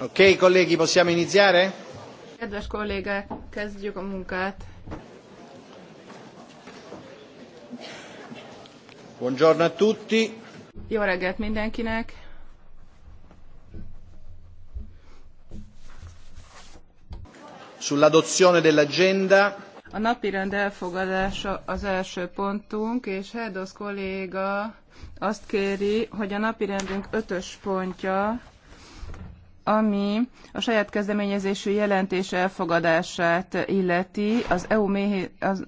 Ok, colleghi, possiamo iniziare? Kedves kollégák, kezdjük a munkát. Buongiorno a tutti. Jó reggelt mindenkinek. Sull'adozione dell'agenda. A napi rend elfogadása az első pontunk, és Herdos kolléga azt kéri, hogy a napi rendünk ötös pontja ami a saját kezdeményezésű jelentés elfogadását illeti az EU, méhé, az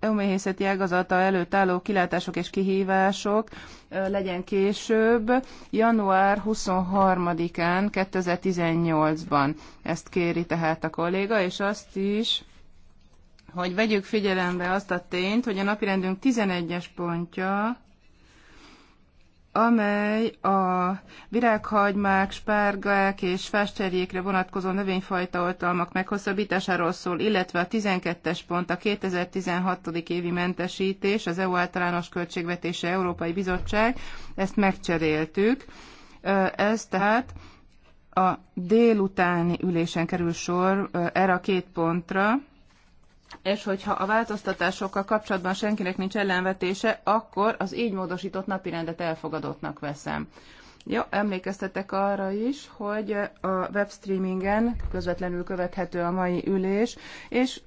EU méhészeti ágazata előtt álló kilátások és kihívások legyen később, január 23-án 2018-ban. Ezt kéri tehát a kolléga, és azt is, hogy vegyük figyelembe azt a tényt, hogy a napirendünk 11-es pontja amely a virághagymák, spárgák és festerjékre vonatkozó növényfajtaoltalmak meghosszabbításáról szól, illetve a 12-es pont a 2016. évi mentesítés, az EU általános költségvetése Európai Bizottság, ezt megcseréltük. Ez tehát a délutáni ülésen kerül sor erre a két pontra, és hogyha a változtatásokkal kapcsolatban senkinek nincs ellenvetése, akkor az így módosított napirendet elfogadottnak veszem. Ja, emlékeztetek arra is, hogy a webstreamingen közvetlenül követhető a mai ülés, és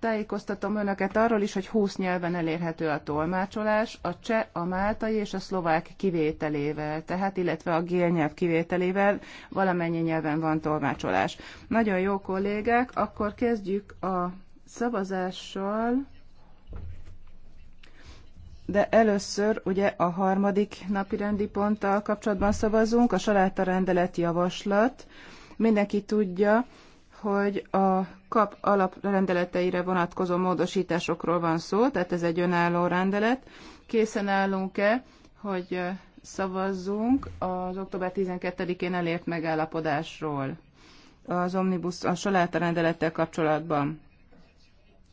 tájékoztatom önöket arról is, hogy 20 nyelven elérhető a tolmácsolás, a cseh, a máltai és a szlovák kivételével, tehát illetve a gél nyelv kivételével valamennyi nyelven van tolmácsolás. Nagyon jó kollégák, akkor kezdjük a szavazással, de először ugye a harmadik napirendi ponttal kapcsolatban szavazunk, a saláta rendelet javaslat. Mindenki tudja, hogy a kap alaprendeleteire vonatkozó módosításokról van szó, tehát ez egy önálló rendelet. Készen állunk-e, hogy szavazzunk az október 12-én elért megállapodásról az omnibus, a saláta rendelettel kapcsolatban?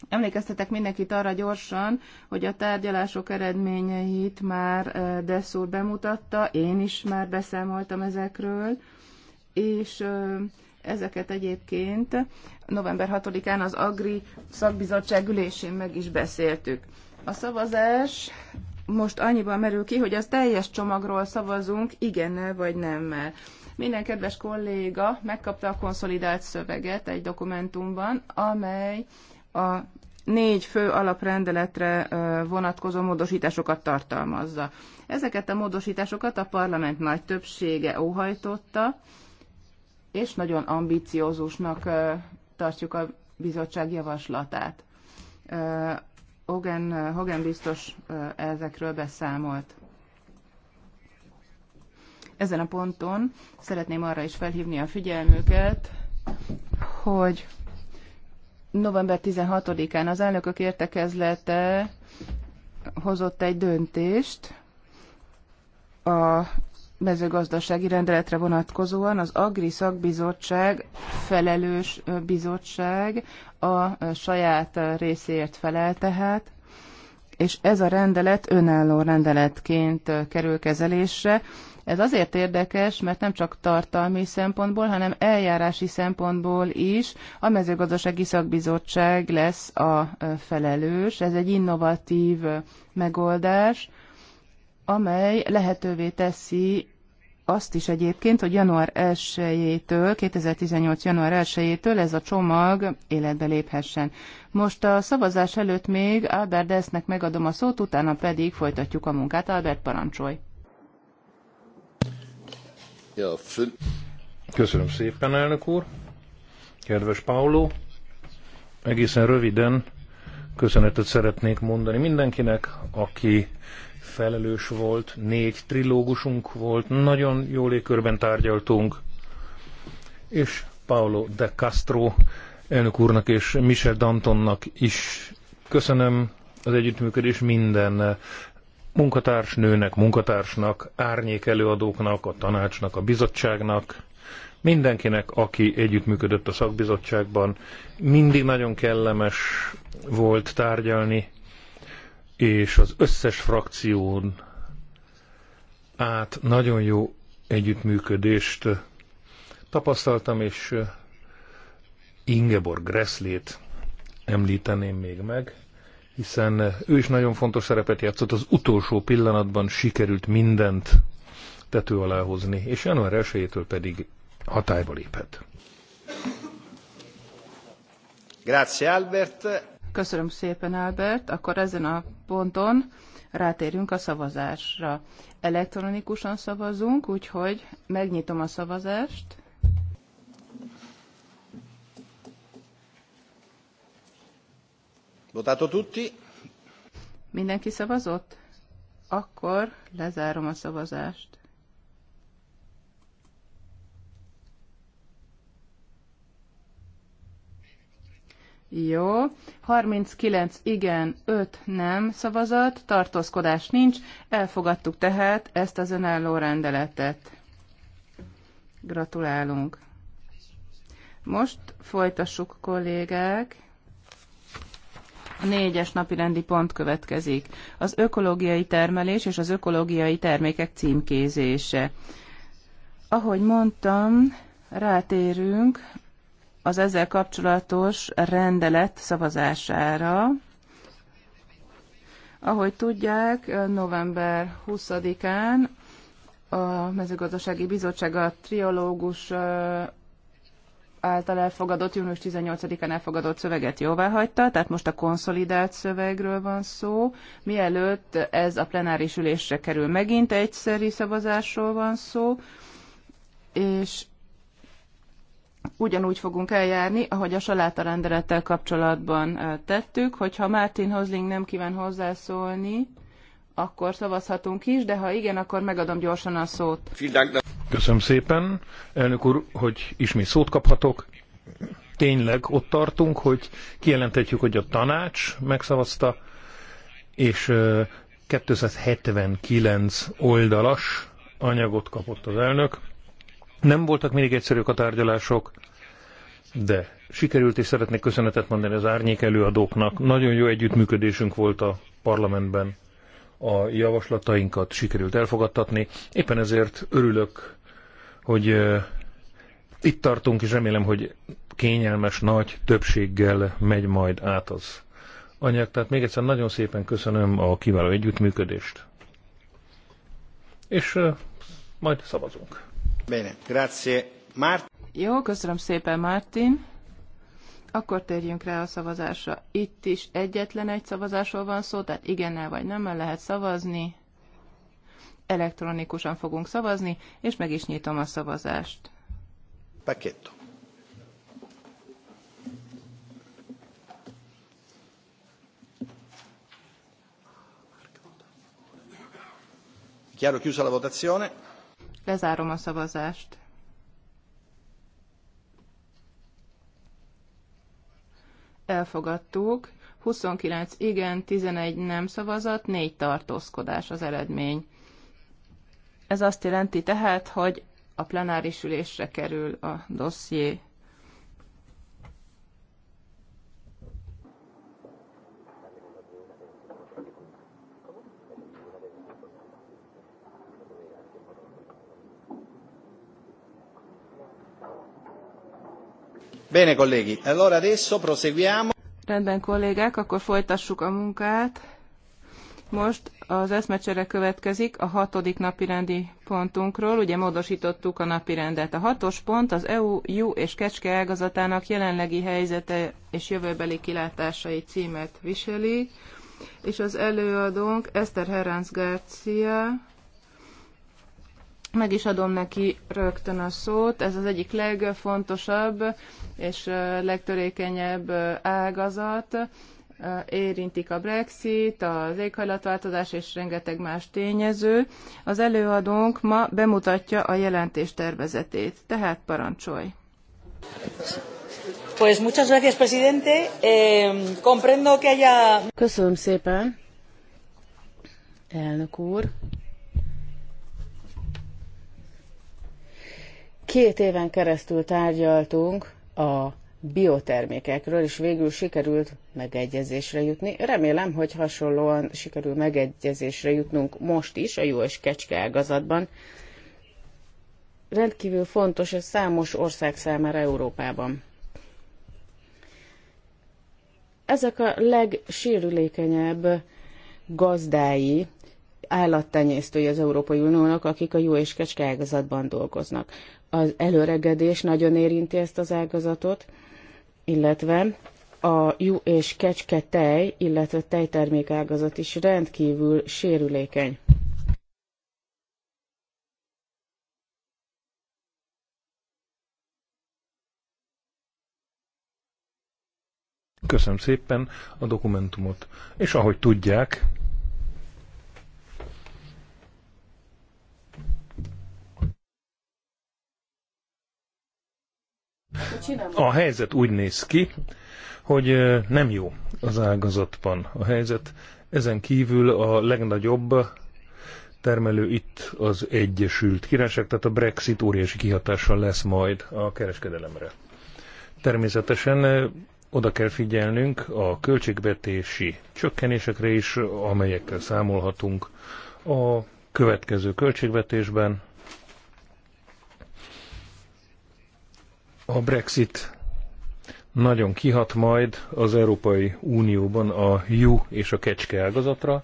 Emlékeztetek mindenkit arra gyorsan, hogy a tárgyalások eredményeit már eh, Dessur bemutatta, én is már beszámoltam ezekről, és eh, ezeket egyébként november 6-án az Agri szakbizottság ülésén meg is beszéltük. A szavazás most annyiban merül ki, hogy az teljes csomagról szavazunk igennel vagy nemmel. Minden kedves kolléga megkapta a konszolidált szöveget egy dokumentumban, amely a négy fő alaprendeletre vonatkozó módosításokat tartalmazza. Ezeket a módosításokat a parlament nagy többsége óhajtotta, és nagyon ambiciózusnak tartjuk a bizottság javaslatát. Hogan, Hogan biztos ezekről beszámolt. Ezen a ponton szeretném arra is felhívni a figyelmüket, hogy november 16-án az elnökök értekezlete hozott egy döntést a mezőgazdasági rendeletre vonatkozóan az Agri Szakbizottság felelős bizottság a saját részéért felel tehát, és ez a rendelet önálló rendeletként kerül kezelésre. Ez azért érdekes, mert nem csak tartalmi szempontból, hanem eljárási szempontból is a mezőgazdasági szakbizottság lesz a felelős. Ez egy innovatív megoldás, amely lehetővé teszi azt is egyébként, hogy január 1-től, 2018. január 1-től ez a csomag életbe léphessen. Most a szavazás előtt még Albert Desznek megadom a szót, utána pedig folytatjuk a munkát. Albert, parancsolj! Köszönöm szépen, elnök úr. Kedves Pauló, egészen röviden köszönetet szeretnék mondani mindenkinek, aki felelős volt, négy trilógusunk volt, nagyon jó légkörben tárgyaltunk, és Paolo de Castro elnök úrnak és Michel Dantonnak is köszönöm az együttműködés minden munkatársnőnek, munkatársnak, árnyék előadóknak, a tanácsnak, a bizottságnak, mindenkinek, aki együttműködött a szakbizottságban. Mindig nagyon kellemes volt tárgyalni, és az összes frakción át nagyon jó együttműködést tapasztaltam, és Ingeborg Gresslét említeném még meg, hiszen ő is nagyon fontos szerepet játszott, az utolsó pillanatban sikerült mindent tető alá hozni, és január 1 pedig hatályba léphet. Grazie Albert. Köszönöm szépen Albert. Akkor ezen a ponton rátérünk a szavazásra. Elektronikusan szavazunk, úgyhogy megnyitom a szavazást. Votato tutti? Mindenki szavazott? Akkor lezárom a szavazást. Jó. 39 igen, 5 nem szavazat, tartózkodás nincs. Elfogadtuk tehát ezt az önálló rendeletet. Gratulálunk. Most folytassuk, kollégák. A négyes napi rendi pont következik. Az ökológiai termelés és az ökológiai termékek címkézése. Ahogy mondtam, rátérünk az ezzel kapcsolatos rendelet szavazására. Ahogy tudják, november 20-án a mezőgazdasági bizottság a triológus által elfogadott, június 18-án elfogadott szöveget jóvá hagyta, tehát most a konszolidált szövegről van szó. Mielőtt ez a plenáris ülésre kerül, megint egyszerű szavazásról van szó, és ugyanúgy fogunk eljárni, ahogy a rendelettel kapcsolatban tettük, hogyha Martin Hozling nem kíván hozzászólni, akkor szavazhatunk is, de ha igen, akkor megadom gyorsan a szót. Köszönöm szépen, elnök úr, hogy ismét szót kaphatok. Tényleg ott tartunk, hogy kijelenthetjük, hogy a tanács megszavazta, és 279 oldalas anyagot kapott az elnök. Nem voltak mindig egyszerűek a tárgyalások, de sikerült, és szeretnék köszönetet mondani az árnyék előadóknak. Nagyon jó együttműködésünk volt a parlamentben. A javaslatainkat sikerült elfogadtatni. Éppen ezért örülök hogy itt tartunk, és remélem, hogy kényelmes, nagy többséggel megy majd át az anyag. Tehát még egyszer nagyon szépen köszönöm a kiváló együttműködést. És majd szavazunk. Bene, grazie. Márt. Jó, köszönöm szépen, Martin. Akkor térjünk rá a szavazásra. Itt is egyetlen egy szavazásról van szó, tehát igennel vagy nem, lehet szavazni elektronikusan fogunk szavazni, és meg is nyitom a szavazást. Pakettó. Chiaro chiusa la votazione. Lezárom a szavazást. Elfogadtuk. 29 igen, 11 nem szavazat, 4 tartózkodás az eredmény. Ez azt jelenti tehát, hogy a plenáris ülésre kerül a dosszié. Bene, colleghi. Allora adesso proseguiamo. Rendben, kollégák, akkor folytassuk a munkát. Most az eszmecsere következik a hatodik napirendi pontunkról, ugye módosítottuk a napirendet. A hatos pont az EU, jó és Kecske ágazatának jelenlegi helyzete és jövőbeli kilátásai címet viseli, és az előadónk Eszter Herranz Garcia, meg is adom neki rögtön a szót. Ez az egyik legfontosabb és legtörékenyebb ágazat érintik a Brexit, az éghajlatváltozás és rengeteg más tényező. Az előadónk ma bemutatja a jelentés tervezetét, tehát parancsolj. Pues muchas gracias, presidente. Eh, comprendo que haya... Köszönöm szépen, elnök úr. Két éven keresztül tárgyaltunk a biotermékekről, és végül sikerült megegyezésre jutni. Remélem, hogy hasonlóan sikerül megegyezésre jutnunk most is a jó és kecske ágazatban. Rendkívül fontos ez számos ország számára Európában. Ezek a legsérülékenyebb gazdái, állattenyésztői az Európai Uniónak, akik a jó és kecske ágazatban dolgoznak. Az előregedés nagyon érinti ezt az ágazatot, illetve a jú és kecske tej, illetve tejtermékágazat is rendkívül sérülékeny. Köszönöm szépen a dokumentumot. És ahogy tudják, A helyzet úgy néz ki, hogy nem jó az ágazatban a helyzet. Ezen kívül a legnagyobb termelő itt az Egyesült Királyság, tehát a Brexit óriási kihatással lesz majd a kereskedelemre. Természetesen oda kell figyelnünk a költségvetési csökkenésekre is, amelyekkel számolhatunk a következő költségvetésben, A Brexit nagyon kihat majd az Európai Unióban a jó és a kecske ágazatra.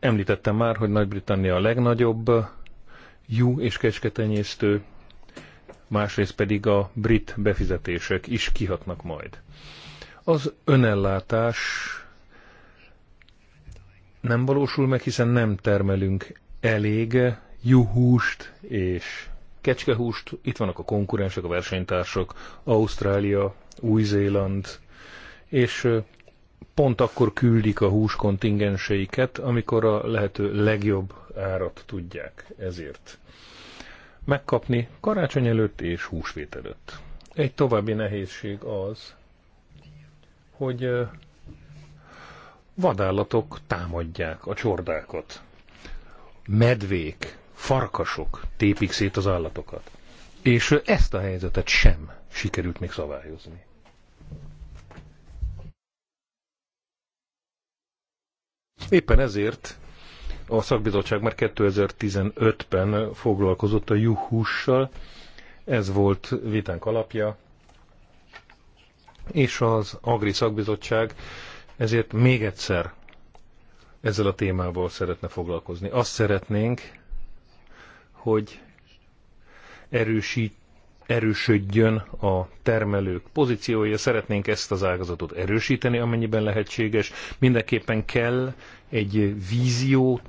Említettem már, hogy Nagy-Britannia a legnagyobb jó és kecsketenyésztő, másrészt pedig a brit befizetések is kihatnak majd. Az önellátás nem valósul meg, hiszen nem termelünk elég juhúst és kecskehúst, itt vannak a konkurensek, a versenytársak, Ausztrália, Új-Zéland, és pont akkor küldik a hús kontingenseiket, amikor a lehető legjobb árat tudják ezért megkapni karácsony előtt és húsvét előtt. Egy további nehézség az, hogy vadállatok támadják a csordákat. Medvék, farkasok tépik szét az állatokat. És ezt a helyzetet sem sikerült még szabályozni. Éppen ezért a szakbizottság már 2015-ben foglalkozott a juhussal, ez volt vitánk alapja, és az Agri Szakbizottság ezért még egyszer ezzel a témával szeretne foglalkozni. Azt szeretnénk, hogy erősít, erősödjön a termelők pozíciója. Szeretnénk ezt az ágazatot erősíteni, amennyiben lehetséges. Mindenképpen kell egy vízió,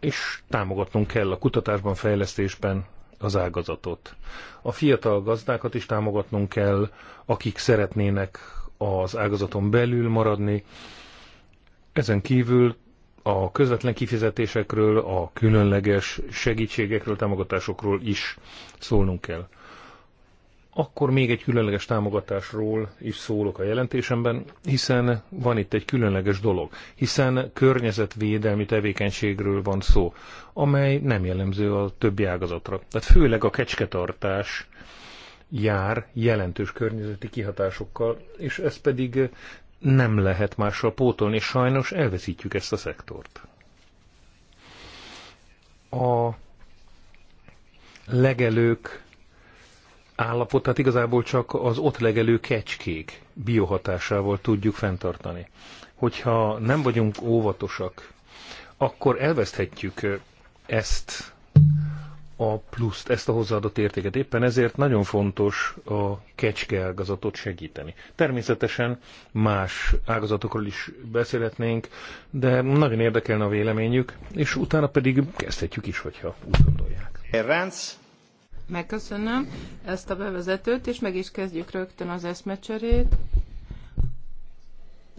és támogatnunk kell a kutatásban, fejlesztésben az ágazatot. A fiatal gazdákat is támogatnunk kell, akik szeretnének az ágazaton belül maradni. Ezen kívül a közvetlen kifizetésekről, a különleges segítségekről, támogatásokról is szólnunk kell. Akkor még egy különleges támogatásról is szólok a jelentésemben, hiszen van itt egy különleges dolog, hiszen környezetvédelmi tevékenységről van szó, amely nem jellemző a többi ágazatra. Tehát főleg a kecsketartás jár jelentős környezeti kihatásokkal, és ez pedig nem lehet mással pótolni, és sajnos elveszítjük ezt a szektort. A legelők állapotát igazából csak az ott legelő kecskék biohatásával tudjuk fenntartani. Hogyha nem vagyunk óvatosak, akkor elveszthetjük ezt a pluszt, ezt a hozzáadott értéket. Éppen ezért nagyon fontos a kecske ágazatot segíteni. Természetesen más ágazatokról is beszélhetnénk, de nagyon érdekelne a véleményük, és utána pedig kezdhetjük is, hogyha úgy gondolják. Herránc. Megköszönöm ezt a bevezetőt, és meg is kezdjük rögtön az eszmecserét.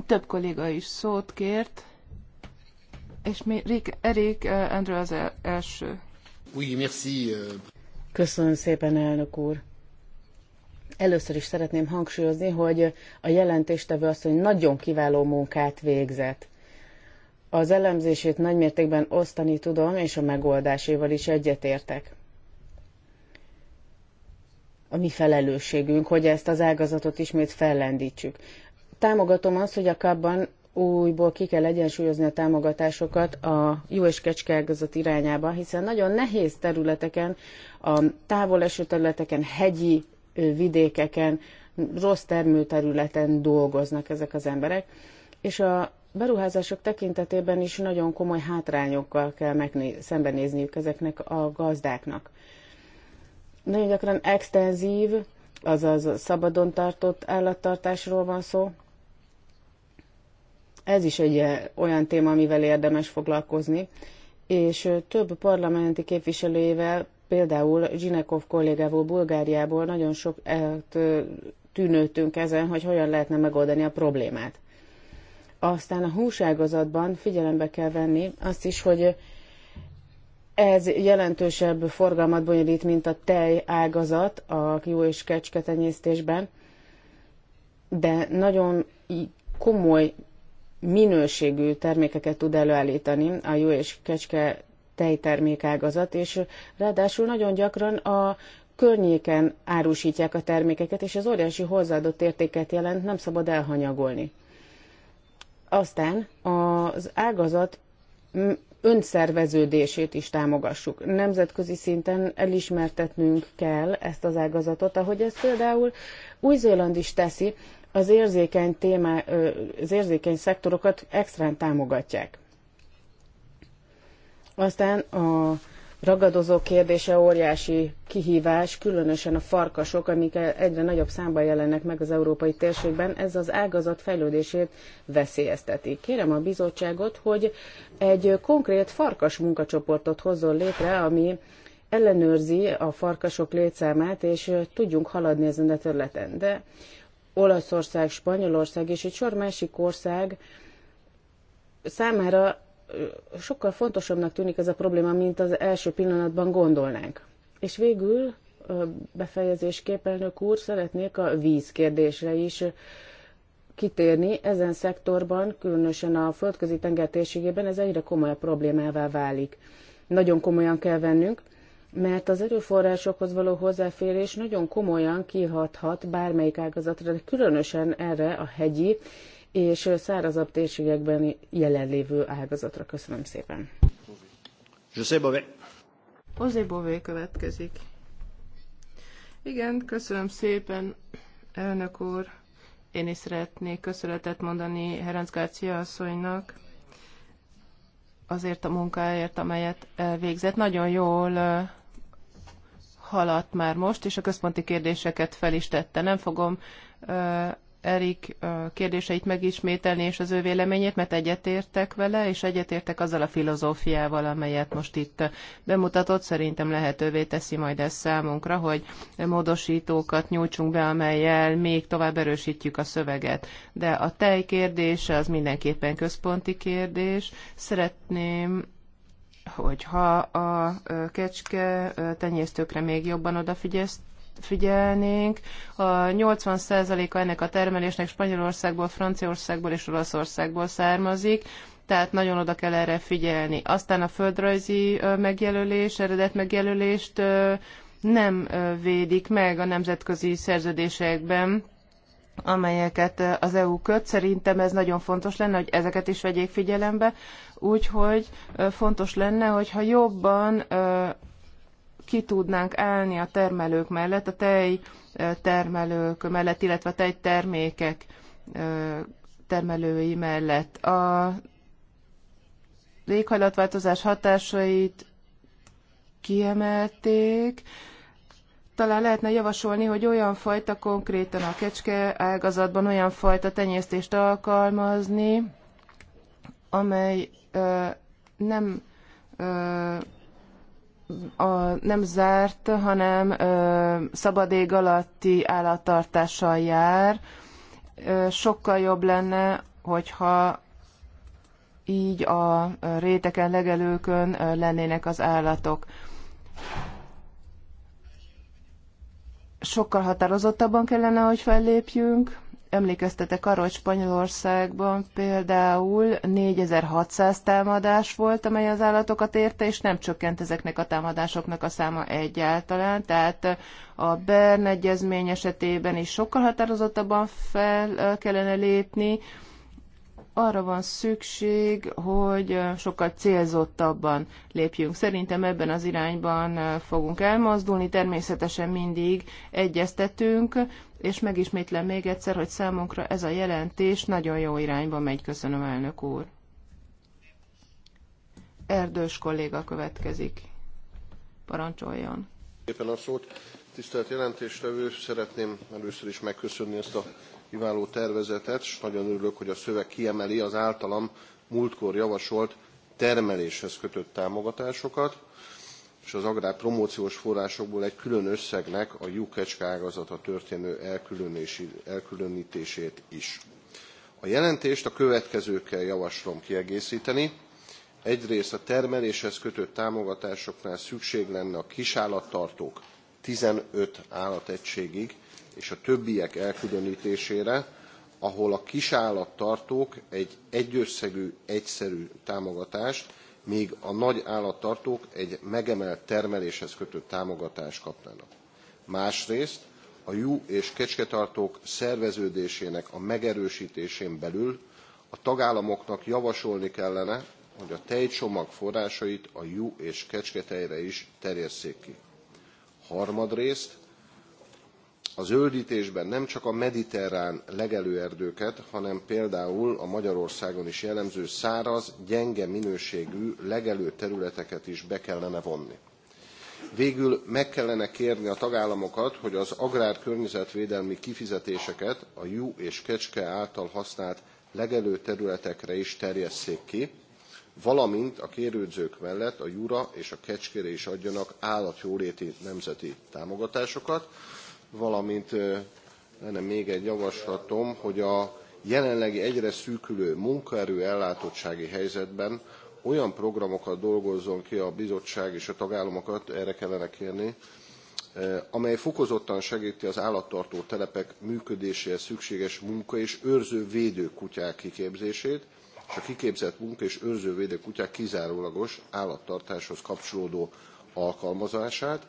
Több kolléga is szót kért, és mi, Rick, Erik eh, Andrew az első. Euh. Köszönöm szépen, elnök úr. Először is szeretném hangsúlyozni, hogy a jelentéstevő azt, hogy nagyon kiváló munkát végzett. Az elemzését nagymértékben osztani tudom, és a megoldásaival is egyetértek. A mi felelősségünk, hogy ezt az ágazatot ismét fellendítsük. Támogatom azt, hogy a kapban újból ki kell egyensúlyozni a támogatásokat a jó és kecske ágazat irányába, hiszen nagyon nehéz területeken, a távol eső területeken, hegyi vidékeken, rossz termőterületen dolgoznak ezek az emberek, és a beruházások tekintetében is nagyon komoly hátrányokkal kell megné- szembenézniük ezeknek a gazdáknak. Nagyon gyakran extenzív, azaz szabadon tartott állattartásról van szó, ez is egy eh, olyan téma, amivel érdemes foglalkozni, és eh, több parlamenti képviselőjével, például Zsinekov kollégával Bulgáriából nagyon sok eh, tűnődtünk ezen, hogy hogyan lehetne megoldani a problémát. Aztán a húságazatban figyelembe kell venni azt is, hogy ez jelentősebb forgalmat bonyolít, mint a tej ágazat a jó és kecsketenyésztésben, de nagyon komoly minőségű termékeket tud előállítani a jó és kecske tejtermékágazat, és ráadásul nagyon gyakran a környéken árusítják a termékeket, és az óriási hozzáadott értéket jelent, nem szabad elhanyagolni. Aztán az ágazat önszerveződését is támogassuk. Nemzetközi szinten elismertetnünk kell ezt az ágazatot, ahogy ezt például Új-Zéland is teszi, az érzékeny, témá, az érzékeny szektorokat extrán támogatják. Aztán a ragadozó kérdése óriási kihívás, különösen a farkasok, amik e- egyre nagyobb számban jelennek meg az európai térségben, ez az ágazat fejlődését veszélyezteti. Kérem a bizottságot, hogy egy konkrét farkas munkacsoportot hozzon létre, ami ellenőrzi a farkasok létszámát, és tudjunk haladni ezen a területen. De Olaszország, Spanyolország és egy sor másik ország számára sokkal fontosabbnak tűnik ez a probléma, mint az első pillanatban gondolnánk. És végül befejezésképp, elnök úr, szeretnék a víz kérdésre is kitérni. Ezen szektorban, különösen a földközi tengertérségében ez egyre komolyabb problémává válik. Nagyon komolyan kell vennünk, mert az erőforrásokhoz való hozzáférés nagyon komolyan kihathat bármelyik ágazatra, de különösen erre a hegyi és szárazabb térségekben jelenlévő ágazatra. Köszönöm szépen. José Bové. José Bové következik. Igen, köszönöm szépen, elnök úr. Én is szeretnék köszönetet mondani Herenc Garcia asszonynak azért a munkáért, amelyet végzett. Nagyon jól haladt már most, és a központi kérdéseket fel is tette. Nem fogom Erik kérdéseit megismételni, és az ő véleményét, mert egyetértek vele, és egyetértek azzal a filozófiával, amelyet most itt bemutatott. Szerintem lehetővé teszi majd ezt számunkra, hogy módosítókat nyújtsunk be, amelyel még tovább erősítjük a szöveget. De a tej kérdése az mindenképpen központi kérdés. Szeretném hogyha a kecske tenyésztőkre még jobban odafigyelsz, figyelnénk. A 80%-a ennek a termelésnek Spanyolországból, Franciaországból és Olaszországból származik, tehát nagyon oda kell erre figyelni. Aztán a földrajzi megjelölés, eredet megjelölést nem védik meg a nemzetközi szerződésekben amelyeket az EU köt. Szerintem ez nagyon fontos lenne, hogy ezeket is vegyék figyelembe, úgyhogy fontos lenne, hogyha jobban ki tudnánk állni a termelők mellett, a tej termelők mellett, illetve a tejtermékek termelői mellett. A éghajlatváltozás hatásait kiemelték, talán lehetne javasolni, hogy olyan fajta konkrétan a kecske ágazatban olyan fajta tenyésztést alkalmazni, amely ö, nem ö, a, nem zárt, hanem ö, szabad ég alatti állattartással jár. Ö, sokkal jobb lenne, hogyha így a réteken, legelőkön lennének az állatok sokkal határozottabban kellene, hogy fellépjünk. Emlékeztetek arra, hogy Spanyolországban például 4600 támadás volt, amely az állatokat érte, és nem csökkent ezeknek a támadásoknak a száma egyáltalán. Tehát a Bern egyezmény esetében is sokkal határozottabban fel kellene lépni, arra van szükség, hogy sokkal célzottabban lépjünk. Szerintem ebben az irányban fogunk elmozdulni, természetesen mindig egyeztetünk, és megismétlem még egyszer, hogy számunkra ez a jelentés nagyon jó irányba megy. Köszönöm, elnök úr. Erdős kolléga következik. Parancsoljon. Éppen a szót. Tisztelt jelentéstevő, szeretném először is megköszönni ezt a kiváló tervezetet, és nagyon örülök, hogy a szöveg kiemeli az általam múltkor javasolt termeléshez kötött támogatásokat, és az agrár promóciós forrásokból egy külön összegnek a lyukecske ágazata történő elkülönítését is. A jelentést a következőkkel javaslom kiegészíteni. Egyrészt a termeléshez kötött támogatásoknál szükség lenne a kisállattartók 15 állategységig és a többiek elkülönítésére, ahol a kisállattartók egy egyösszegű, egyszerű támogatást, míg a nagy állattartók egy megemelt termeléshez kötött támogatást kapnának. Másrészt a jú és kecsketartók szerveződésének a megerősítésén belül a tagállamoknak javasolni kellene, hogy a tejcsomag forrásait a jú és kecsketejre is terjesszék ki. Harmadrészt a zöldtésben nem csak a mediterrán legelőerdőket hanem például a magyarországon is jellemző száraz gyenge minőségű területeket is be kellene vonni. végül meg kellene kérni a tagállamokat hogy az agrárkörnyezetvédelmi kifizetéseket a juh és kecske által használt területekre is terjesszék ki valamint a kérődzők mellett a jura és a kecskére is adjanak állatjóléti nemzeti támogatásokat valamint lenne még egy javaslatom, hogy a jelenlegi egyre szűkülő munkaerő ellátottsági helyzetben olyan programokat dolgozzon ki a bizottság és a tagállamokat, erre kellene kérni, amely fokozottan segíti az állattartó telepek működéséhez szükséges munka és őrző-védő kutyák kiképzését, és a kiképzett munka és őrző-védő kutyák kizárólagos állattartáshoz kapcsolódó alkalmazását,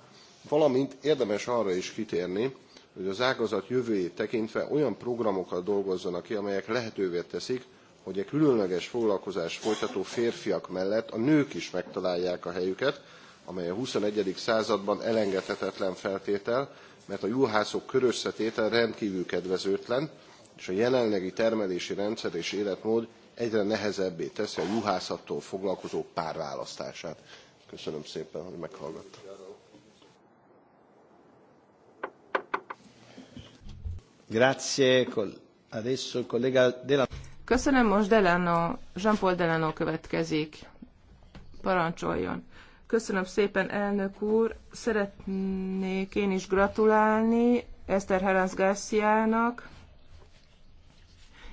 valamint érdemes arra is kitérni, hogy az ágazat jövőjét tekintve olyan programokat dolgozzanak ki, amelyek lehetővé teszik, hogy a különleges foglalkozást folytató férfiak mellett a nők is megtalálják a helyüket, amely a XXI. században elengedhetetlen feltétel, mert a juhászok körösszetétel rendkívül kedvezőtlen, és a jelenlegi termelési rendszer és életmód egyre nehezebbé teszi a juhászattól foglalkozó párválasztását. Köszönöm szépen, hogy meghallgattak. Köszönöm, most Delano, Jean-Paul Delano következik. Parancsoljon. Köszönöm szépen, elnök úr. Szeretnék én is gratulálni Eszter Herenc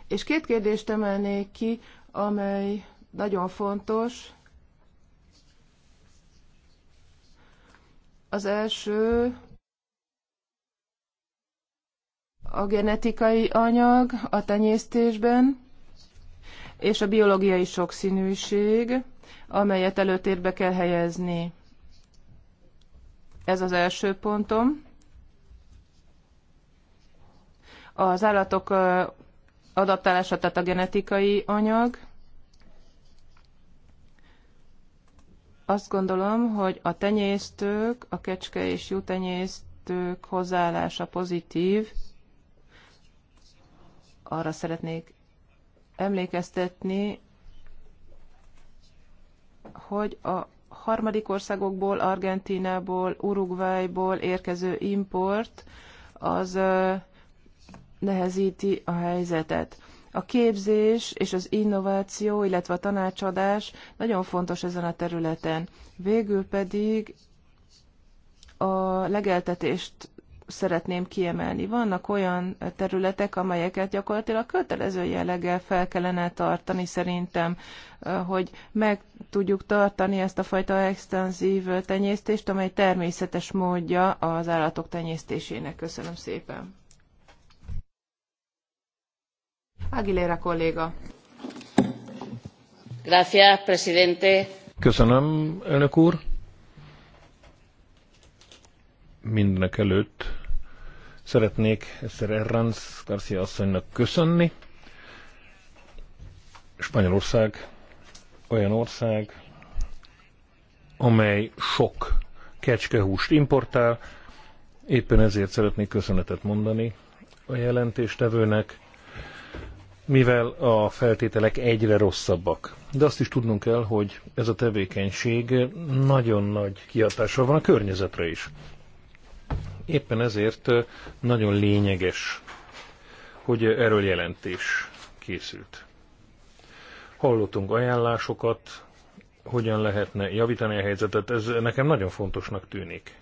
És két kérdést emelnék ki, amely nagyon fontos. Az első a genetikai anyag a tenyésztésben, és a biológiai sokszínűség, amelyet előtérbe kell helyezni. Ez az első pontom. Az állatok adaptálása, tehát a genetikai anyag. Azt gondolom, hogy a tenyésztők, a kecske és jutenyésztők hozzáállása pozitív, arra szeretnék emlékeztetni, hogy a harmadik országokból, Argentinából, Uruguayból érkező import az nehezíti a helyzetet. A képzés és az innováció, illetve a tanácsadás nagyon fontos ezen a területen. Végül pedig a legeltetést szeretném kiemelni. Vannak olyan területek, amelyeket gyakorlatilag kötelező jelleggel fel kellene tartani szerintem, hogy meg tudjuk tartani ezt a fajta extenzív tenyésztést, amely természetes módja az állatok tenyésztésének. Köszönöm szépen. Aguilera kolléga. Gracias, presidente. Köszönöm, elnök úr mindenek előtt szeretnék Eszter Erranz Garcia asszonynak köszönni. Spanyolország olyan ország, amely sok kecskehúst importál, éppen ezért szeretnék köszönetet mondani a jelentéstevőnek, mivel a feltételek egyre rosszabbak. De azt is tudnunk kell, hogy ez a tevékenység nagyon nagy kihatással van a környezetre is. Éppen ezért nagyon lényeges, hogy erről jelentés készült. Hallottunk ajánlásokat, hogyan lehetne javítani a helyzetet, ez nekem nagyon fontosnak tűnik.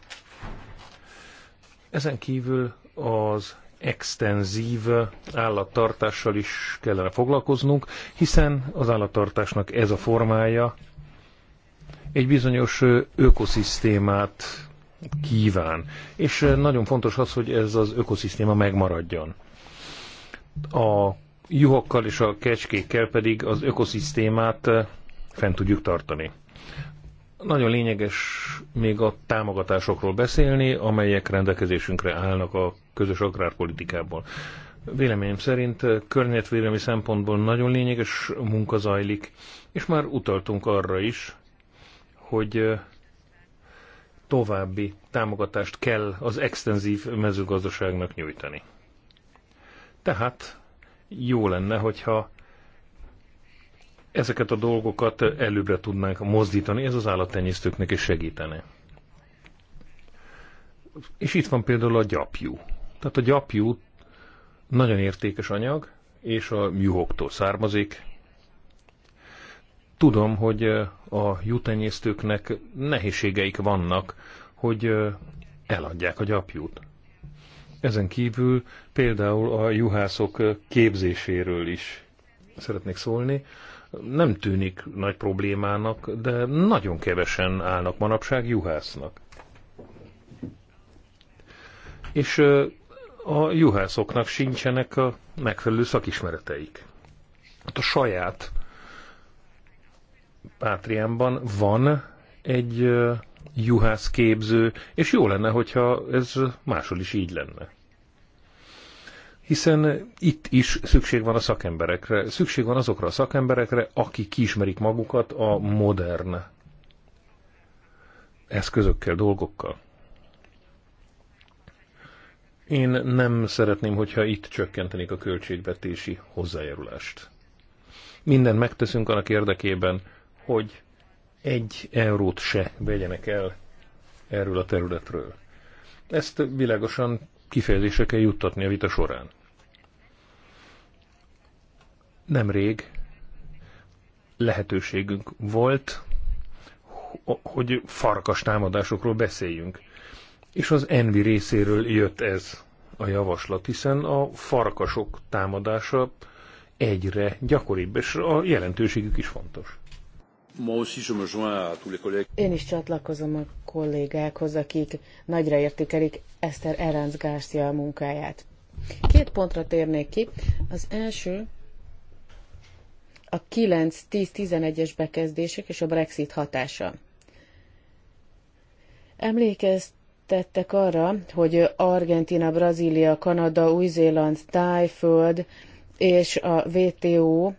Ezen kívül az extenzív állattartással is kellene foglalkoznunk, hiszen az állattartásnak ez a formája egy bizonyos ökoszisztémát kíván. És eh, nagyon fontos az, hogy ez az ökoszisztéma megmaradjon. A juhokkal és a kecskékkel pedig az ökoszisztémát eh, fent tudjuk tartani. Nagyon lényeges még a támogatásokról beszélni, amelyek rendelkezésünkre állnak a közös agrárpolitikából. Véleményem szerint eh, környezetvédelmi szempontból nagyon lényeges munka zajlik, és már utaltunk arra is, hogy további támogatást kell az extenzív mezőgazdaságnak nyújtani. Tehát jó lenne, hogyha ezeket a dolgokat előbbre tudnánk mozdítani, ez az állattenyésztőknek is segítene. És itt van például a gyapjú. Tehát a gyapjú nagyon értékes anyag, és a műhoktól származik, Tudom, hogy a jutenyésztőknek nehézségeik vannak, hogy eladják a gyapjút. Ezen kívül például a juhászok képzéséről is szeretnék szólni. Nem tűnik nagy problémának, de nagyon kevesen állnak manapság juhásznak. És a juhászoknak sincsenek a megfelelő szakismereteik. Hát a saját Pátriánban van egy juhászképző, és jó lenne, hogyha ez máshol is így lenne. Hiszen itt is szükség van a szakemberekre. Szükség van azokra a szakemberekre, akik kiismerik magukat a modern eszközökkel, dolgokkal. Én nem szeretném, hogyha itt csökkentenék a költségvetési hozzájárulást. Minden megteszünk annak érdekében, hogy egy eurót se vegyenek el erről a területről. Ezt világosan kifejezésre kell juttatni a vita során. Nemrég lehetőségünk volt, hogy farkas támadásokról beszéljünk. És az Envi részéről jött ez a javaslat, hiszen a farkasok támadása egyre gyakoribb, és a jelentőségük is fontos. Én is csatlakozom a kollégákhoz, akik nagyra értékelik Eszter Erenc Garcia munkáját. Két pontra térnék ki. Az első a 9-10-11-es bekezdések és a Brexit hatása. Emlékeztettek arra, hogy Argentina, Brazília, Kanada, Új-Zéland, Tájföld és a WTO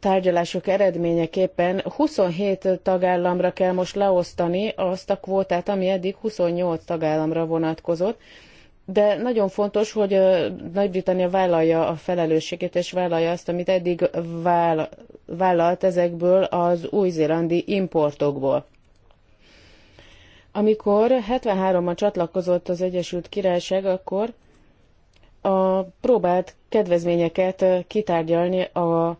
tárgyalások eredményeképpen 27 tagállamra kell most leosztani azt a kvótát, ami eddig 28 tagállamra vonatkozott, de nagyon fontos, hogy Nagy-Britannia vállalja a felelősségét, és vállalja azt, amit eddig vállalt ezekből az új-zélandi importokból. Amikor 73-ban csatlakozott az Egyesült Királyság, akkor a próbált kedvezményeket kitárgyalni a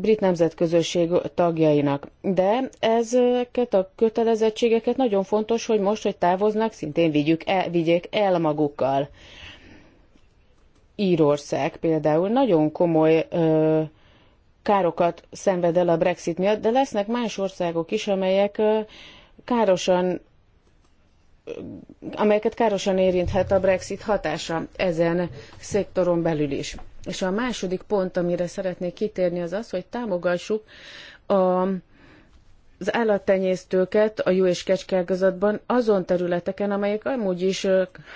brit nemzetközösség tagjainak. De ezeket a kötelezettségeket nagyon fontos, hogy most, hogy távoznak, szintén vigyük el, vigyék el magukkal. Írország például nagyon komoly ö, károkat szenved el a Brexit miatt, de lesznek más országok is, amelyek ö, károsan ö, amelyeket károsan érinthet a Brexit hatása ezen szektoron belül is. És a második pont, amire szeretnék kitérni, az az, hogy támogassuk a az állattenyésztőket a jó és kecskelgazatban azon területeken, amelyek amúgy is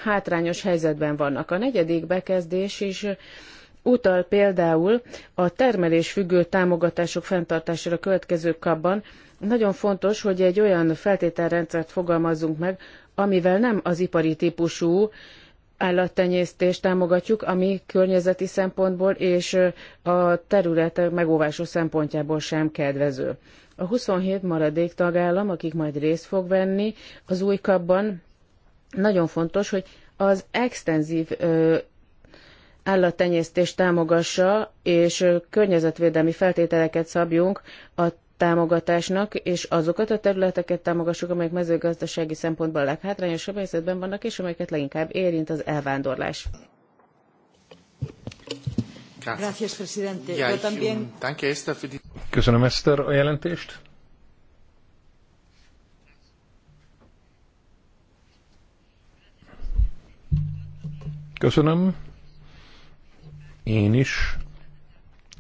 hátrányos helyzetben vannak. A negyedik bekezdés is utal például a termelés függő támogatások fenntartására következő kapban. Nagyon fontos, hogy egy olyan feltételrendszert fogalmazzunk meg, amivel nem az ipari típusú állattenyésztést támogatjuk, ami környezeti szempontból és a területek megóvása szempontjából sem kedvező. A 27 maradék tagállam, akik majd részt fog venni az új kapban, nagyon fontos, hogy az extenzív állattenyésztést támogassa, és környezetvédelmi feltételeket szabjunk a támogatásnak, és azokat a területeket támogassuk, amelyek mezőgazdasági szempontból a leghátrányosabb helyzetben vannak, és amelyeket leginkább érint az elvándorlás. Köszönöm, Eszter, a jelentést. Köszönöm. Én is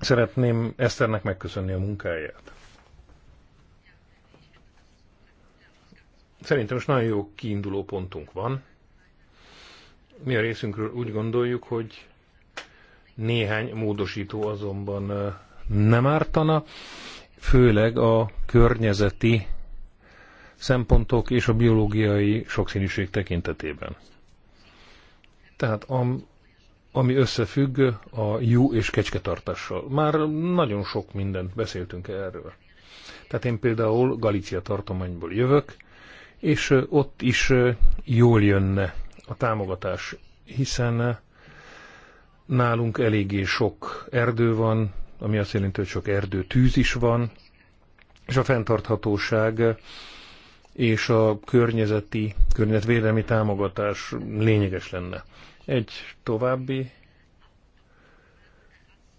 szeretném Eszternek megköszönni a munkáját. Szerintem most nagyon jó kiinduló pontunk van. Mi a részünkről úgy gondoljuk, hogy néhány módosító azonban nem ártana, főleg a környezeti szempontok és a biológiai sokszínűség tekintetében. Tehát am, ami összefügg a jó és kecsketartással. Már nagyon sok mindent beszéltünk erről. Tehát én például Galícia tartományból jövök, és ott is jól jönne a támogatás, hiszen nálunk eléggé sok erdő van, ami azt jelenti, hogy sok erdő tűz is van, és a fenntarthatóság és a környezeti, környezetvédelmi támogatás lényeges lenne. Egy további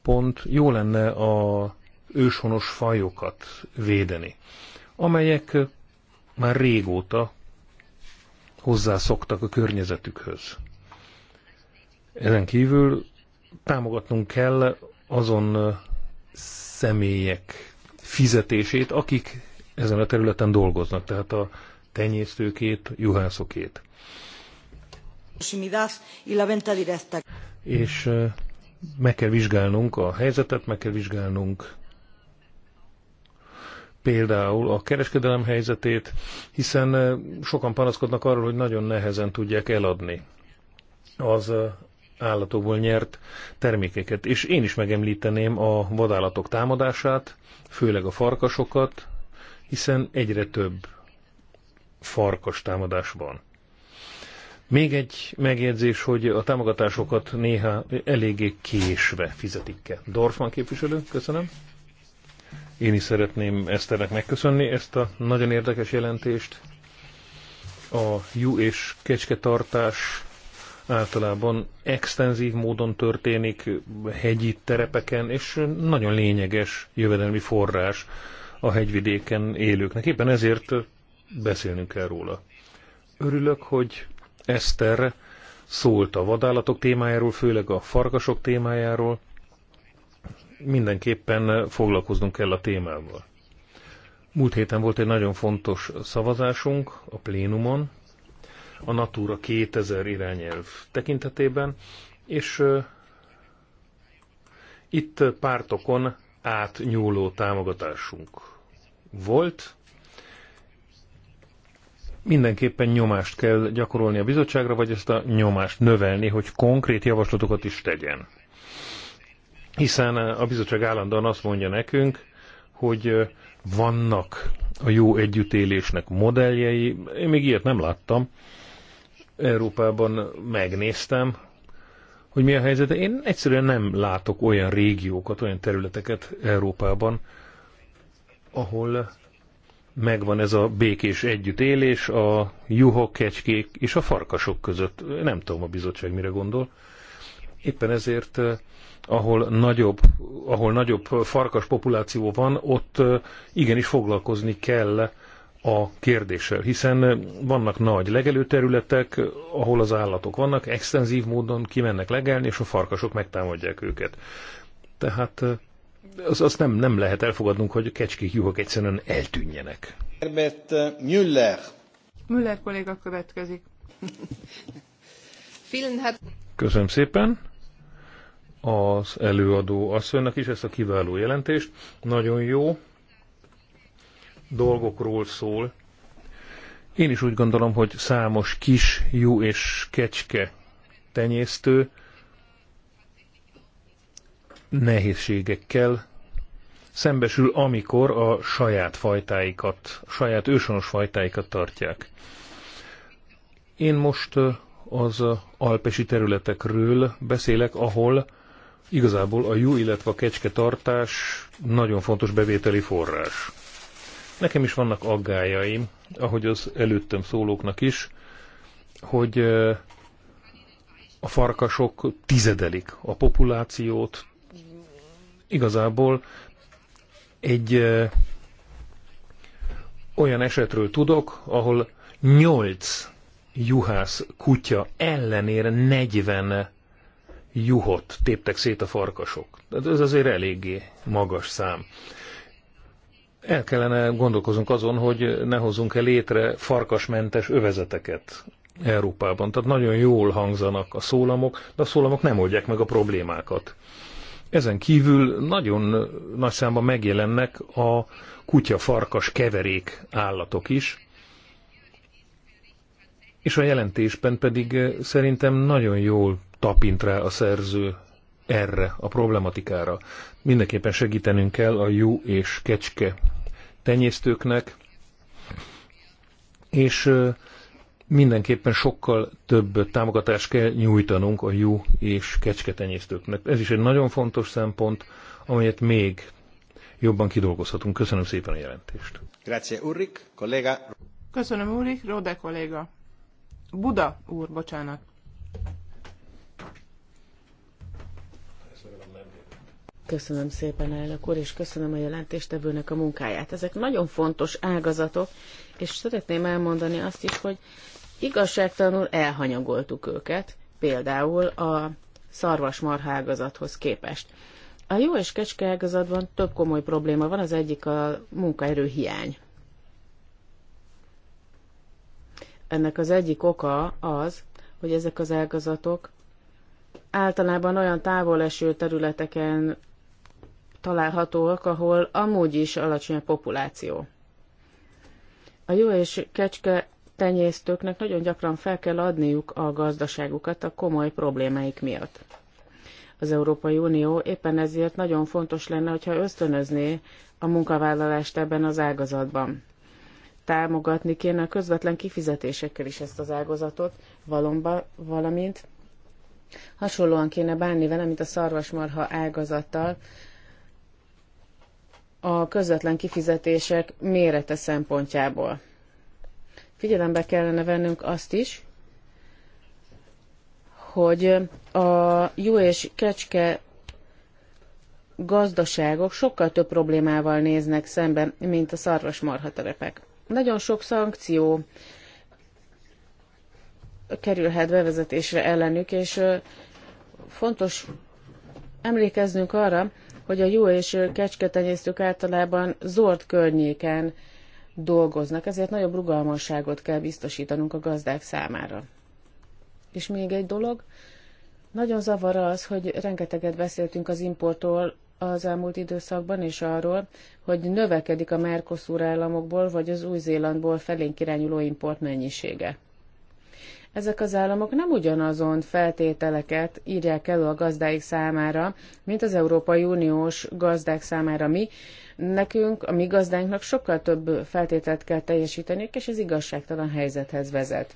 pont, jó lenne a őshonos fajokat védeni, amelyek már régóta hozzászoktak a környezetükhöz. Ezen kívül támogatnunk kell azon személyek fizetését, akik ezen a területen dolgoznak, tehát a tenyésztőkét, juhászokét. És meg kell vizsgálnunk a helyzetet, meg kell vizsgálnunk például a kereskedelem helyzetét, hiszen sokan panaszkodnak arról, hogy nagyon nehezen tudják eladni az állatokból nyert termékeket. És én is megemlíteném a vadállatok támadását, főleg a farkasokat, hiszen egyre több farkas támadás van. Még egy megjegyzés, hogy a támogatásokat néha eléggé késve fizetik ki. Dorfman képviselő, köszönöm. Én is szeretném Eszternek megköszönni ezt a nagyon érdekes jelentést. A jú és kecsketartás általában extenzív módon történik hegyi terepeken, és nagyon lényeges jövedelmi forrás a hegyvidéken élőknek. Éppen ezért beszélnünk kell róla. Örülök, hogy Eszter szólt a vadállatok témájáról, főleg a farkasok témájáról, mindenképpen foglalkoznunk kell a témával. Múlt héten volt egy nagyon fontos szavazásunk a plénumon, a Natura 2000 irányelv tekintetében, és itt pártokon átnyúló támogatásunk volt. Mindenképpen nyomást kell gyakorolni a bizottságra, vagy ezt a nyomást növelni, hogy konkrét javaslatokat is tegyen hiszen eh, a bizottság állandóan azt mondja nekünk, hogy eh, vannak a jó együttélésnek modelljei, én még ilyet nem láttam. Európában megnéztem, hogy mi a helyzet. Én egyszerűen nem látok olyan régiókat, olyan területeket Európában, ahol megvan ez a békés együttélés a juhok, kecskék és a farkasok között. Nem tudom, a bizottság mire gondol. Éppen ezért eh, ahol nagyobb, ahol nagyobb farkas populáció van, ott igenis foglalkozni kell a kérdéssel, hiszen vannak nagy legelőterületek, ahol az állatok vannak, extenzív módon kimennek legelni, és a farkasok megtámadják őket. Tehát az, azt nem, nem lehet elfogadnunk, hogy a kecskék, juhok egyszerűen eltűnjenek. Herbert Müller. Müller kolléga következik. Köszönöm szépen az előadó asszonynak is ezt a kiváló jelentést. Nagyon jó dolgokról szól. Én is úgy gondolom, hogy számos kis, jó és kecske tenyésztő nehézségekkel szembesül, amikor a saját fajtáikat, a saját ősonos fajtáikat tartják. Én most az alpesi területekről beszélek, ahol Igazából a jó, illetve a kecske tartás nagyon fontos bevételi forrás. Nekem is vannak aggájaim, ahogy az előttem szólóknak is, hogy a farkasok tizedelik a populációt. Igazából egy olyan esetről tudok, ahol 8 juhász kutya ellenére 40 juhot téptek szét a farkasok. Tehát ez azért eléggé magas szám. El kellene gondolkozunk azon, hogy ne hozzunk e létre farkasmentes övezeteket Európában. Tehát nagyon jól hangzanak a szólamok, de a szólamok nem oldják meg a problémákat. Ezen kívül nagyon nagy számban megjelennek a kutya-farkas keverék állatok is, és a jelentésben pedig szerintem nagyon jól tapint rá a szerző erre a problematikára. Mindenképpen segítenünk kell a jó és kecske tenyésztőknek, és mindenképpen sokkal több támogatást kell nyújtanunk a jó és kecske tenyésztőknek. Ez is egy nagyon fontos szempont, amelyet még jobban kidolgozhatunk. Köszönöm szépen a jelentést. Grazie Urik, kollega. Köszönöm Urik, Rode kolléga. Buda úr, bocsánat. Köszönöm szépen, elnök úr, és köszönöm a jelentéstevőnek a munkáját. Ezek nagyon fontos ágazatok, és szeretném elmondani azt is, hogy igazságtalanul elhanyagoltuk őket, például a szarvasmarha ágazathoz képest. A jó és kecske ágazatban több komoly probléma van, az egyik a munkaerő hiány. Ennek az egyik oka az, hogy ezek az ágazatok általában olyan távol eső területeken találhatóak, ahol amúgy is alacsony a populáció. A jó és kecske tenyésztőknek nagyon gyakran fel kell adniuk a gazdaságukat a komoly problémáik miatt. Az Európai Unió éppen ezért nagyon fontos lenne, hogyha ösztönözné a munkavállalást ebben az ágazatban. Támogatni kéne a közvetlen kifizetésekkel is ezt az ágazatot, valomba, valamint hasonlóan kéne bánni vele, mint a szarvasmarha ágazattal, a közvetlen kifizetések mérete szempontjából. Figyelembe kellene vennünk azt is, hogy a jó és kecske gazdaságok sokkal több problémával néznek szembe, mint a szarvasmarha terepek. Nagyon sok szankció kerülhet bevezetésre ellenük, és fontos emlékeznünk arra, hogy a jó és kecsketenyésztők általában zord környéken dolgoznak, ezért nagyobb rugalmasságot kell biztosítanunk a gazdák számára. És még egy dolog, nagyon zavar az, hogy rengeteget beszéltünk az importról az elmúlt időszakban, és arról, hogy növekedik a Mercosur államokból vagy az Új-Zélandból felénk irányuló import mennyisége ezek az államok nem ugyanazon feltételeket írják elő a gazdáik számára, mint az Európai Uniós gazdák számára mi. Nekünk, a mi gazdáinknak sokkal több feltételt kell teljesíteniük, és ez igazságtalan helyzethez vezet.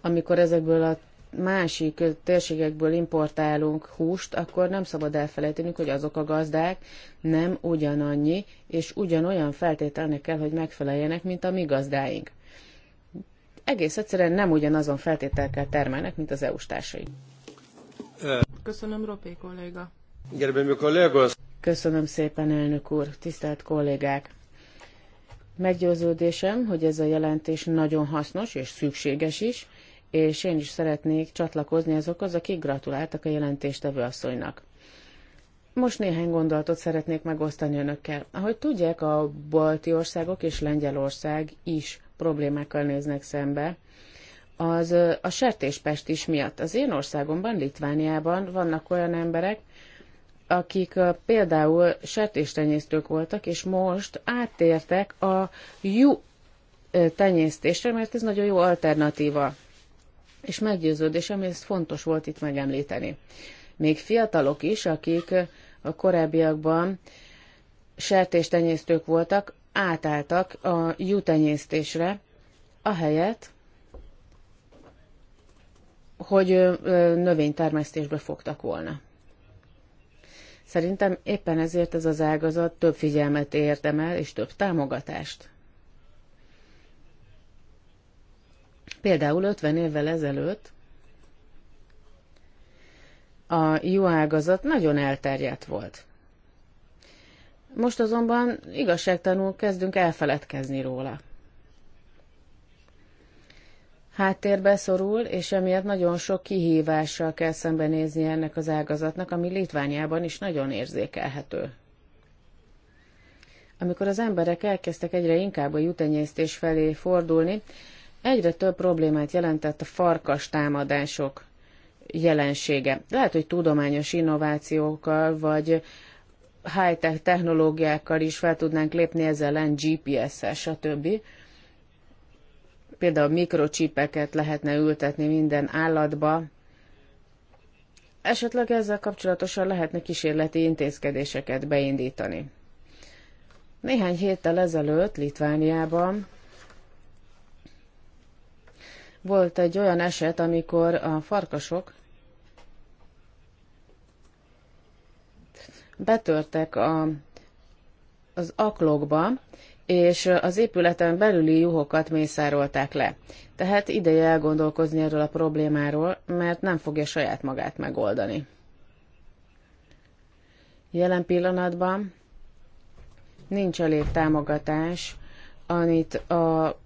Amikor ezekből a másik térségekből importálunk húst, akkor nem szabad elfelejtenünk, hogy azok a gazdák nem ugyanannyi, és ugyanolyan feltételnek kell, hogy megfeleljenek, mint a mi gazdáink egész egyszerűen nem ugyanazon feltételkel termelnek, mint az EU-s társai. Köszönöm, Ropé kolléga. Köszönöm szépen, elnök úr, tisztelt kollégák! Meggyőződésem, hogy ez a jelentés nagyon hasznos és szükséges is, és én is szeretnék csatlakozni azokhoz, akik gratuláltak a jelentéstevő asszonynak. Most néhány gondolatot szeretnék megosztani önökkel. Ahogy tudják, a balti országok és Lengyelország is problémákkal néznek szembe, az a sertéspest is miatt. Az én országomban, Litvániában vannak olyan emberek, akik például sertéstenyésztők voltak, és most áttértek a jó tenyésztésre, mert ez nagyon jó alternatíva. És meggyőződésem, ez fontos volt itt megemlíteni. Még fiatalok is, akik a korábbiakban sertéstenyésztők voltak, átálltak a jutenyésztésre, ahelyett, hogy növénytermesztésbe fogtak volna. Szerintem éppen ezért ez az ágazat több figyelmet érdemel és több támogatást. Például 50 évvel ezelőtt a jó ágazat nagyon elterjedt volt. Most azonban igazságtanul kezdünk elfeledkezni róla. Háttérbe szorul, és emiatt nagyon sok kihívással kell szembenézni ennek az ágazatnak, ami Litvániában is nagyon érzékelhető. Amikor az emberek elkezdtek egyre inkább a jutenyésztés felé fordulni, egyre több problémát jelentett a farkas támadások jelensége. Lehet, hogy tudományos innovációkkal vagy high-tech technológiákkal is fel tudnánk lépni, ezzel ellen GPS-szel, stb. Például mikrocsipeket lehetne ültetni minden állatba. Esetleg ezzel kapcsolatosan lehetne kísérleti intézkedéseket beindítani. Néhány héttel ezelőtt Litvániában volt egy olyan eset, amikor a farkasok betörtek a, az aklokba, és az épületen belüli juhokat mészárolták le. Tehát ideje elgondolkozni erről a problémáról, mert nem fogja saját magát megoldani. Jelen pillanatban nincs elég támogatás, amit a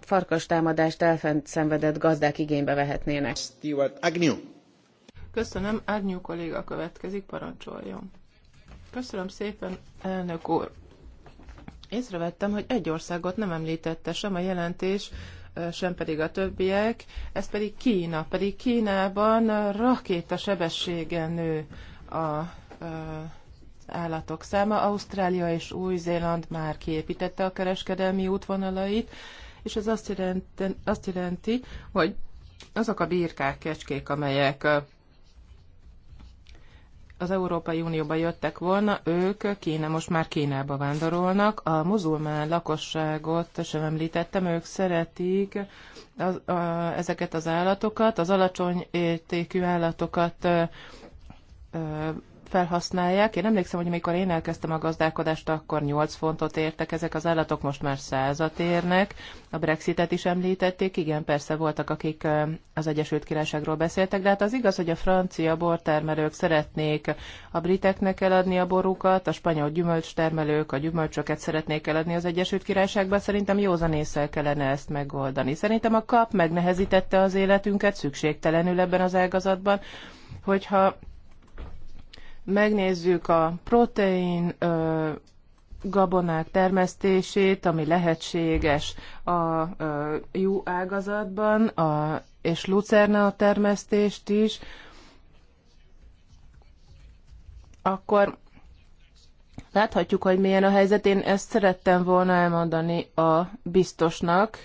farkas támadást szenvedett gazdák igénybe vehetnének. Stuart Agnew. Köszönöm, Árnyú kolléga következik, parancsoljon. Köszönöm szépen, elnök úr. Észrevettem, hogy egy országot nem említette sem a jelentés, sem pedig a többiek, ez pedig Kína. Pedig Kínában rakéta sebességen nő a, a állatok száma. Ausztrália és Új-Zéland már kiépítette a kereskedelmi útvonalait, és ez azt jelenti, azt jelenti hogy azok a birkák, kecskék, amelyek az Európai Unióba jöttek volna, ők Kína, most már Kínába vándorolnak. A muzulmán lakosságot sem említettem, ők szeretik az, a, ezeket az állatokat, az alacsony értékű állatokat felhasználják. Én emlékszem, hogy amikor én elkezdtem a gazdálkodást, akkor 8 fontot értek ezek az állatok, most már százat érnek. A Brexitet is említették, igen, persze voltak, akik az Egyesült Királyságról beszéltek, de hát az igaz, hogy a francia bortermelők szeretnék a briteknek eladni a borukat, a spanyol gyümölcstermelők a gyümölcsöket szeretnék eladni az Egyesült királyságba. szerintem józan észre kellene ezt megoldani. Szerintem a kap megnehezítette az életünket szükségtelenül ebben az ágazatban, hogyha megnézzük a protein ö, gabonák termesztését, ami lehetséges a ö, jó ágazatban, a, és lucerna a termesztést is, akkor láthatjuk, hogy milyen a helyzet. Én ezt szerettem volna elmondani a biztosnak,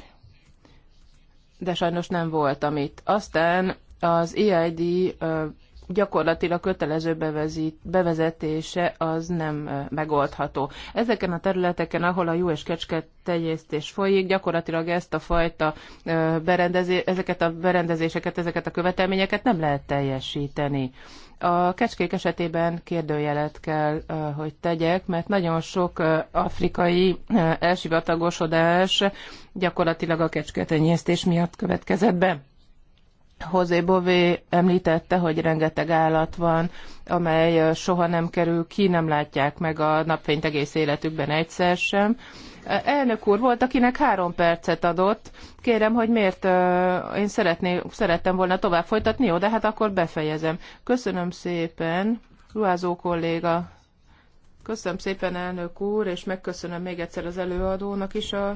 de sajnos nem voltam itt. Aztán az EID gyakorlatilag kötelező bevezít, bevezetése az nem megoldható. Ezeken a területeken, ahol a jó és kecske tegyésztés folyik, gyakorlatilag ezt a fajta berendezé, ezeket a berendezéseket, ezeket a követelményeket nem lehet teljesíteni. A kecskék esetében kérdőjelet kell, hogy tegyek, mert nagyon sok afrikai elsivatagosodás gyakorlatilag a kecsketenyésztés miatt következett be. José Bové említette, hogy rengeteg állat van, amely soha nem kerül ki, nem látják meg a napfényt egész életükben egyszer sem. Elnök úr volt, akinek három percet adott. Kérem, hogy miért én szeretné, szerettem volna tovább folytatni, jó, de hát akkor befejezem. Köszönöm szépen, ruházó kolléga. Köszönöm szépen, elnök úr, és megköszönöm még egyszer az előadónak is a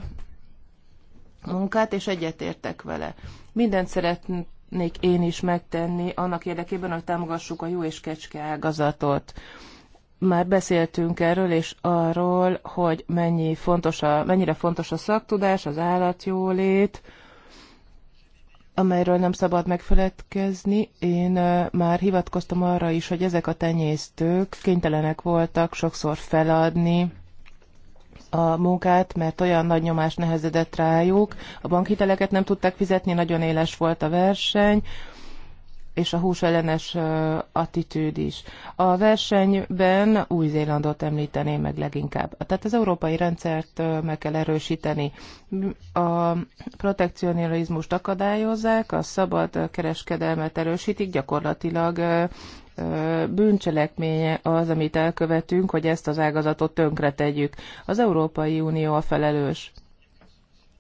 munkát, és egyetértek vele. Mindent szeret, szeretnék én is megtenni annak érdekében, hogy támogassuk a jó és kecske ágazatot. Már beszéltünk erről és arról, hogy mennyi fontos a, mennyire fontos a szaktudás, az állatjólét, amelyről nem szabad megfeledkezni. Én már hivatkoztam arra is, hogy ezek a tenyésztők kénytelenek voltak sokszor feladni a munkát, mert olyan nagy nyomás nehezedett rájuk, a bankhiteleket nem tudták fizetni, nagyon éles volt a verseny, és a húsellenes attitűd is. A versenyben Új-Zélandot említeném meg leginkább. Tehát az európai rendszert meg kell erősíteni. A protekcionizmust akadályozzák, a szabad kereskedelmet erősítik, gyakorlatilag bűncselekménye az, amit elkövetünk, hogy ezt az ágazatot tönkre Az Európai Unió a felelős.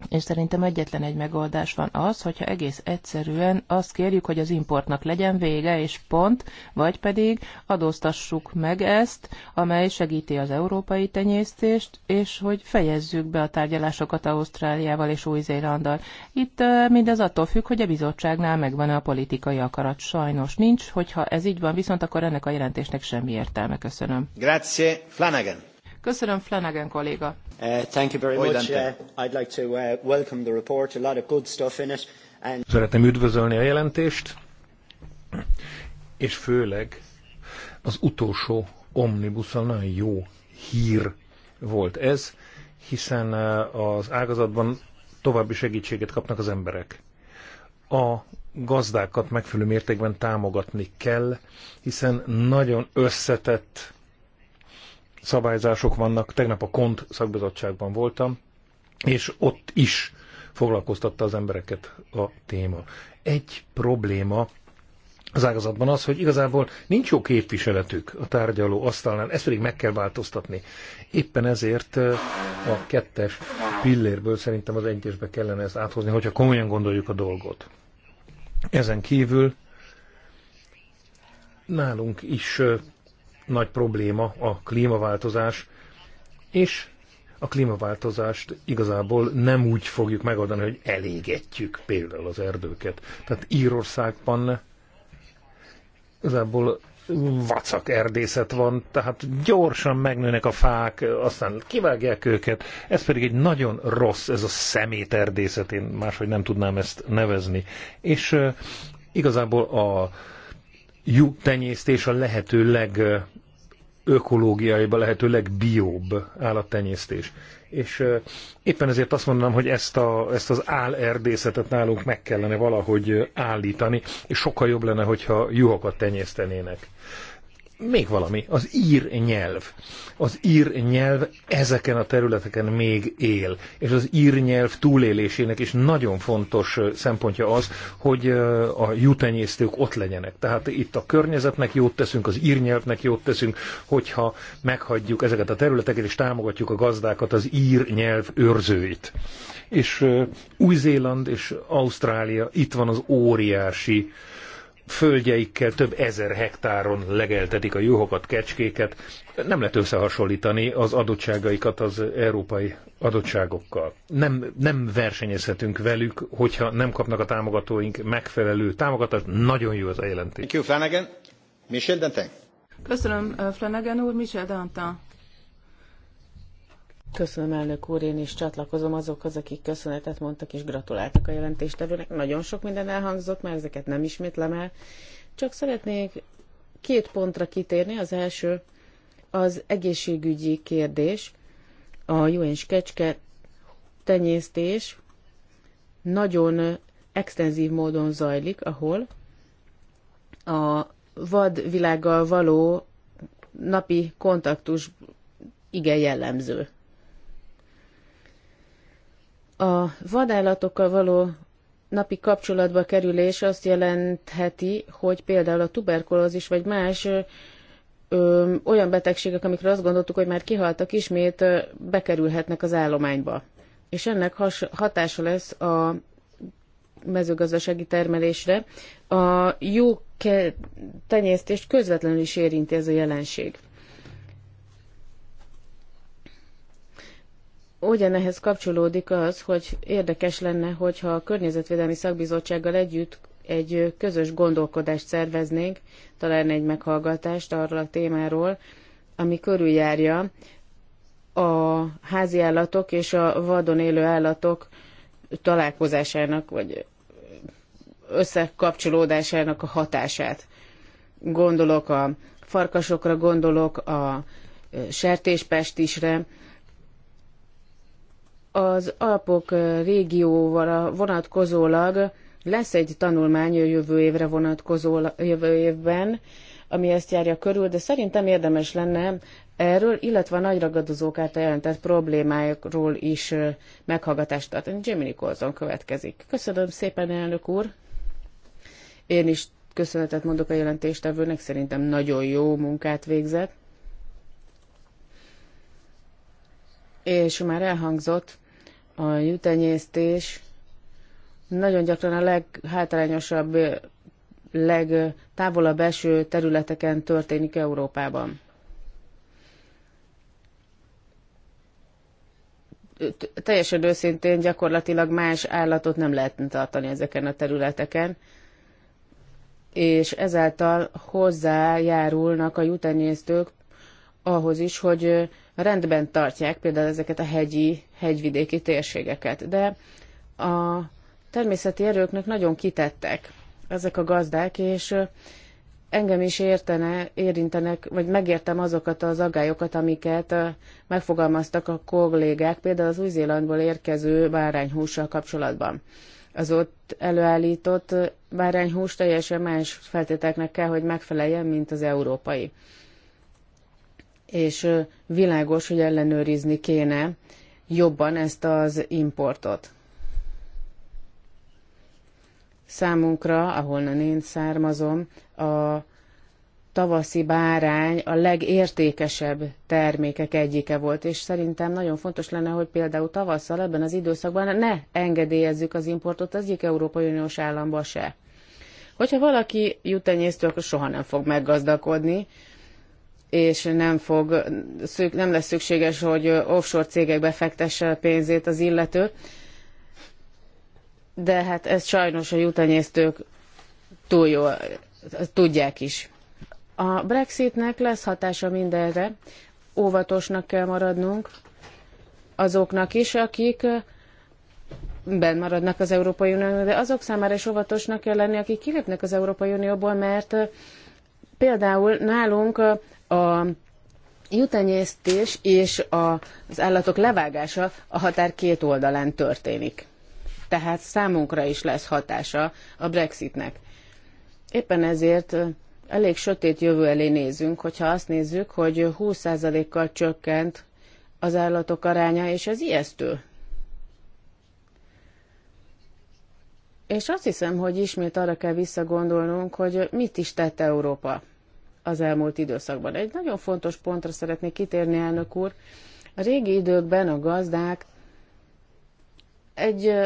És szerintem egyetlen egy megoldás van az, hogyha egész egyszerűen azt kérjük, hogy az importnak legyen vége, és pont, vagy pedig adóztassuk meg ezt, amely segíti az európai tenyésztést, és hogy fejezzük be a tárgyalásokat Ausztráliával és új zélandal Itt mindez attól függ, hogy a bizottságnál megvan -e a politikai akarat. Sajnos nincs, hogyha ez így van, viszont akkor ennek a jelentésnek semmi értelme. Köszönöm. Grazie, Flanagan. Köszönöm, Flanagan kolléga. Uh, thank you very much. Uh, I'd like to uh, welcome the report. A lot of good stuff in it. And... Szeretném üdvözölni a jelentést, és főleg az utolsó omnibuszal nagyon jó hír volt ez, hiszen uh, az ágazatban további segítséget kapnak az emberek. A gazdákat megfelelő mértékben támogatni kell, hiszen nagyon összetett szabályzások vannak. Tegnap a KONT szakbizottságban voltam, és ott is foglalkoztatta az embereket a téma. Egy probléma az ágazatban az, hogy igazából nincs jó képviseletük a tárgyaló asztalnál, ezt pedig meg kell változtatni. Éppen ezért a kettes pillérből szerintem az egyesbe kellene ezt áthozni, hogyha komolyan gondoljuk a dolgot. Ezen kívül nálunk is nagy probléma a klímaváltozás, és a klímaváltozást igazából nem úgy fogjuk megoldani, hogy elégetjük például az erdőket. Tehát Írországban igazából vacak erdészet van, tehát gyorsan megnőnek a fák, aztán kivágják őket. Ez pedig egy nagyon rossz, ez a szemét erdészet, én máshogy nem tudnám ezt nevezni. És igazából a juhtenyésztés a lehető leg ökológiaiba lehető legbióbb állattenyésztés. És éppen ezért azt mondanám, hogy ezt, a, ezt az állerdészetet nálunk meg kellene valahogy állítani, és sokkal jobb lenne, hogyha juhokat tenyésztenének még valami, az ír nyelv. Az ír nyelv ezeken a területeken még él, és az ír nyelv túlélésének is nagyon fontos szempontja az, hogy a jutenyésztők ott legyenek. Tehát itt a környezetnek jót teszünk, az ír nyelvnek jót teszünk, hogyha meghagyjuk ezeket a területeket, és támogatjuk a gazdákat, az ír nyelv őrzőit. És Új-Zéland és Ausztrália, itt van az óriási földjeikkel több ezer hektáron legeltetik a juhokat, kecskéket. Nem lehet összehasonlítani az adottságaikat az európai adottságokkal. Nem, nem versenyezhetünk velük, hogyha nem kapnak a támogatóink megfelelő támogatást. Nagyon jó ez a jelentés. Thank you, Flanagan. Michel Dantin. Köszönöm, Flanagan úr, Michel Dantin. Köszönöm, elnök úr, én is csatlakozom azokhoz, akik köszönetet mondtak és gratuláltak a jelentéstevőnek. Nagyon sok minden elhangzott, mert ezeket nem ismétlem el. Csak szeretnék két pontra kitérni. Az első az egészségügyi kérdés, a jó kecske tenyésztés nagyon extenzív módon zajlik, ahol a vadvilággal való napi kontaktus igen jellemző. A vadállatokkal való napi kapcsolatba kerülés azt jelentheti, hogy például a tuberkulózis vagy más ö, olyan betegségek, amikre azt gondoltuk, hogy már kihaltak, ismét ö, bekerülhetnek az állományba. És ennek has, hatása lesz a mezőgazdasági termelésre. A jó tenyésztést közvetlenül is érinti ez a jelenség. ugyanehhez kapcsolódik az, hogy érdekes lenne, hogyha a Környezetvédelmi Szakbizottsággal együtt egy közös gondolkodást szerveznénk, talán egy meghallgatást arról a témáról, ami körüljárja a házi állatok és a vadon élő állatok találkozásának, vagy összekapcsolódásának a hatását. Gondolok a farkasokra, gondolok a sertéspestisre, az Alpok régióval vonatkozólag lesz egy tanulmány a jövő évre vonatkozó jövő évben, ami ezt járja körül, de szerintem érdemes lenne erről, illetve a nagy ragadozók által jelentett problémákról is meghallgatást tartani. Jimmy Nicholson következik. Köszönöm szépen, elnök úr! Én is köszönetet mondok a jelentéstevőnek, szerintem nagyon jó munkát végzett. És már elhangzott, a jutenyésztés nagyon gyakran a leghátrányosabb, legtávolabb eső területeken történik Európában. Teljesen őszintén gyakorlatilag más állatot nem lehet tartani ezeken a területeken, és ezáltal hozzájárulnak a jutenyésztők ahhoz is, hogy rendben tartják például ezeket a hegyi, hegyvidéki térségeket. De a természeti erőknek nagyon kitettek ezek a gazdák, és engem is értene, érintenek, vagy megértem azokat az agályokat, amiket megfogalmaztak a kollégák, például az Új-Zélandból érkező bárányhússal kapcsolatban. Az ott előállított bárányhús teljesen más feltételeknek kell, hogy megfeleljen, mint az európai és világos, hogy ellenőrizni kéne jobban ezt az importot. Számunkra, ahonnan én származom, a tavaszi bárány a legértékesebb termékek egyike volt, és szerintem nagyon fontos lenne, hogy például tavasszal ebben az időszakban ne engedélyezzük az importot az egyik Európai Uniós államba se. Hogyha valaki jutenyésztő, akkor soha nem fog meggazdakodni, és nem, fog, nem lesz szükséges, hogy offshore cégekbe fektesse a pénzét az illető. De hát ezt sajnos a jutanyésztők túl jól tudják is. A Brexitnek lesz hatása mindenre, óvatosnak kell maradnunk azoknak is, akik ben maradnak az Európai Unióban, de azok számára is óvatosnak kell lenni, akik kilépnek az Európai Unióból, mert például nálunk a jutányésztés és a, az állatok levágása a határ két oldalán történik. Tehát számunkra is lesz hatása a Brexitnek. Éppen ezért elég sötét jövő elé nézünk, hogyha azt nézzük, hogy 20%-kal csökkent az állatok aránya, és ez ijesztő. És azt hiszem, hogy ismét arra kell visszagondolnunk, hogy mit is tett Európa az elmúlt időszakban. Egy nagyon fontos pontra szeretnék kitérni, elnök úr. A régi időkben a gazdák egy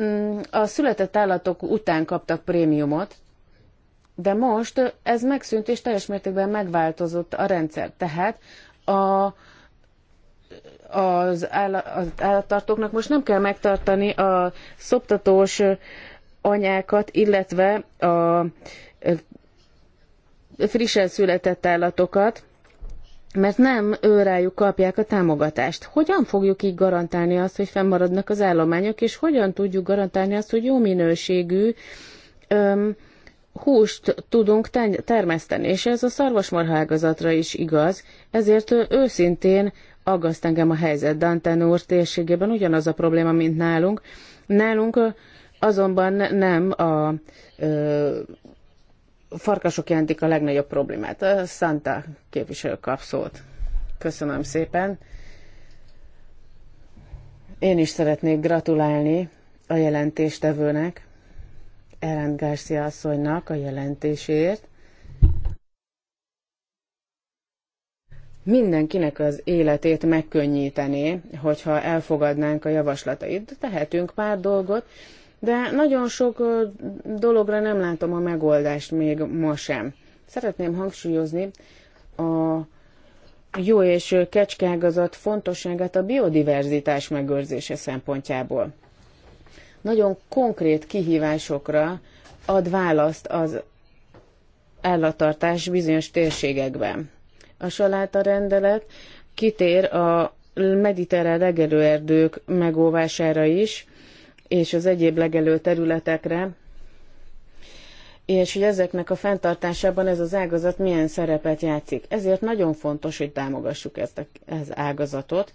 mm, a született állatok után kaptak prémiumot, de most ez megszűnt, és teljes mértékben megváltozott a rendszer. Tehát a, az, állat, az állattartóknak most nem kell megtartani a szoptatós anyákat, illetve a frissen született állatokat, mert nem rájuk kapják a támogatást. Hogyan fogjuk így garantálni azt, hogy fennmaradnak az állományok, és hogyan tudjuk garantálni azt, hogy jó minőségű öm, húst tudunk termeszteni, és ez a szarvasmarha ágazatra is igaz, ezért őszintén aggaszt engem a helyzet Danten úr térségében, ugyanaz a probléma, mint nálunk. Nálunk azonban nem a ö, farkasok jelentik a legnagyobb problémát. A Santa képviselő kap szót. Köszönöm szépen. Én is szeretnék gratulálni a jelentéstevőnek, Erend Garcia asszonynak a jelentésért. Mindenkinek az életét megkönnyítené, hogyha elfogadnánk a javaslatait. Tehetünk pár dolgot, de nagyon sok dologra nem látom a megoldást még ma sem. Szeretném hangsúlyozni a jó és kecskeágazat fontosságát a biodiverzitás megőrzése szempontjából. Nagyon konkrét kihívásokra ad választ az állattartás bizonyos térségekben. A saláta rendelet kitér a mediterrán legelőerdők megóvására is, és az egyéb legelő területekre, és hogy ezeknek a fenntartásában ez az ágazat milyen szerepet játszik. Ezért nagyon fontos, hogy támogassuk ezt az ágazatot,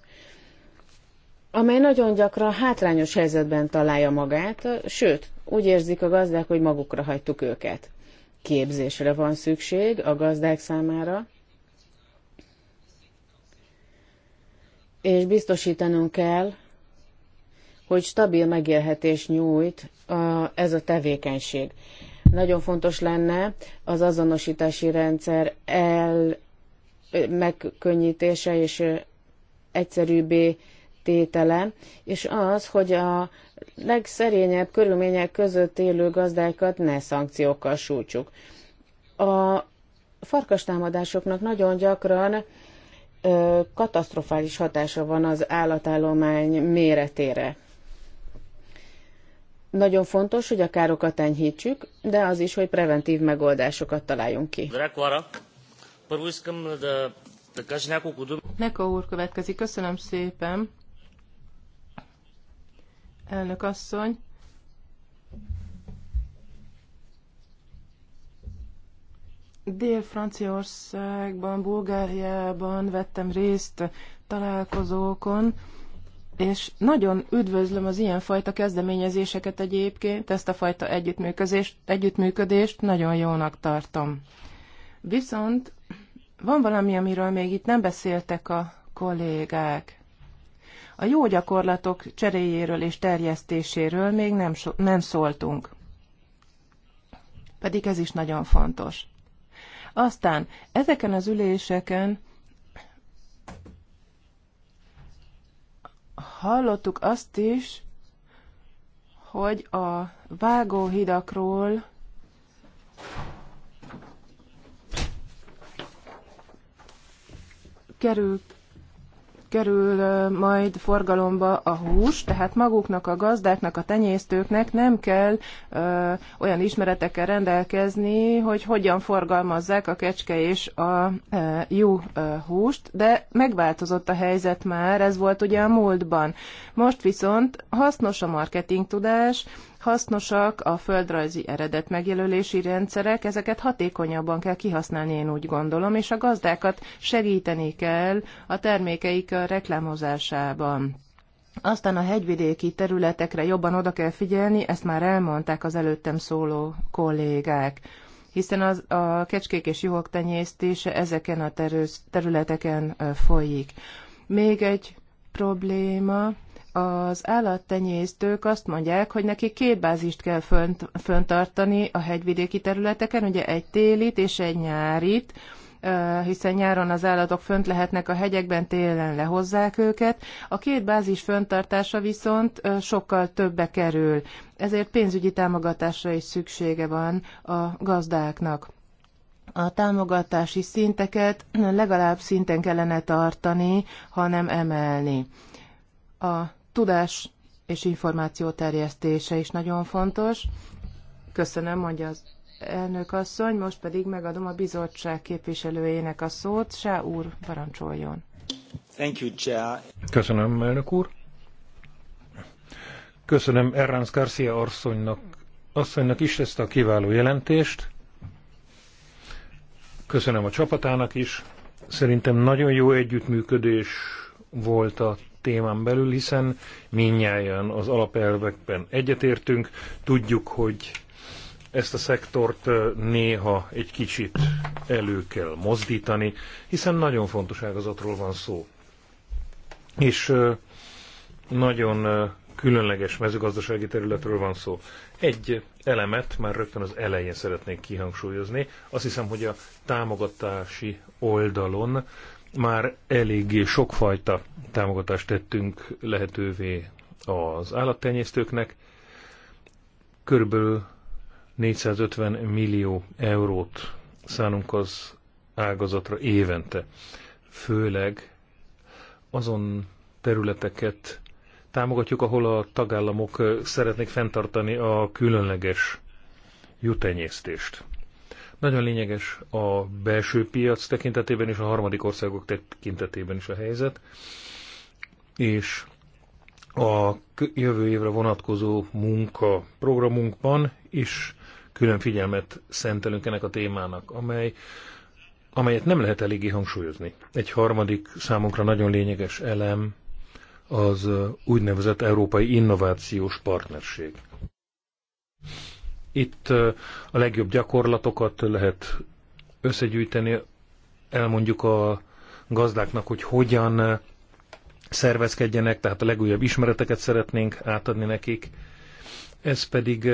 amely nagyon gyakran hátrányos helyzetben találja magát, sőt, úgy érzik a gazdák, hogy magukra hagytuk őket. Képzésre van szükség a gazdák számára, és biztosítanunk kell, hogy stabil megélhetés nyújt a, ez a tevékenység. Nagyon fontos lenne az azonosítási rendszer el megkönnyítése és egyszerűbbé tétele, és az, hogy a legszerényebb körülmények között élő gazdákat ne szankciókkal sújtsuk. A farkastámadásoknak nagyon gyakran katasztrofális hatása van az állatállomány méretére. Nagyon fontos, hogy a károkat enyhítsük, de az is, hogy preventív megoldásokat találjunk ki. Neka úr következik. Köszönöm szépen. Elnök asszony. Dél-Franciaországban, Bulgáriában vettem részt találkozókon, és nagyon üdvözlöm az ilyenfajta kezdeményezéseket egyébként, ezt a fajta együttműködést, együttműködést nagyon jónak tartom. Viszont van valami, amiről még itt nem beszéltek a kollégák. A jó gyakorlatok cseréjéről és terjesztéséről még nem, so, nem szóltunk. Pedig ez is nagyon fontos. Aztán ezeken az üléseken hallottuk azt is, hogy a vágóhidakról kerül kerül majd forgalomba a hús, tehát maguknak, a gazdáknak, a tenyésztőknek nem kell ö, olyan ismeretekkel rendelkezni, hogy hogyan forgalmazzák a kecske és a ö, jó ö, húst, de megváltozott a helyzet már, ez volt ugye a múltban. Most viszont hasznos a marketing tudás, hasznosak a földrajzi eredet megjelölési rendszerek, ezeket hatékonyabban kell kihasználni, én úgy gondolom, és a gazdákat segíteni kell a termékeik reklámozásában. Aztán a hegyvidéki területekre jobban oda kell figyelni, ezt már elmondták az előttem szóló kollégák hiszen az, a kecskék és juhok tenyésztése ezeken a területeken folyik. Még egy probléma, az állattenyésztők azt mondják, hogy neki két bázist kell fönt, föntartani a hegyvidéki területeken, ugye egy télit és egy nyárit, hiszen nyáron az állatok fönt lehetnek a hegyekben, télen lehozzák őket. A két bázis föntartása viszont sokkal többe kerül, ezért pénzügyi támogatásra is szüksége van a gazdáknak. A támogatási szinteket legalább szinten kellene tartani, hanem emelni. A tudás és információ terjesztése is nagyon fontos. Köszönöm, mondja az elnök asszony, most pedig megadom a bizottság képviselőjének a szót. Sá úr, parancsoljon. Thank you, Chair. Köszönöm, elnök úr. Köszönöm Erránz Garcia asszonynak, asszonynak is ezt a kiváló jelentést. Köszönöm a csapatának is. Szerintem nagyon jó együttműködés volt a témán belül, hiszen minnyáján az alapelvekben egyetértünk, tudjuk, hogy ezt a szektort néha egy kicsit elő kell mozdítani, hiszen nagyon fontos ágazatról van szó. És nagyon különleges mezőgazdasági területről van szó. Egy elemet már rögtön az elején szeretnék kihangsúlyozni. Azt hiszem, hogy a támogatási oldalon már eléggé sokfajta támogatást tettünk lehetővé az állattenyésztőknek. Körülbelül 450 millió eurót szánunk az ágazatra évente. Főleg azon területeket támogatjuk, ahol a tagállamok szeretnék fenntartani a különleges jutenyésztést. Nagyon lényeges a belső piac tekintetében és a harmadik országok tekintetében is a helyzet, és a jövő évre vonatkozó munka programunkban is külön figyelmet szentelünk ennek a témának, amely, amelyet nem lehet eléggé hangsúlyozni. Egy harmadik számunkra nagyon lényeges elem az úgynevezett Európai Innovációs Partnerség. Itt a legjobb gyakorlatokat lehet összegyűjteni, elmondjuk a gazdáknak, hogy hogyan szervezkedjenek, tehát a legújabb ismereteket szeretnénk átadni nekik. Ez pedig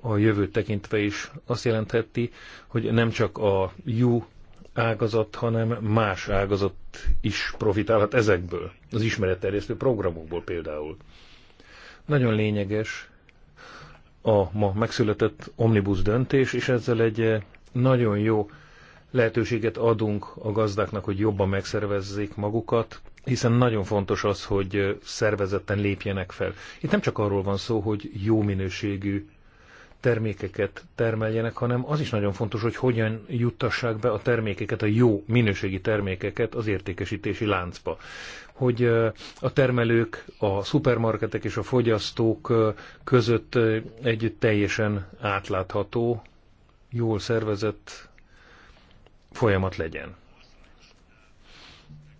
a jövőt tekintve is azt jelentheti, hogy nem csak a jó ágazat, hanem más ágazat is profitálhat ezekből, az ismeretterjesztő programokból például. Nagyon lényeges, a ma megszületett omnibus döntés, és ezzel egy eh, nagyon jó lehetőséget adunk a gazdáknak, hogy jobban megszervezzék magukat, hiszen nagyon fontos az, hogy eh, szervezetten lépjenek fel. Itt nem csak arról van szó, hogy jó minőségű termékeket termeljenek, hanem az is nagyon fontos, hogy hogyan juttassák be a termékeket, a jó minőségi termékeket az értékesítési láncba. Hogy a termelők, a szupermarketek és a fogyasztók között egy teljesen átlátható, jól szervezett folyamat legyen.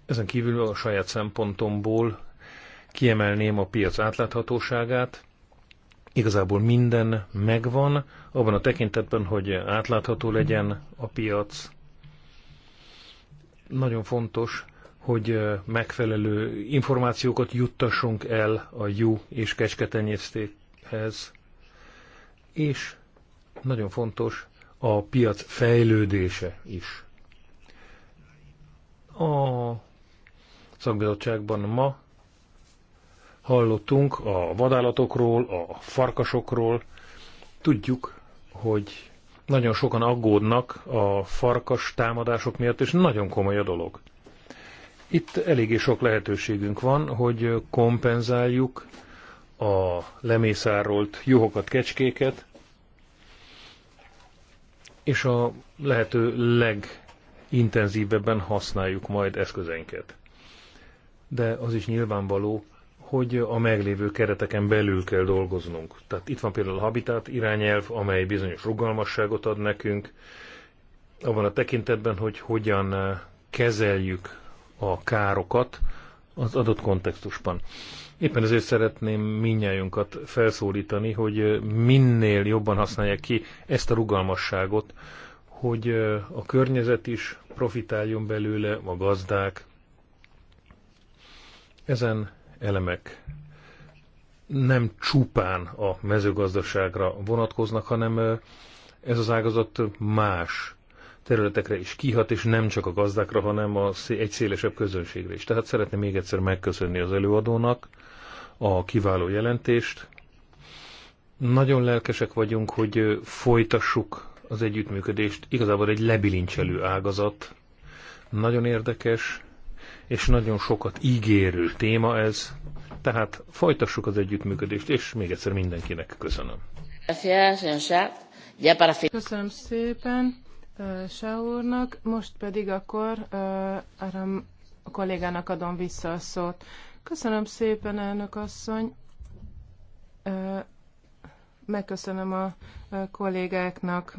Ezen kívül a saját szempontomból kiemelném a piac átláthatóságát, Igazából minden megvan, abban a tekintetben, hogy átlátható legyen a piac. Nagyon fontos, hogy megfelelő információkat juttassunk el a jó és kecsketenyésztékhez. És nagyon fontos a piac fejlődése is. A szakbizottságban ma Hallottunk a vadállatokról, a farkasokról. Tudjuk, hogy nagyon sokan aggódnak a farkas támadások miatt, és nagyon komoly a dolog. Itt eléggé sok lehetőségünk van, hogy kompenzáljuk a lemészárolt juhokat, kecskéket, és a lehető legintenzívebben használjuk majd eszközeinket. De az is nyilvánvaló, hogy a meglévő kereteken belül kell dolgoznunk. Tehát itt van például a Habitat irányelv, amely bizonyos rugalmasságot ad nekünk, abban a tekintetben, hogy hogyan eh, kezeljük a károkat az adott kontextusban. Éppen ezért szeretném minnyájunkat felszólítani, hogy eh, minél jobban használják ki ezt a rugalmasságot, hogy eh, a környezet is profitáljon belőle, a gazdák. Ezen elemek nem csupán a mezőgazdaságra vonatkoznak, hanem ez az ágazat más területekre is kihat, és nem csak a gazdákra, hanem a, egy szélesebb közönségre is. Tehát szeretném még egyszer megköszönni az előadónak a kiváló jelentést. Nagyon lelkesek vagyunk, hogy folytassuk az együttműködést. Igazából egy lebilincselő ágazat. Nagyon érdekes, és nagyon sokat ígérő téma ez, tehát folytassuk az együttműködést, és még egyszer mindenkinek köszönöm. Köszönöm szépen Sá úrnak, most pedig akkor a kollégának adom vissza a szót. Köszönöm szépen, elnök asszony. Megköszönöm a kollégáknak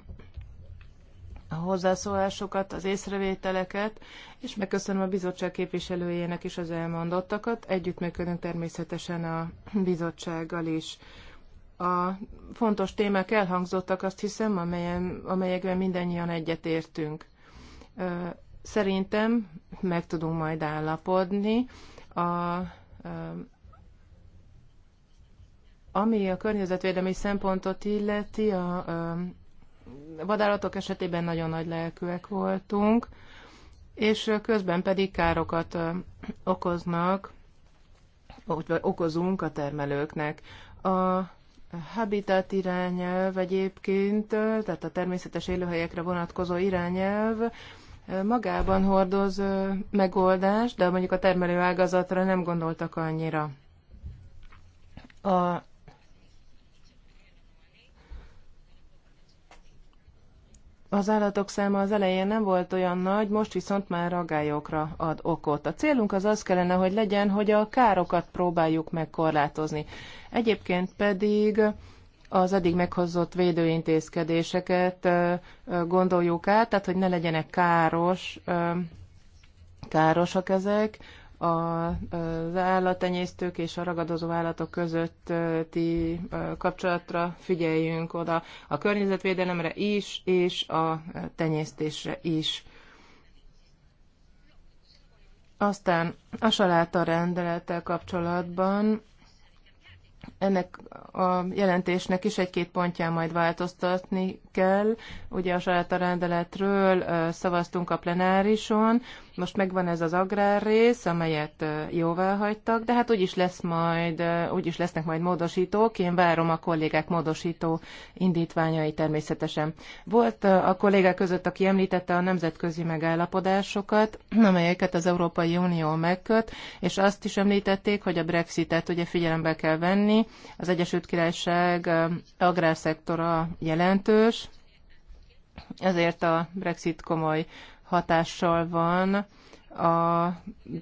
a hozzászólásokat, az észrevételeket, és megköszönöm a bizottság képviselőjének is az elmondottakat. Együttműködünk természetesen a bizottsággal is. A fontos témák elhangzottak, azt hiszem, amelyen, amelyekben mindannyian egyetértünk. Szerintem meg tudunk majd állapodni. A, ami a környezetvédelmi szempontot illeti, a, a vadállatok esetében nagyon nagy lelkűek voltunk, és közben pedig károkat okoznak, vagy okozunk a termelőknek. A habitat irányelv egyébként, tehát a természetes élőhelyekre vonatkozó irányelv magában hordoz megoldást, de mondjuk a termelő ágazatra nem gondoltak annyira. A az állatok száma az elején nem volt olyan nagy, most viszont már ragályokra ad okot. A célunk az az kellene, hogy legyen, hogy a károkat próbáljuk megkorlátozni. Egyébként pedig az eddig meghozott védőintézkedéseket gondoljuk át, tehát hogy ne legyenek káros, károsak ezek, az állattenyésztők és a ragadozó állatok közötti kapcsolatra figyeljünk oda, a környezetvédelemre is, és a tenyésztésre is. Aztán a saláta rendelettel kapcsolatban ennek a jelentésnek is egy-két pontján majd változtatni kell. Ugye a saját a rendeletről szavaztunk a plenárison, most megvan ez az agrár rész, amelyet jóvá hagytak, de hát úgyis lesz majd, úgyis lesznek majd módosítók, én várom a kollégák módosító indítványai természetesen. Volt a kollégák között, aki említette a nemzetközi megállapodásokat, amelyeket az Európai Unió megköt, és azt is említették, hogy a Brexitet ugye figyelembe kell venni, az Egyesült Királyság agrárszektora jelentős, ezért a Brexit komoly hatással van a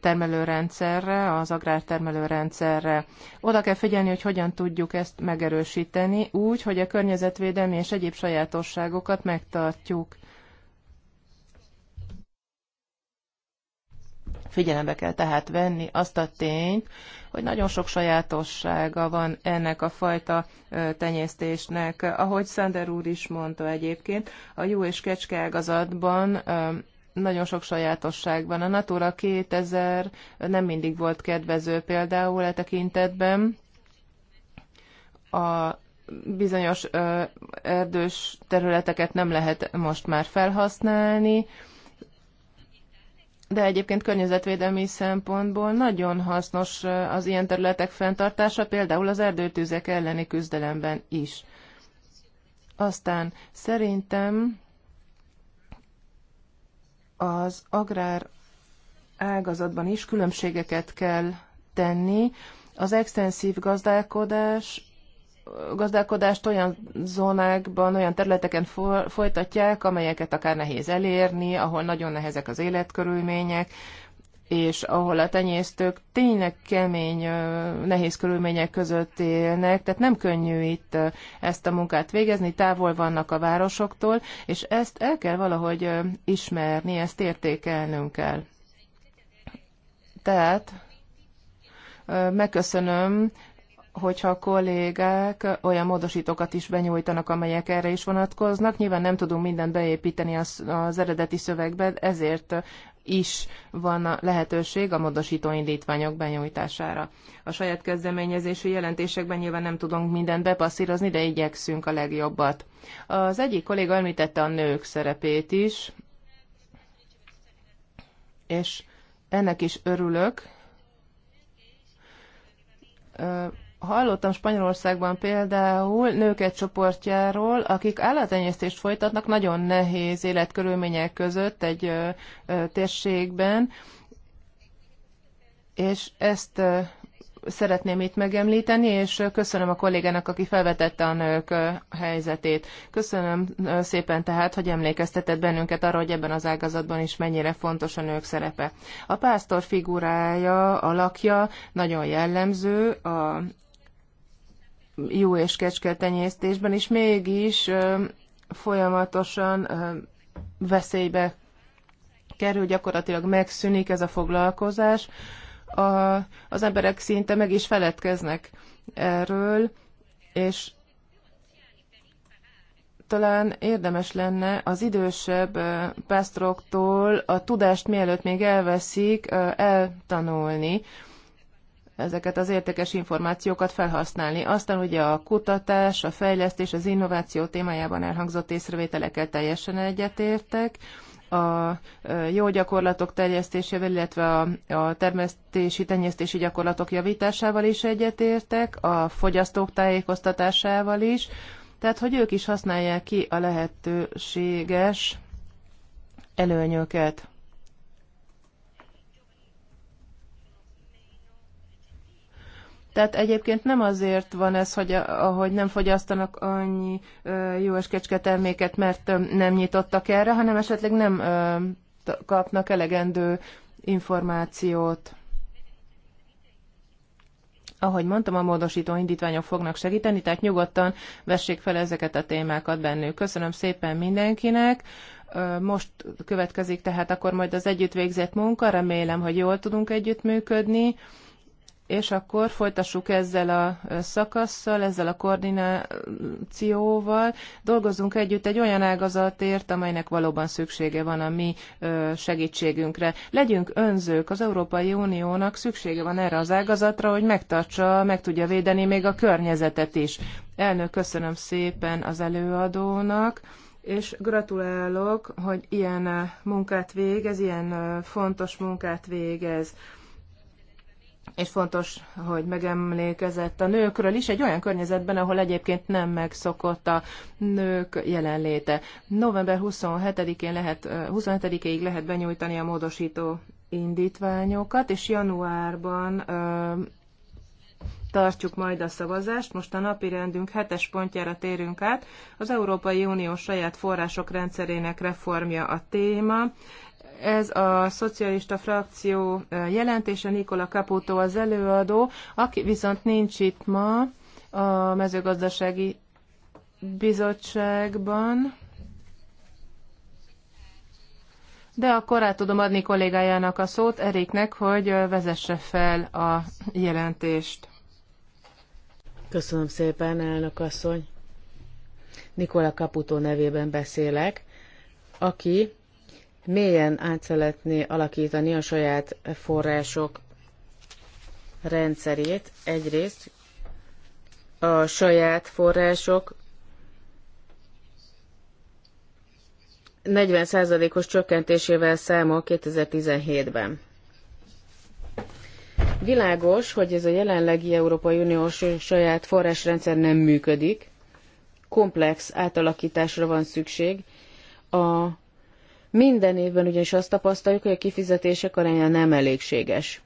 termelőrendszerre, az agrártermelőrendszerre. Oda kell figyelni, hogy hogyan tudjuk ezt megerősíteni, úgy, hogy a környezetvédelmi és egyéb sajátosságokat megtartjuk Figyelembe kell tehát venni azt a tényt, hogy nagyon sok sajátossága van ennek a fajta tenyésztésnek. Ahogy Szender úr is mondta egyébként, a jó és kecske ágazatban nagyon sok sajátosság van. A Natura 2000 nem mindig volt kedvező például e tekintetben. A bizonyos erdős területeket nem lehet most már felhasználni, de egyébként környezetvédelmi szempontból nagyon hasznos az ilyen területek fenntartása, például az erdőtűzek elleni küzdelemben is. Aztán szerintem az agrár ágazatban is különbségeket kell tenni. Az extenszív gazdálkodás gazdálkodást olyan zónákban, olyan területeken folytatják, amelyeket akár nehéz elérni, ahol nagyon nehezek az életkörülmények, és ahol a tenyésztők tényleg kemény, nehéz körülmények között élnek, tehát nem könnyű itt ezt a munkát végezni, távol vannak a városoktól, és ezt el kell valahogy ismerni, ezt értékelnünk kell. Tehát megköszönöm hogyha a kollégák olyan módosítókat is benyújtanak, amelyek erre is vonatkoznak. Nyilván nem tudunk mindent beépíteni az, az eredeti szövegbe, ezért is van a lehetőség a módosító indítványok benyújtására. A saját kezdeményezésű jelentésekben nyilván nem tudunk mindent bepasszírozni, de igyekszünk a legjobbat. Az egyik kolléga említette a nők szerepét is, és ennek is örülök Hallottam Spanyolországban például nők egy csoportjáról, akik állatenyésztést folytatnak nagyon nehéz életkörülmények között egy ö, ö, térségben, és ezt ö, szeretném itt megemlíteni, és köszönöm a kollégának, aki felvetette a nők helyzetét. Köszönöm szépen tehát, hogy emlékeztetett bennünket arra, hogy ebben az ágazatban is mennyire fontos a nők szerepe. A pásztor figurája, alakja nagyon jellemző a jó és kecske tenyésztésben, és mégis folyamatosan veszélybe kerül, gyakorlatilag megszűnik ez a foglalkozás. A, az emberek szinte meg is feledkeznek erről, és talán érdemes lenne az idősebb pásztoroktól a tudást mielőtt még elveszik, eltanulni ezeket az értékes információkat felhasználni. Aztán ugye a kutatás, a fejlesztés, az innováció témájában elhangzott észrevételekkel teljesen egyetértek a jó gyakorlatok terjesztésével, illetve a, a termesztési, tenyésztési gyakorlatok javításával is egyetértek, a fogyasztók tájékoztatásával is, tehát hogy ők is használják ki a lehetőséges előnyöket. Tehát egyébként nem azért van ez, hogy ahogy nem fogyasztanak annyi jó és kecske terméket, mert nem nyitottak erre, hanem esetleg nem kapnak elegendő információt. Ahogy mondtam, a módosító indítványok fognak segíteni, tehát nyugodtan vessék fel ezeket a témákat bennük. Köszönöm szépen mindenkinek. Most következik tehát akkor majd az együtt végzett munka, remélem, hogy jól tudunk együttműködni és akkor folytassuk ezzel a szakasszal, ezzel a koordinációval, dolgozunk együtt egy olyan ágazatért, amelynek valóban szüksége van a mi segítségünkre. Legyünk önzők, az Európai Uniónak szüksége van erre az ágazatra, hogy megtartsa, meg tudja védeni még a környezetet is. Elnök, köszönöm szépen az előadónak és gratulálok, hogy ilyen munkát végez, ilyen fontos munkát végez és fontos, hogy megemlékezett a nőkről is, egy olyan környezetben, ahol egyébként nem megszokott a nők jelenléte. November 27-én lehet, 27-ig lehet benyújtani a módosító indítványokat, és januárban ö, tartjuk majd a szavazást. Most a napi rendünk hetes pontjára térünk át. Az Európai Unió saját források rendszerének reformja a téma. Ez a szocialista frakció jelentése, Nikola Caputo az előadó, aki viszont nincs itt ma a mezőgazdasági bizottságban. De akkor át tudom adni kollégájának a szót, Eriknek, hogy vezesse fel a jelentést. Köszönöm szépen, elnök asszony. Nikola Caputo nevében beszélek, aki mélyen át szeretné alakítani a saját források rendszerét. Egyrészt a saját források 40%-os csökkentésével számol 2017-ben. Világos, hogy ez a jelenlegi Európai Uniós saját forrásrendszer nem működik, komplex átalakításra van szükség, a minden évben ugyanis azt tapasztaljuk, hogy a kifizetések aránya nem elégséges.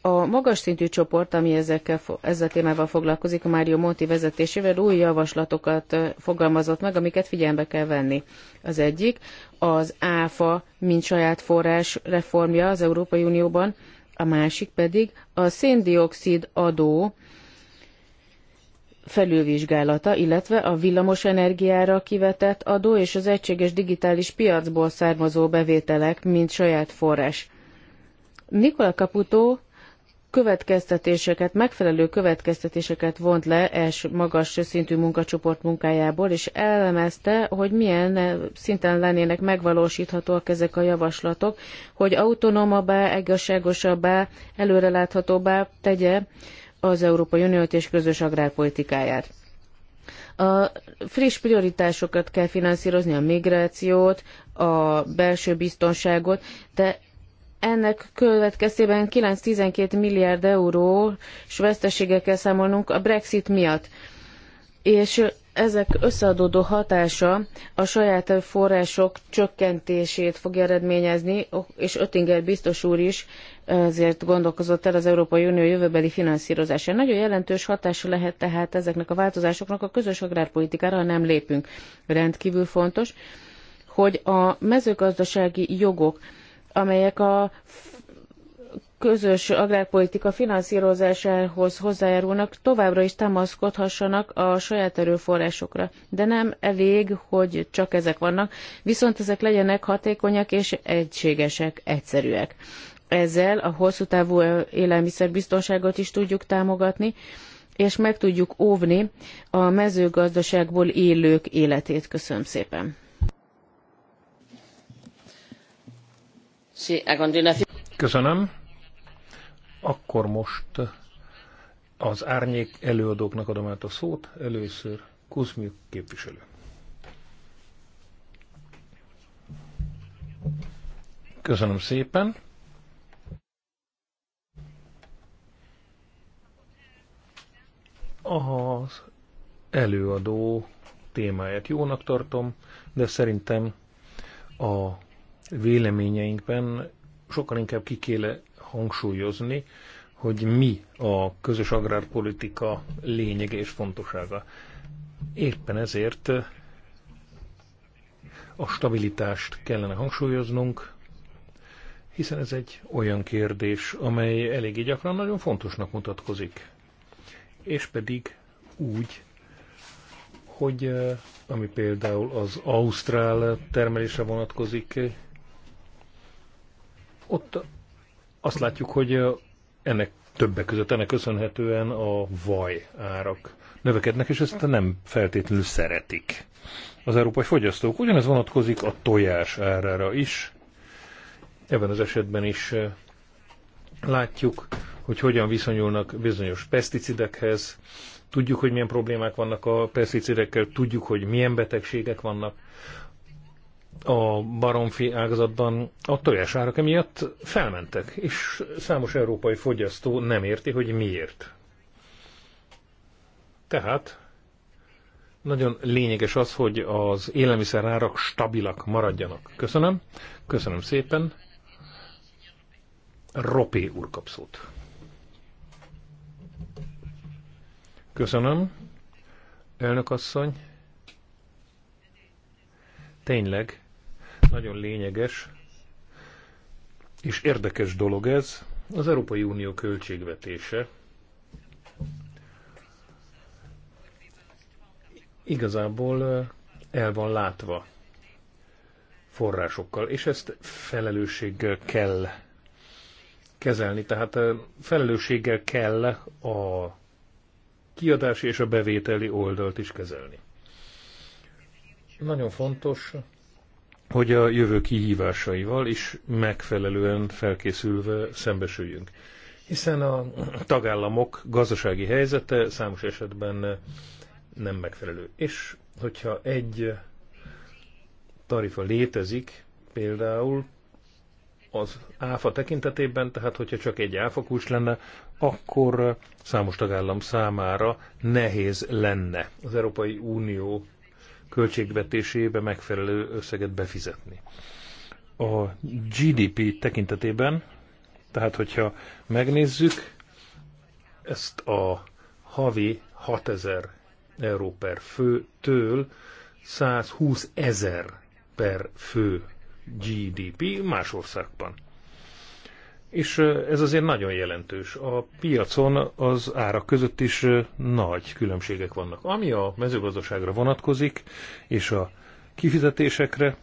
A magas szintű csoport, ami ezekkel, ezzel a témával foglalkozik, a Mário Monti vezetésével új javaslatokat fogalmazott meg, amiket figyelembe kell venni. Az egyik az ÁFA, mint saját forrás reformja az Európai Unióban, a másik pedig a széndiokszid adó, felülvizsgálata, illetve a villamos energiára kivetett adó és az egységes digitális piacból származó bevételek, mint saját forrás. Nikola Caputo következtetéseket, megfelelő következtetéseket vont le els magas szintű munkacsoport munkájából, és elemezte, hogy milyen eh, szinten lennének megvalósíthatóak ezek a javaslatok, hogy autonómabbá, egészségosabbá, előreláthatóbbá tegye az Európai Uniót és közös agrárpolitikáját. A friss prioritásokat kell finanszírozni, a migrációt, a belső biztonságot, de ennek következtében 9-12 milliárd eurós veszteségekkel számolnunk a Brexit miatt. És ezek összeadódó hatása a saját források csökkentését fog eredményezni, és Öttinger biztos úr is ezért gondolkozott el az Európai Unió jövőbeli finanszírozásán. Nagyon jelentős hatása lehet tehát ezeknek a változásoknak a közös agrárpolitikára, ha nem lépünk. Rendkívül fontos, hogy a mezőgazdasági jogok, amelyek a közös agrárpolitika finanszírozásához hozzájárulnak, továbbra is támaszkodhassanak a saját erőforrásokra. De nem elég, hogy csak ezek vannak, viszont ezek legyenek hatékonyak és egységesek, egyszerűek. Ezzel a hosszú távú élelmiszerbiztonságot is tudjuk támogatni, és meg tudjuk óvni a mezőgazdaságból élők életét. Köszönöm szépen! Köszönöm. Akkor most az árnyék előadóknak adom át a szót. Először Kuzmiuk képviselő. Köszönöm szépen. Az előadó témáját jónak tartom, de szerintem a véleményeinkben sokkal inkább ki kéne hangsúlyozni, hogy mi a közös agrárpolitika lényege és fontossága. Éppen ezért a stabilitást kellene hangsúlyoznunk, hiszen ez egy olyan kérdés, amely eléggé gyakran nagyon fontosnak mutatkozik. És pedig úgy, hogy eh, ami például az ausztrál termelésre vonatkozik, ott azt látjuk, hogy ennek többek között ennek köszönhetően a vaj árak növekednek, és ezt nem feltétlenül szeretik az európai fogyasztók. Ugyanez vonatkozik a tojás árára is. Ebben az esetben is látjuk, hogy hogyan viszonyulnak bizonyos peszticidekhez, tudjuk, hogy milyen problémák vannak a peszticidekkel, tudjuk, hogy milyen betegségek vannak a baromfi ágazatban a tojásárak emiatt felmentek, és számos európai fogyasztó nem érti, hogy miért. Tehát nagyon lényeges az, hogy az élelmiszerárak stabilak maradjanak. Köszönöm. Köszönöm szépen. Ropé úr kapszót. Köszönöm. Elnök asszony. Tényleg nagyon lényeges és érdekes dolog ez. Az Európai Unió költségvetése igazából eh, el van látva forrásokkal, és ezt felelősséggel kell kezelni. Tehát eh, felelősséggel kell a kiadási és a bevételi oldalt is kezelni. Nagyon fontos hogy a jövő kihívásaival is megfelelően felkészülve szembesüljünk. Hiszen a tagállamok gazdasági helyzete számos esetben nem megfelelő. És hogyha egy tarifa létezik, például az áfa tekintetében, tehát hogyha csak egy áfa lenne, akkor számos tagállam számára nehéz lenne az Európai Unió költségvetésébe megfelelő összeget befizetni. A GDP tekintetében, tehát hogyha megnézzük ezt a havi 6000 euró per főtől 120 ezer per fő GDP más országban. És ez azért nagyon jelentős. A piacon az árak között is nagy különbségek vannak. Ami a mezőgazdaságra vonatkozik, és a kifizetésekre,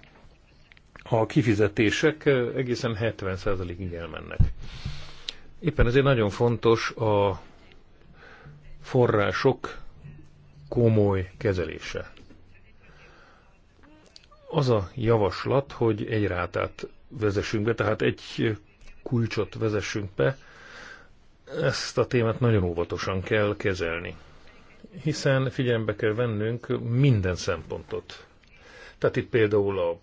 a kifizetések egészen 70%-ig elmennek. Éppen ezért nagyon fontos a források komoly kezelése. Az a javaslat, hogy egy rátát vezessünk be, tehát egy kulcsot vezessünk be, ezt a témát nagyon óvatosan kell kezelni, hiszen figyelembe kell vennünk minden szempontot. Tehát itt például a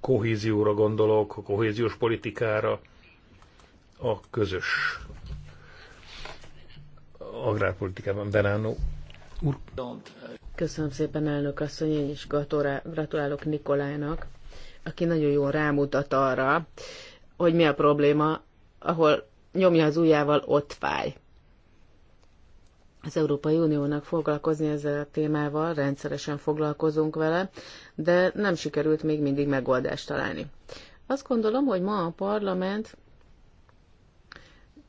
kohézióra gondolok, a kohéziós politikára, a közös agrárpolitikában Benánó úr. Köszönöm szépen, elnök asszony, én is gratulálok Nikolának, aki nagyon jól rámutat arra, hogy mi a probléma, ahol nyomja az ujjával, ott fáj. Az Európai Uniónak foglalkozni ezzel a témával, rendszeresen foglalkozunk vele, de nem sikerült még mindig megoldást találni. Azt gondolom, hogy ma a parlament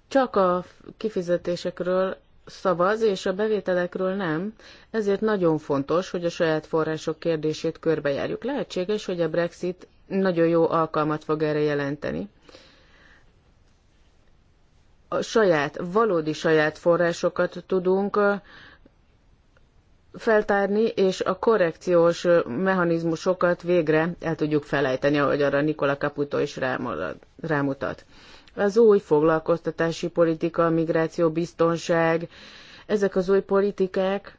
csak a kifizetésekről szavaz, és a bevételekről nem, ezért nagyon fontos, hogy a saját források kérdését körbejárjuk. Lehetséges, hogy a Brexit nagyon jó alkalmat fog erre jelenteni a saját, valódi saját forrásokat tudunk feltárni, és a korrekciós mechanizmusokat végre el tudjuk felejteni, ahogy arra Nikola Caputo is rámutat. Az új foglalkoztatási politika, migráció, biztonság, ezek az új politikák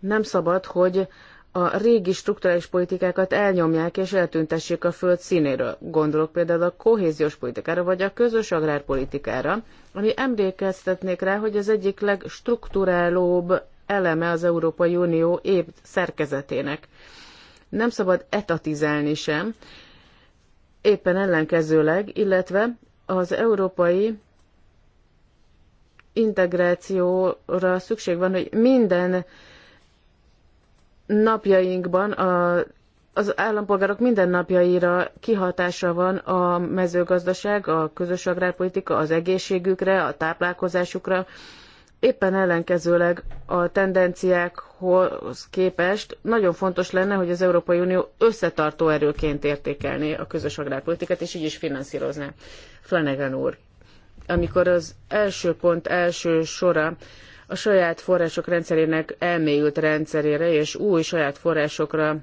nem szabad, hogy a régi strukturális politikákat elnyomják és eltüntessék a föld színéről. Gondolok például a kohéziós politikára, vagy a közös agrárpolitikára, ami emlékeztetnék rá, hogy az egyik legstruktúrálóbb eleme az Európai Unió épp szerkezetének. Nem szabad etatizálni sem, éppen ellenkezőleg, illetve az európai integrációra szükség van, hogy minden napjainkban a, az állampolgárok mindennapjaira kihatása van a mezőgazdaság, a közös agrárpolitika, az egészségükre, a táplálkozásukra. Éppen ellenkezőleg a tendenciákhoz képest nagyon fontos lenne, hogy az Európai Unió összetartó erőként értékelné a közös agrárpolitikát, és így is finanszírozná. Flanagan úr, amikor az első pont első sora a saját források rendszerének elmélyült rendszerére és új saját forrásokra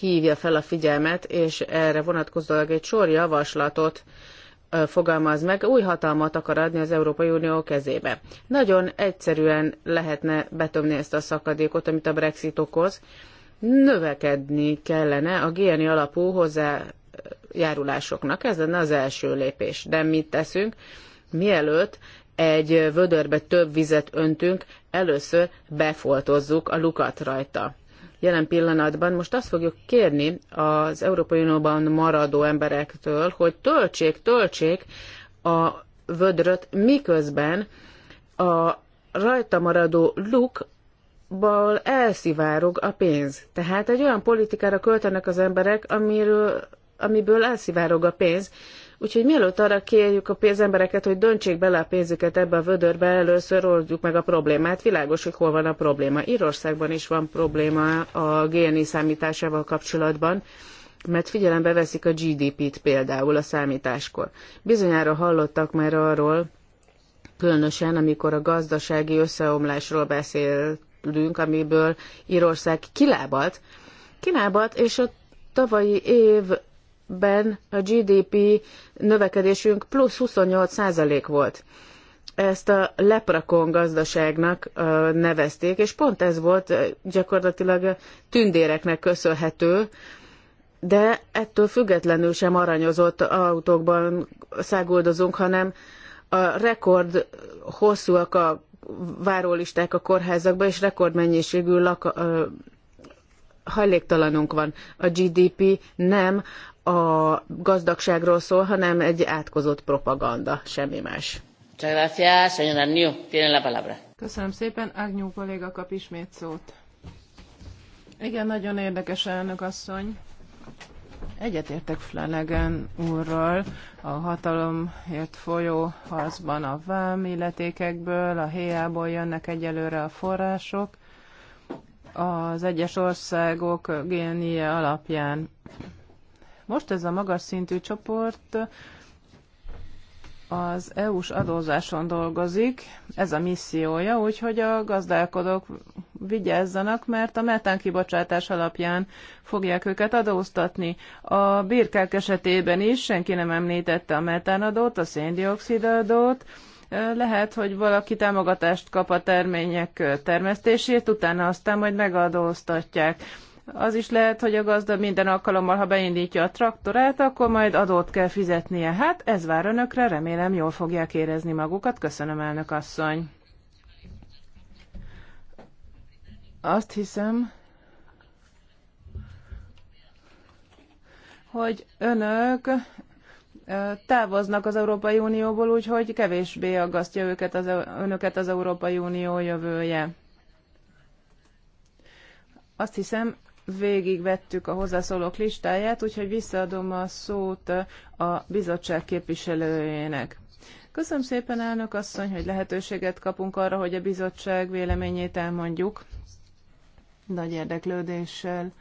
hívja fel a figyelmet, és erre vonatkozólag egy sor javaslatot fogalmaz meg, új hatalmat akar adni az Európai Unió kezébe. Nagyon egyszerűen lehetne betömni ezt a szakadékot, amit a Brexit okoz. Növekedni kellene a GNI alapú hozzájárulásoknak. Ez lenne az első lépés. De mit teszünk? Mielőtt egy vödörbe több vizet öntünk, először befoltozzuk a lukat rajta. Jelen pillanatban most azt fogjuk kérni az Európai Unióban maradó emberektől, hogy töltsék, töltsék a vödröt, miközben a rajta maradó luk ból elszivárog a pénz. Tehát egy olyan politikára költenek az emberek, amiről, amiből elszivárog a pénz, Úgyhogy mielőtt arra kérjük a pénzembereket, hogy döntsék bele a pénzüket ebbe a vödörbe, először oldjuk meg a problémát. Világos, hogy hol van a probléma. Írországban is van probléma a GNI számításával kapcsolatban, mert figyelembe veszik a GDP-t például a számításkor. Bizonyára hallottak már arról, különösen amikor a gazdasági összeomlásról beszélünk, amiből Írország kilábalt, kilábalt, és a tavalyi év ben a GDP növekedésünk plusz 28% volt. Ezt a leprakon gazdaságnak nevezték, és pont ez volt gyakorlatilag tündéreknek köszönhető, de ettől függetlenül sem aranyozott autókban száguldozunk, hanem a rekord hosszúak a várólisták a kórházakban, és rekordmennyiségű laka, hajléktalanunk van. A GDP nem a gazdagságról szól, hanem egy átkozott propaganda, semmi más. Köszönöm szépen, Agnyú kolléga kap ismét szót. Igen, nagyon érdekes elnök asszony. Egyetértek Flanagan úrral a hatalomért folyó harcban a vám illetékekből, a héjából jönnek egyelőre a források, az egyes országok génie alapján most ez a magas szintű csoport az EU-s adózáson dolgozik, ez a missziója, úgyhogy a gazdálkodók vigyázzanak, mert a metánkibocsátás alapján fogják őket adóztatni. A birkák esetében is senki nem említette a metánadót, a széndiokszidadót, lehet, hogy valaki támogatást kap a termények termesztését, utána aztán majd megadóztatják. Az is lehet, hogy a gazda minden alkalommal, ha beindítja a traktorát, akkor majd adót kell fizetnie. Hát ez vár önökre, remélem jól fogják érezni magukat. Köszönöm, elnök asszony. Azt hiszem, hogy önök távoznak az Európai Unióból, úgyhogy kevésbé aggasztja őket az, önöket az Európai Unió jövője. Azt hiszem, végigvettük a hozzászólók listáját, úgyhogy visszaadom a szót a bizottság képviselőjének. Köszönöm szépen, elnök asszony, hogy lehetőséget kapunk arra, hogy a bizottság véleményét elmondjuk. Nagy érdeklődéssel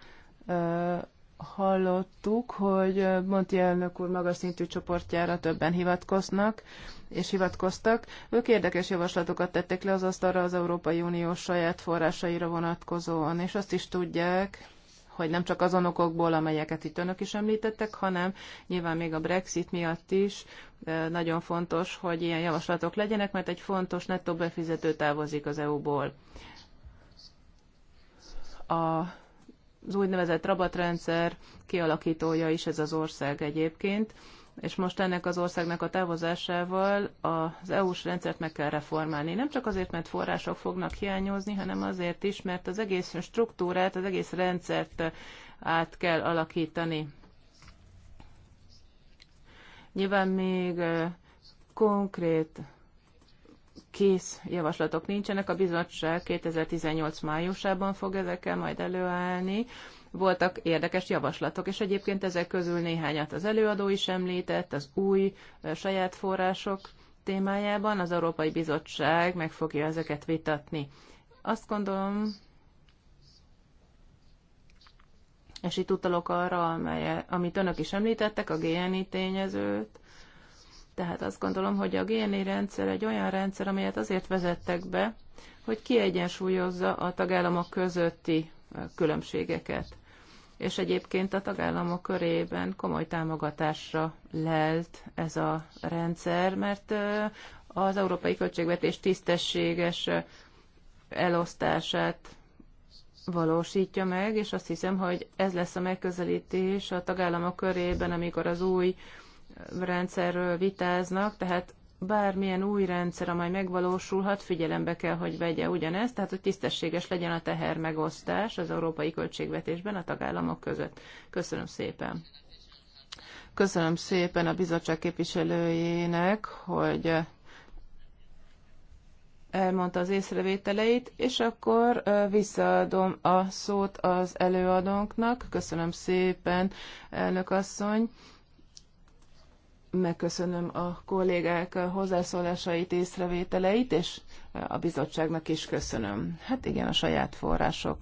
hallottuk, hogy Monti elnök úr magas szintű csoportjára többen hivatkoznak és hivatkoztak. Ők érdekes javaslatokat tettek le az asztalra az Európai Unió saját forrásaira vonatkozóan, és azt is tudják, hogy nem csak azon okokból, amelyeket itt önök is említettek, hanem nyilván még a Brexit miatt is nagyon fontos, hogy ilyen javaslatok legyenek, mert egy fontos nettó befizető távozik az EU-ból. A az úgynevezett rabatrendszer kialakítója is ez az ország egyébként, és most ennek az országnak a távozásával az EU-s rendszert meg kell reformálni. Nem csak azért, mert források fognak hiányozni, hanem azért is, mert az egész struktúrát, az egész rendszert át kell alakítani. Nyilván még konkrét kész javaslatok nincsenek. A bizottság 2018 májusában fog ezekkel majd előállni, voltak érdekes javaslatok, és egyébként ezek közül néhányat az előadó is említett, az új saját források témájában az Európai Bizottság meg fogja ezeket vitatni. Azt gondolom, és itt utalok arra, amely, amit önök is említettek, a GNI tényezőt. Tehát azt gondolom, hogy a GNI rendszer egy olyan rendszer, amelyet azért vezettek be, hogy kiegyensúlyozza a tagállamok közötti különbségeket és egyébként a tagállamok körében komoly támogatásra lelt ez a rendszer, mert az európai költségvetés tisztességes elosztását valósítja meg, és azt hiszem, hogy ez lesz a megközelítés a tagállamok körében, amikor az új rendszerről vitáznak, tehát bármilyen új rendszer, amely megvalósulhat, figyelembe kell, hogy vegye ugyanezt, tehát hogy tisztességes legyen a teher megosztás az európai költségvetésben a tagállamok között. Köszönöm szépen. Köszönöm szépen a bizottság képviselőjének, hogy elmondta az észrevételeit, és akkor visszaadom a szót az előadónknak. Köszönöm szépen, elnök asszony megköszönöm a kollégák hozzászólásait, észrevételeit, és a bizottságnak is köszönöm. Hát igen, a saját források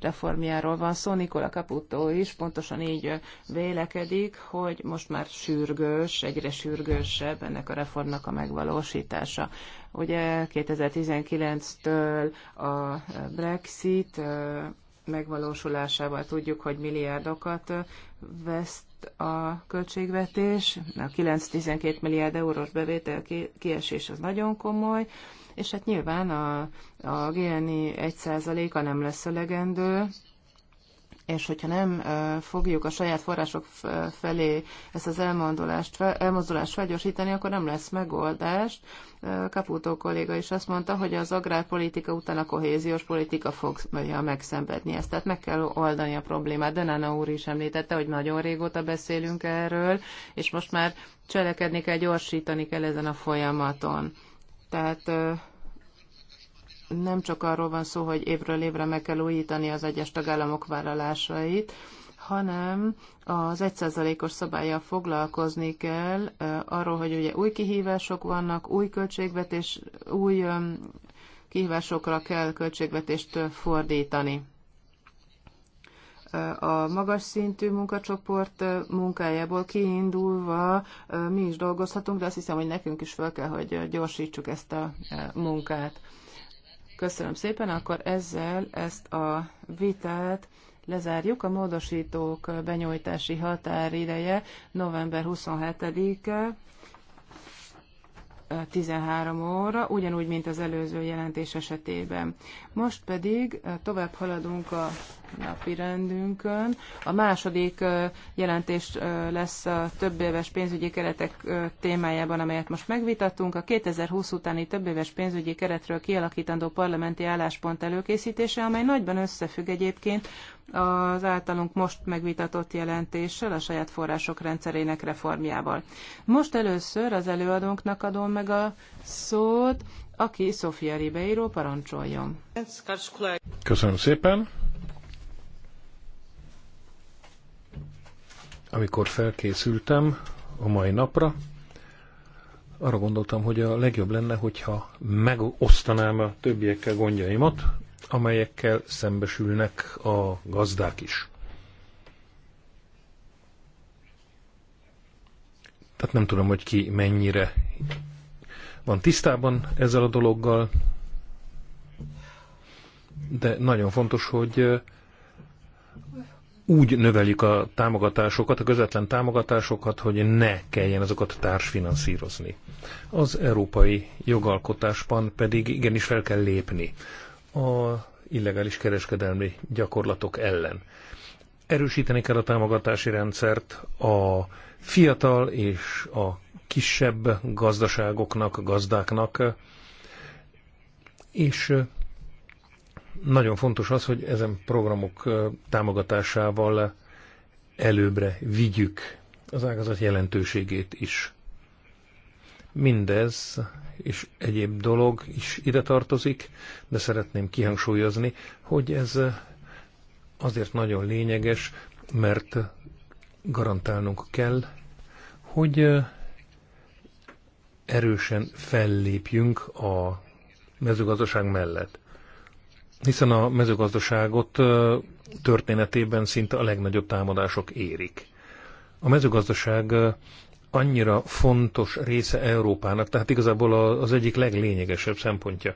reformjáról van szó. Nikola Caputo is pontosan így vélekedik, hogy most már sürgős, egyre sürgősebb ennek a reformnak a megvalósítása. Ugye 2019-től a Brexit megvalósulásával tudjuk, hogy milliárdokat veszt esett a költségvetés, a 9-12 milliárd eurós bevétel kiesés az nagyon komoly, és hát nyilván a, a GNI 1%-a nem lesz elegendő, és hogyha nem fogjuk a saját források felé ezt az elmozdulást, elmozdulást felgyorsítani, akkor nem lesz megoldást. Kaputó kolléga is azt mondta, hogy az agrárpolitika után a kohéziós politika fogja megszenvedni ezt. Tehát meg kell oldani a problémát. Denana úr is említette, hogy nagyon régóta beszélünk erről, és most már cselekedni kell, gyorsítani kell ezen a folyamaton. Tehát nem csak arról van szó, hogy évről évre meg kell újítani az egyes tagállamok vállalásait, hanem az 1%-os szabályjal foglalkozni kell arról, hogy ugye új kihívások vannak, új költségvetés, új kihívásokra kell költségvetést fordítani. A magas szintű munkacsoport munkájából kiindulva mi is dolgozhatunk, de azt hiszem, hogy nekünk is fel kell, hogy gyorsítsuk ezt a munkát. Köszönöm szépen, akkor ezzel ezt a vitát lezárjuk. A módosítók benyújtási határideje november 27-e. 13 óra, ugyanúgy, mint az előző jelentés esetében. Most pedig tovább haladunk a napi rendünkön. A második jelentés lesz a többéves pénzügyi keretek témájában, amelyet most megvitattunk. A 2020 utáni többéves pénzügyi keretről kialakítandó parlamenti álláspont előkészítése, amely nagyban összefügg egyébként az általunk most megvitatott jelentéssel, a saját források rendszerének reformjával. Most először az előadónknak adom meg a szót, aki Sofia Ribeiro parancsoljon. Köszönöm szépen! Amikor felkészültem a mai napra, arra gondoltam, hogy a legjobb lenne, hogyha megosztanám a többiekkel gondjaimat, amelyekkel szembesülnek a gazdák is. Tehát nem tudom, hogy ki mennyire van tisztában ezzel a dologgal, de nagyon fontos, hogy úgy növeljük a támogatásokat, a közvetlen támogatásokat, hogy ne kelljen azokat társfinanszírozni. Az európai jogalkotásban pedig igenis fel kell lépni a illegális kereskedelmi gyakorlatok ellen. Erősíteni kell a támogatási rendszert a fiatal és a kisebb gazdaságoknak, gazdáknak, és nagyon fontos az, hogy ezen programok támogatásával előbbre vigyük az ágazat jelentőségét is. Mindez és egyéb dolog is ide tartozik, de szeretném kihangsúlyozni, hogy ez azért nagyon lényeges, mert garantálnunk kell, hogy erősen fellépjünk a mezőgazdaság mellett. Hiszen a mezőgazdaságot történetében szinte a legnagyobb támadások érik. A mezőgazdaság annyira fontos része Európának, tehát igazából az egyik leglényegesebb szempontja,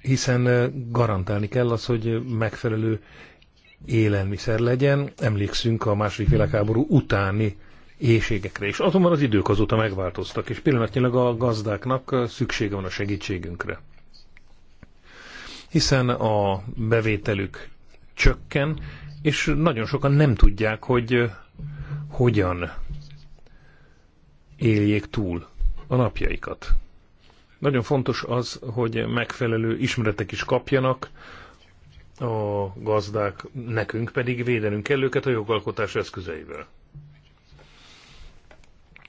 hiszen garantálni kell az, hogy megfelelő élelmiszer legyen, emlékszünk a második világháború utáni éjségekre és Azonban az idők azóta megváltoztak, és pillanatnyilag a gazdáknak szüksége van a segítségünkre. Hiszen a bevételük csökken, és nagyon sokan nem tudják, hogy hogyan éljék túl a napjaikat. Nagyon fontos az, hogy megfelelő ismeretek is kapjanak, a gazdák, nekünk pedig védenünk kell őket a jogalkotás eszközeivel.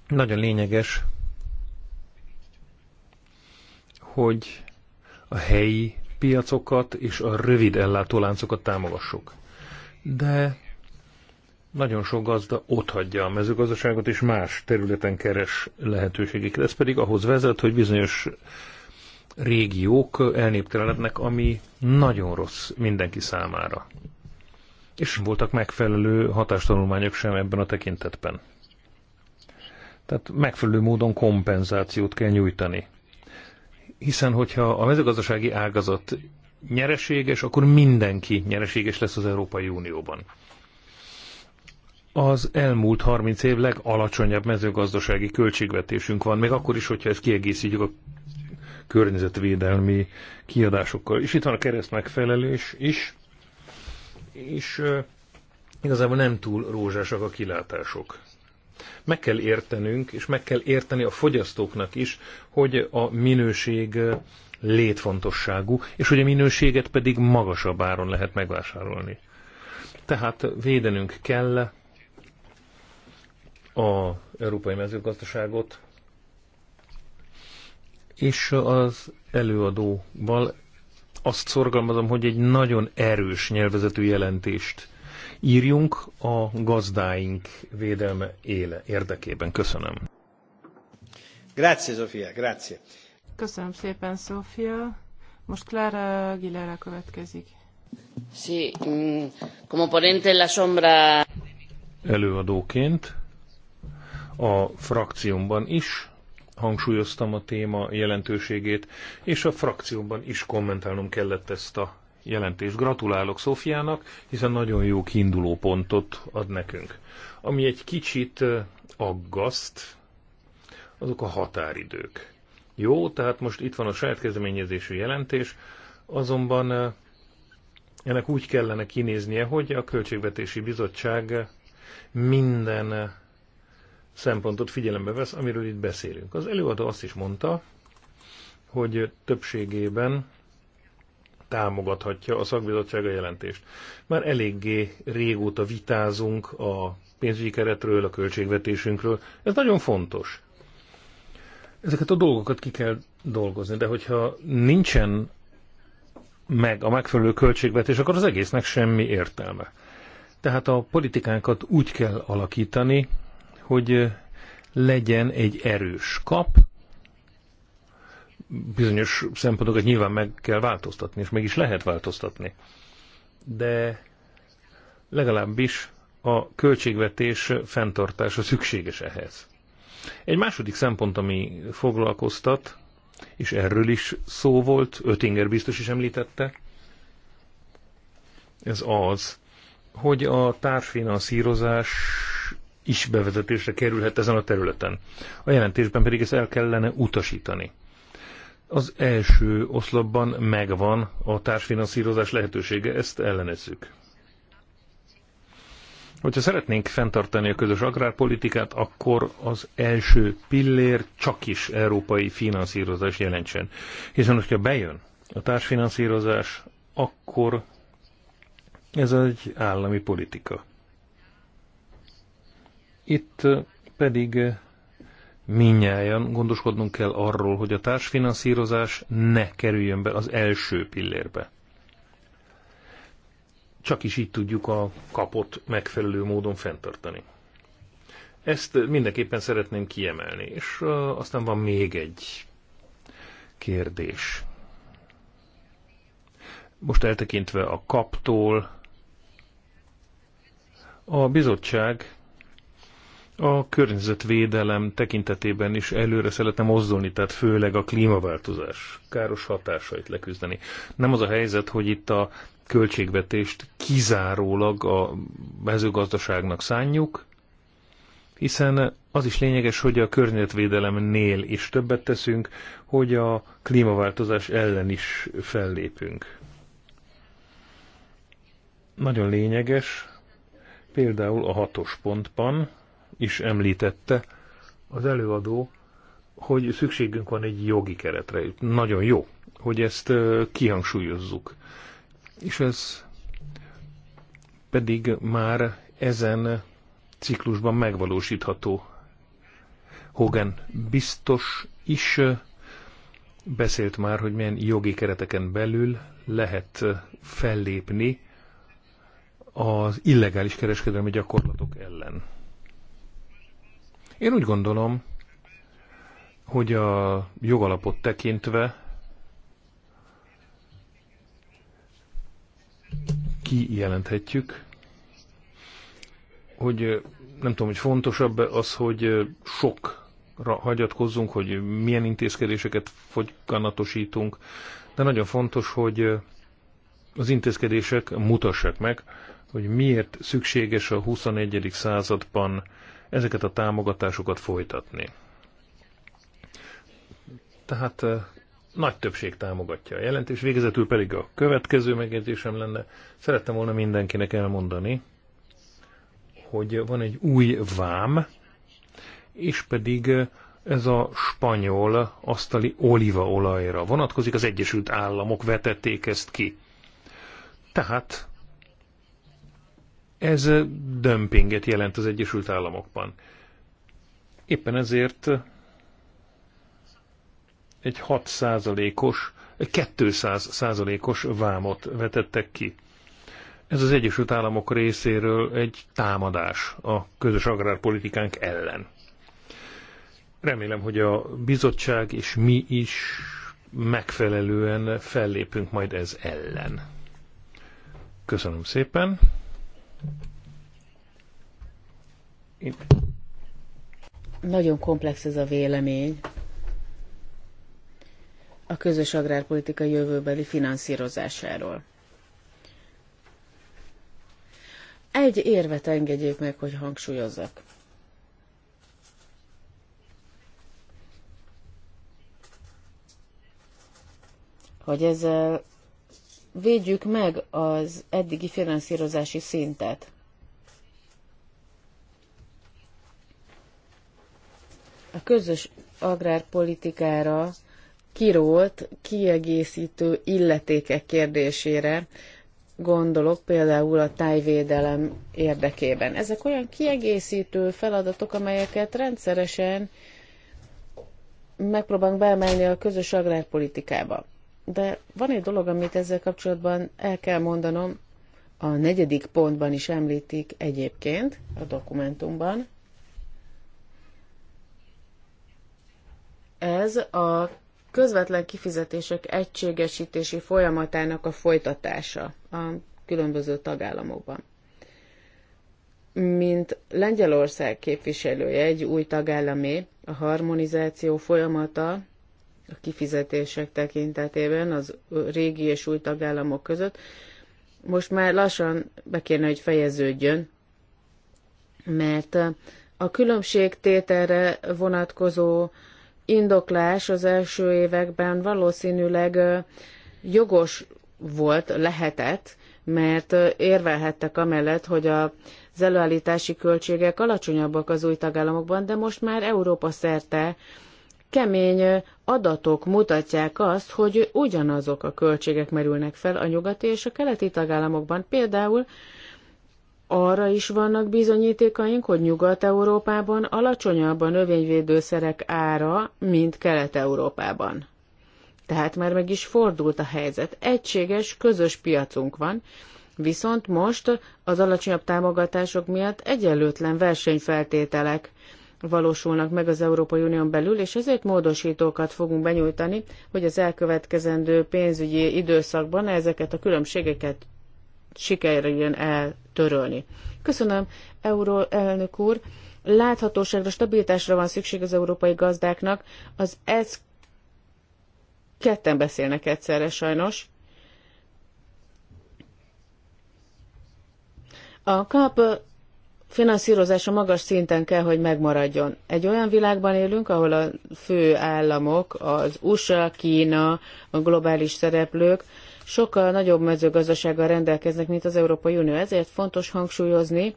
Nagyon lényeges, hogy a helyi piacokat és a rövid ellátóláncokat támogassuk. De nagyon sok gazda otthagyja a mezőgazdaságot, és más területen keres lehetőségeket. Ez pedig ahhoz vezet, hogy bizonyos régiók elnéptelenednek, ami nagyon rossz mindenki számára. És voltak megfelelő hatástanulmányok sem ebben a tekintetben. Tehát megfelelő módon kompenzációt kell nyújtani. Hiszen, hogyha a mezőgazdasági ágazat nyereséges, akkor mindenki nyereséges lesz az Európai Unióban az elmúlt 30 év legalacsonyabb mezőgazdasági költségvetésünk van, még akkor is, hogyha ezt kiegészítjük a környezetvédelmi kiadásokkal. És itt van a kereszt megfelelés is, és uh, igazából nem túl rózsásak a kilátások. Meg kell értenünk, és meg kell érteni a fogyasztóknak is, hogy a minőség létfontosságú, és hogy a minőséget pedig magasabb áron lehet megvásárolni. Tehát védenünk kell a európai mezőgazdaságot, és az előadóval azt szorgalmazom, hogy egy nagyon erős nyelvezetű jelentést írjunk a gazdáink védelme éle érdekében. Köszönöm. Grazie, Sofia, grazie. Köszönöm szépen, Sofia. Most Clara Aguilera következik. Sí, mm, como ponente la sombra. Előadóként a frakciómban is hangsúlyoztam a téma jelentőségét, és a frakciómban is kommentálnom kellett ezt a jelentést. Gratulálok Szofiának, hiszen nagyon jó kiinduló pontot ad nekünk. Ami egy kicsit aggaszt, azok a határidők. Jó, tehát most itt van a saját kezdeményezésű jelentés, azonban ennek úgy kellene kinéznie, hogy a Költségvetési Bizottság minden szempontot figyelembe vesz, amiről itt beszélünk. Az előadó azt is mondta, hogy többségében támogathatja a szakbizottsága jelentést. Már eléggé régóta vitázunk a pénzügyi keretről, a költségvetésünkről. Ez nagyon fontos. Ezeket a dolgokat ki kell dolgozni, de hogyha nincsen meg a megfelelő költségvetés, akkor az egésznek semmi értelme. Tehát a politikánkat úgy kell alakítani, hogy legyen egy erős kap, bizonyos szempontokat nyilván meg kell változtatni, és meg is lehet változtatni. De legalábbis a költségvetés fenntartása szükséges ehhez. Egy második szempont, ami foglalkoztat, és erről is szó volt, Ötinger biztos is említette, ez az, hogy a társfinanszírozás is bevezetésre kerülhet ezen a területen. A jelentésben pedig ezt el kellene utasítani. Az első oszlopban megvan a társfinanszírozás lehetősége, ezt ellenezzük. Hogyha szeretnénk fenntartani a közös agrárpolitikát, akkor az első pillér csak is európai finanszírozás jelentsen. Hiszen, hogyha bejön a társfinanszírozás, akkor ez egy állami politika. Itt pedig minnyáján gondoskodnunk kell arról, hogy a társfinanszírozás ne kerüljön be az első pillérbe. Csak is így tudjuk a kapot megfelelő módon fenntartani. Ezt mindenképpen szeretném kiemelni, és aztán van még egy kérdés. Most eltekintve a kaptól, a bizottság a környezetvédelem tekintetében is előre szeretne mozdulni, tehát főleg a klímaváltozás káros hatásait leküzdeni. Nem az a helyzet, hogy itt a költségvetést kizárólag a mezőgazdaságnak szánjuk, hiszen az is lényeges, hogy a környezetvédelemnél is többet teszünk, hogy a klímaváltozás ellen is fellépünk. Nagyon lényeges, például a hatos pontban, is említette az előadó, hogy szükségünk van egy jogi keretre. Nagyon jó, hogy ezt kihangsúlyozzuk. És ez pedig már ezen ciklusban megvalósítható. Hogan biztos is beszélt már, hogy milyen jogi kereteken belül lehet fellépni az illegális kereskedelmi gyakorlatok ellen. Én úgy gondolom, hogy a jogalapot tekintve kijelenthetjük, hogy nem tudom, hogy fontosabb az, hogy sokra hagyatkozzunk, hogy milyen intézkedéseket fogyganatosítunk, de nagyon fontos, hogy az intézkedések mutassák meg, hogy miért szükséges a 21. században ezeket a támogatásokat folytatni. Tehát nagy többség támogatja a jelentés. Végezetül pedig a következő megjegyzésem lenne. Szerettem volna mindenkinek elmondani, hogy van egy új vám, és pedig ez a spanyol asztali olívaolajra vonatkozik, az Egyesült Államok vetették ezt ki. Tehát ez dömpinget jelent az Egyesült Államokban. Éppen ezért egy 6 százalékos, 200 százalékos vámot vetettek ki. Ez az Egyesült Államok részéről egy támadás a közös agrárpolitikánk ellen. Remélem, hogy a bizottság és mi is megfelelően fellépünk majd ez ellen. Köszönöm szépen! Én... Nagyon komplex ez a vélemény. A közös agrárpolitika jövőbeli finanszírozásáról. Egy érvet engedjék meg, hogy hangsúlyozzak. Hogy ezzel védjük meg az eddigi finanszírozási szintet. A közös agrárpolitikára kirólt kiegészítő illetékek kérdésére gondolok például a tájvédelem érdekében. Ezek olyan kiegészítő feladatok, amelyeket rendszeresen megpróbálunk beemelni a közös agrárpolitikába. De van egy dolog, amit ezzel kapcsolatban el kell mondanom, a negyedik pontban is említik egyébként a dokumentumban. Ez a közvetlen kifizetések egységesítési folyamatának a folytatása a különböző tagállamokban. Mint Lengyelország képviselője, egy új tagállamé, a harmonizáció folyamata kifizetések tekintetében az régi és új tagállamok között. Most már lassan be kéne, hogy fejeződjön, mert a különbségtételre vonatkozó indoklás az első években valószínűleg jogos volt, lehetett, mert érvelhettek amellett, hogy a az előállítási költségek alacsonyabbak az új tagállamokban, de most már Európa szerte kemény adatok mutatják azt, hogy ugyanazok a költségek merülnek fel a nyugati és a keleti tagállamokban. Például arra is vannak bizonyítékaink, hogy Nyugat-Európában alacsonyabb a növényvédőszerek ára, mint Kelet-Európában. Tehát már meg is fordult a helyzet. Egységes, közös piacunk van, viszont most az alacsonyabb támogatások miatt egyenlőtlen versenyfeltételek valósulnak meg az Európai Unión belül, és ezért módosítókat fogunk benyújtani, hogy az elkövetkezendő pénzügyi időszakban ezeket a különbségeket sikerüljön eltörölni. Köszönöm, Euró elnök úr! Láthatóságra, stabilitásra van szükség az európai gazdáknak. Az ez ketten beszélnek egyszerre sajnos. A kap finanszírozása magas szinten kell, hogy megmaradjon. Egy olyan világban élünk, ahol a fő államok, az USA, Kína, a globális szereplők sokkal nagyobb mezőgazdasággal rendelkeznek, mint az Európai Unió. Ezért fontos hangsúlyozni,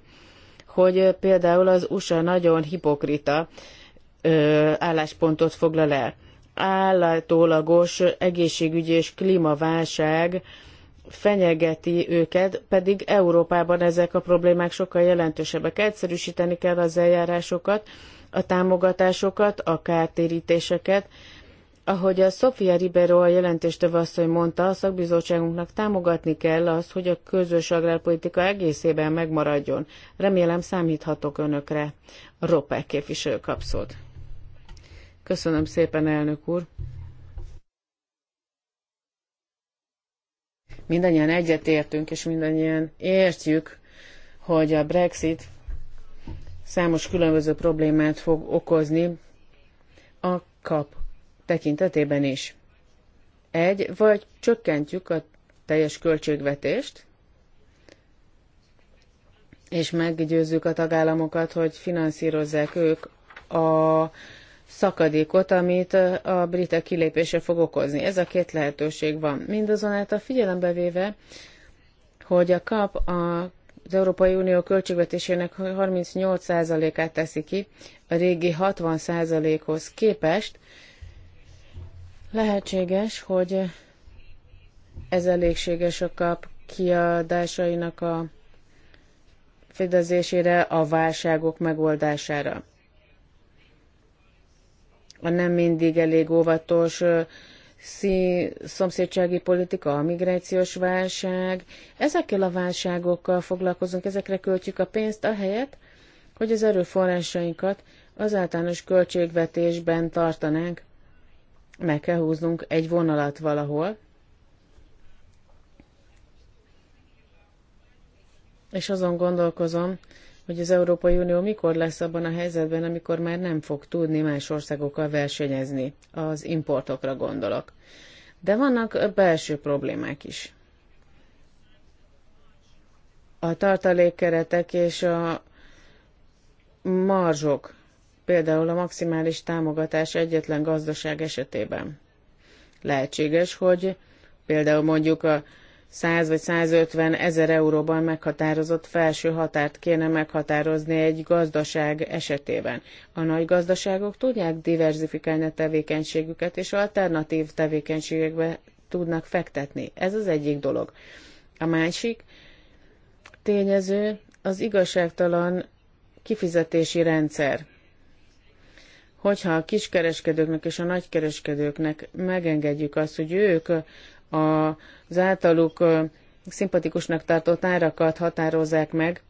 hogy például az USA nagyon hipokrita ö, álláspontot foglal el. Állatólagos egészségügyi és klímaválság, fenyegeti őket, pedig Európában ezek a problémák sokkal jelentősebbek. Egyszerűsíteni kell az eljárásokat, a támogatásokat, a kártérítéseket. Ahogy a Sofia Ribeiro a jelentéstevő asszony mondta, a szakbizottságunknak támogatni kell azt, hogy a közös agrárpolitika egészében megmaradjon. Remélem számíthatok önökre. A képviselő kapszót. Köszönöm szépen, elnök úr! mindannyian egyetértünk, és mindannyian értjük, hogy a Brexit számos különböző problémát fog okozni a kap tekintetében is. Egy, vagy csökkentjük a teljes költségvetést, és meggyőzzük a tagállamokat, hogy finanszírozzák ők a szakadékot, amit a britek kilépése fog okozni. Ez a két lehetőség van. Mindazonáltal figyelembe véve, hogy a kap a az Európai Unió költségvetésének 38%-át teszi ki, a régi 60%-hoz képest. Lehetséges, hogy ez elégséges a kap kiadásainak a fedezésére, a válságok megoldására a nem mindig elég óvatos szomszédsági politika, a migrációs válság. Ezekkel a válságokkal foglalkozunk, ezekre költjük a pénzt, ahelyett, hogy az erőforrásainkat az általános költségvetésben tartanánk. Meg kell húznunk egy vonalat valahol, és azon gondolkozom, hogy az Európai Unió mikor lesz abban a helyzetben, amikor már nem fog tudni más országokkal versenyezni. Az importokra gondolok. De vannak belső problémák is. A tartalékkeretek és a marzsok, például a maximális támogatás egyetlen gazdaság esetében. Lehetséges, hogy például mondjuk a 100 vagy 150 ezer euróban meghatározott felső határt kéne meghatározni egy gazdaság esetében. A nagy gazdaságok tudják diversifikálni a tevékenységüket, és alternatív tevékenységekbe tudnak fektetni. Ez az egyik dolog. A másik tényező az igazságtalan kifizetési rendszer. Hogyha a kiskereskedőknek és a nagykereskedőknek megengedjük azt, hogy ők az általuk szimpatikusnak tartott árakat határozzák meg,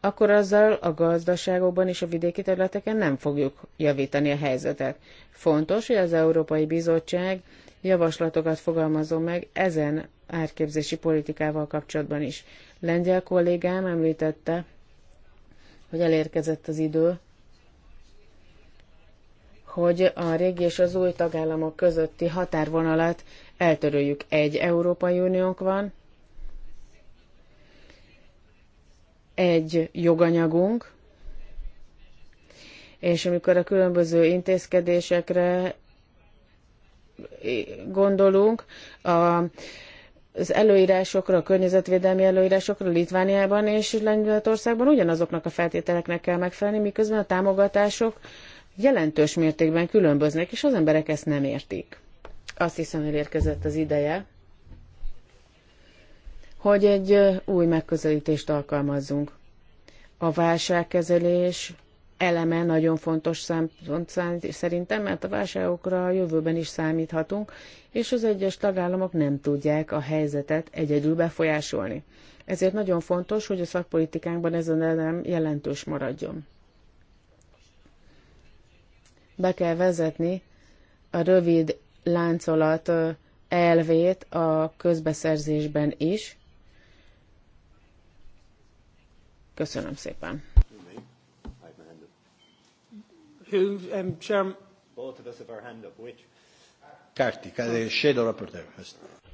akkor azzal a gazdaságokban és a vidéki területeken nem fogjuk javítani a helyzetet. Fontos, hogy az Európai Bizottság javaslatokat fogalmazom meg ezen árképzési politikával kapcsolatban is. Lengyel kollégám említette, hogy elérkezett az idő, hogy a régi és az új tagállamok közötti határvonalat eltöröljük. Egy Európai Uniónk van, egy joganyagunk, és amikor a különböző intézkedésekre gondolunk, a, az előírásokra, a környezetvédelmi előírásokra Litvániában és Lengyelországban ugyanazoknak a feltételeknek kell megfelelni, miközben a támogatások jelentős mértékben különböznek, és az emberek ezt nem értik. Azt hiszem elérkezett az ideje, hogy egy új megközelítést alkalmazzunk. A válságkezelés eleme nagyon fontos szempont szerintem, mert a válságokra a jövőben is számíthatunk, és az egyes tagállamok nem tudják a helyzetet egyedül befolyásolni. Ezért nagyon fontos, hogy a szakpolitikánkban ez a nem jelentős maradjon. Be kell vezetni a rövid láncolat elvét a közbeszerzésben is. Köszönöm szépen. Um,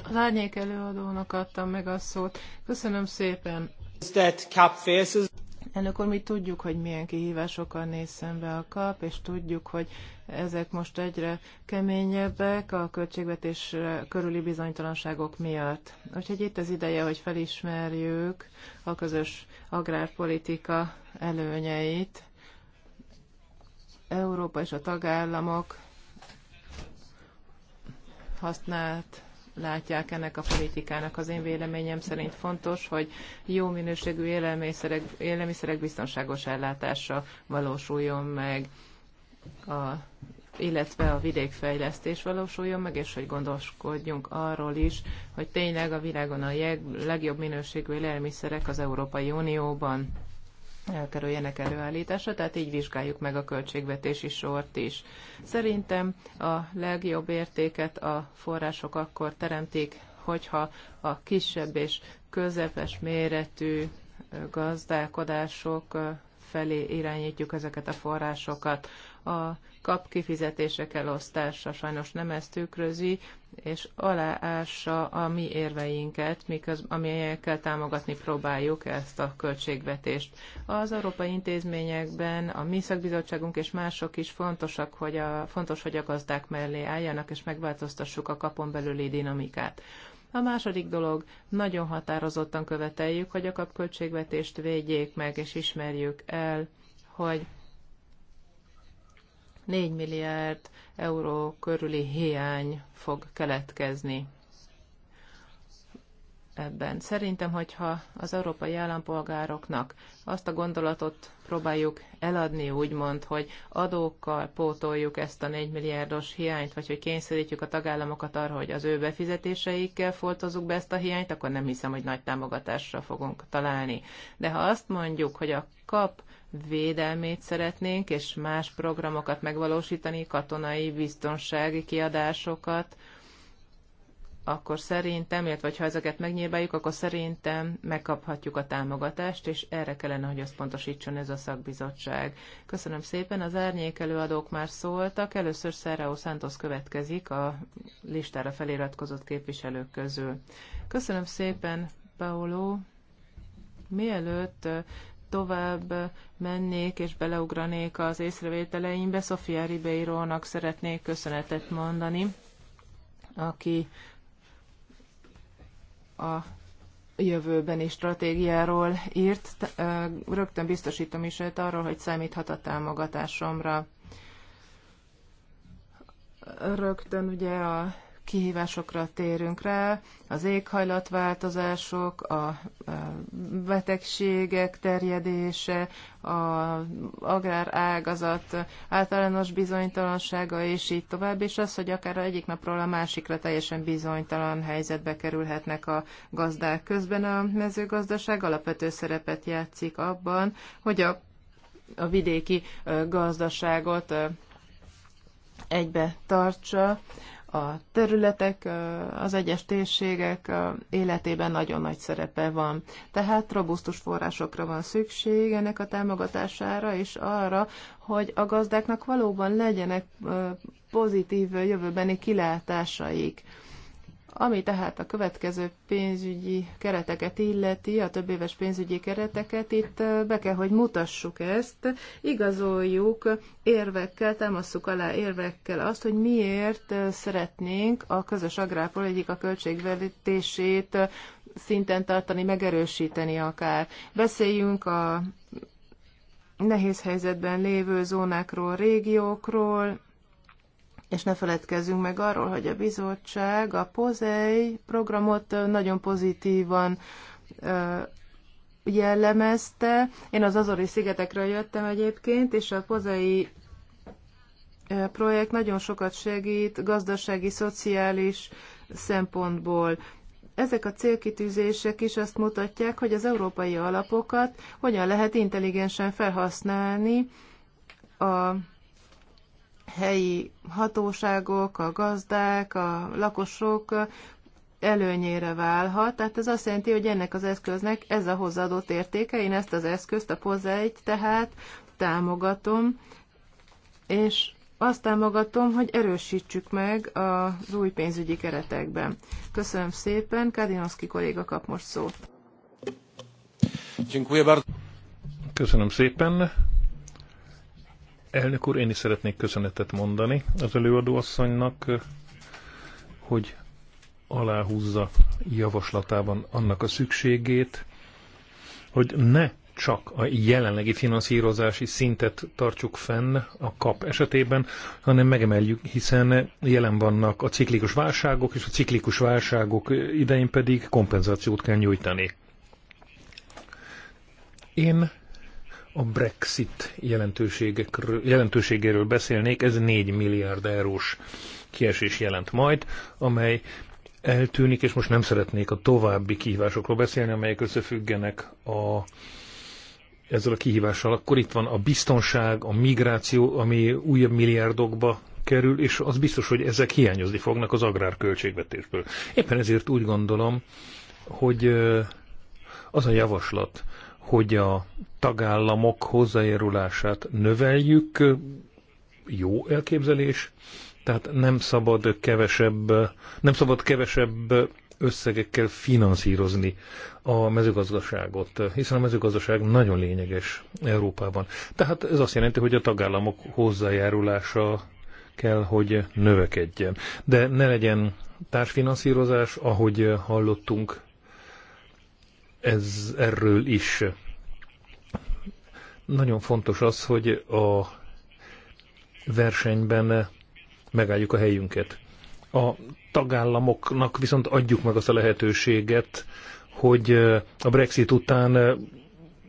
Az árnyék előadónak adtam meg a szót. Köszönöm szépen. Elnök úr, mi tudjuk, hogy milyen kihívásokkal néz szembe a kap, és tudjuk, hogy ezek most egyre keményebbek a költségvetés körüli bizonytalanságok miatt. Úgyhogy itt az ideje, hogy felismerjük a közös agrárpolitika előnyeit. Európa és a tagállamok használt látják ennek a politikának. Az én véleményem szerint fontos, hogy jó minőségű élelmiszerek, élelmiszerek biztonságos ellátása valósuljon meg, a, illetve a vidékfejlesztés valósuljon meg, és hogy gondoskodjunk arról is, hogy tényleg a világon a legjobb minőségű élelmiszerek az Európai Unióban elkerüljenek előállításra, tehát így vizsgáljuk meg a költségvetési sort is. Szerintem a legjobb értéket a források akkor teremtik, hogyha a kisebb és közepes méretű gazdálkodások felé irányítjuk ezeket a forrásokat a kap kifizetések elosztása sajnos nem ezt tükrözi, és aláássa a mi érveinket, amelyekkel támogatni próbáljuk ezt a költségvetést. Az európai intézményekben a mi szakbizottságunk és mások is fontosak, hogy a, fontos, hogy a gazdák mellé álljanak, és megváltoztassuk a kapon belüli dinamikát. A második dolog, nagyon határozottan követeljük, hogy a kapköltségvetést védjék meg, és ismerjük el, hogy 4 milliárd euró körüli hiány fog keletkezni ebben. Szerintem, hogyha az európai állampolgároknak azt a gondolatot próbáljuk eladni, úgymond, hogy adókkal pótoljuk ezt a 4 milliárdos hiányt, vagy hogy kényszerítjük a tagállamokat arra, hogy az ő befizetéseikkel foltozzuk be ezt a hiányt, akkor nem hiszem, hogy nagy támogatásra fogunk találni. De ha azt mondjuk, hogy a kap védelmét szeretnénk, és más programokat megvalósítani, katonai biztonsági kiadásokat, akkor szerintem, illetve ha ezeket megnyírbáljuk, akkor szerintem megkaphatjuk a támogatást, és erre kellene, hogy összpontosítson ez a szakbizottság. Köszönöm szépen, az árnyék előadók már szóltak, először Szerreó Santos következik a listára feliratkozott képviselők közül. Köszönöm szépen, Paolo. Mielőtt tovább mennék és beleugranék az észrevételeimbe, Sofia Ribeiro-nak szeretnék köszönetet mondani, aki a jövőbeni stratégiáról írt. Rögtön biztosítom is őt arról, hogy számíthat a támogatásomra. Rögtön ugye a kihívásokra térünk rá, az éghajlatváltozások, a betegségek terjedése, az agrár ágazat általános bizonytalansága, és így tovább, és az, hogy akár egyik napról a másikra teljesen bizonytalan helyzetbe kerülhetnek a gazdák. Közben a mezőgazdaság alapvető szerepet játszik abban, hogy a, a vidéki gazdaságot egybe tartsa a területek, az egyes térségek életében nagyon nagy szerepe van. Tehát robusztus forrásokra van szükség ennek a támogatására, és arra, hogy a gazdáknak valóban legyenek pozitív jövőbeni kilátásaik ami tehát a következő pénzügyi kereteket illeti, a több éves pénzügyi kereteket, itt be kell, hogy mutassuk ezt, igazoljuk érvekkel, támasszuk alá érvekkel azt, hogy miért szeretnénk a közös agrárpolitika költségvetését szinten tartani, megerősíteni akár. Beszéljünk a nehéz helyzetben lévő zónákról, régiókról, és ne feledkezzünk meg arról, hogy a bizottság a POZEI programot nagyon pozitívan jellemezte. Én az Azori szigetekről jöttem egyébként, és a pozai projekt nagyon sokat segít gazdasági, szociális szempontból. Ezek a célkitűzések is azt mutatják, hogy az európai alapokat hogyan lehet intelligensen felhasználni a helyi hatóságok, a gazdák, a lakosok előnyére válhat. Tehát ez azt jelenti, hogy ennek az eszköznek ez a hozzáadott értéke, én ezt az eszközt, a pozeit tehát támogatom, és azt támogatom, hogy erősítsük meg az új pénzügyi keretekben. Köszönöm szépen, Kadinoszki kolléga kap most szót. Köszönöm szépen. Elnök úr, én is szeretnék köszönetet mondani az előadóasszonynak, hogy aláhúzza javaslatában annak a szükségét, hogy ne csak a jelenlegi finanszírozási szintet tartsuk fenn a kap esetében, hanem megemeljük, hiszen jelen vannak a ciklikus válságok, és a ciklikus válságok idején pedig kompenzációt kell nyújtani. Én a Brexit jelentőségéről beszélnék, ez 4 milliárd eurós kiesés jelent majd, amely eltűnik, és most nem szeretnék a további kihívásokról beszélni, amelyek összefüggenek a, ezzel a kihívással. Akkor itt van a biztonság, a migráció, ami újabb milliárdokba kerül, és az biztos, hogy ezek hiányozni fognak az agrárköltségvetésből. Éppen ezért úgy gondolom, hogy az a javaslat, hogy a tagállamok hozzájárulását növeljük, jó elképzelés, tehát nem szabad kevesebb, nem szabad kevesebb összegekkel finanszírozni a mezőgazdaságot, hiszen a mezőgazdaság nagyon lényeges Európában. Tehát ez azt jelenti, hogy a tagállamok hozzájárulása kell, hogy növekedjen. De ne legyen társfinanszírozás, ahogy hallottunk ez erről is. Nagyon fontos az, hogy a versenyben megálljuk a helyünket. A tagállamoknak viszont adjuk meg azt a lehetőséget, hogy a Brexit után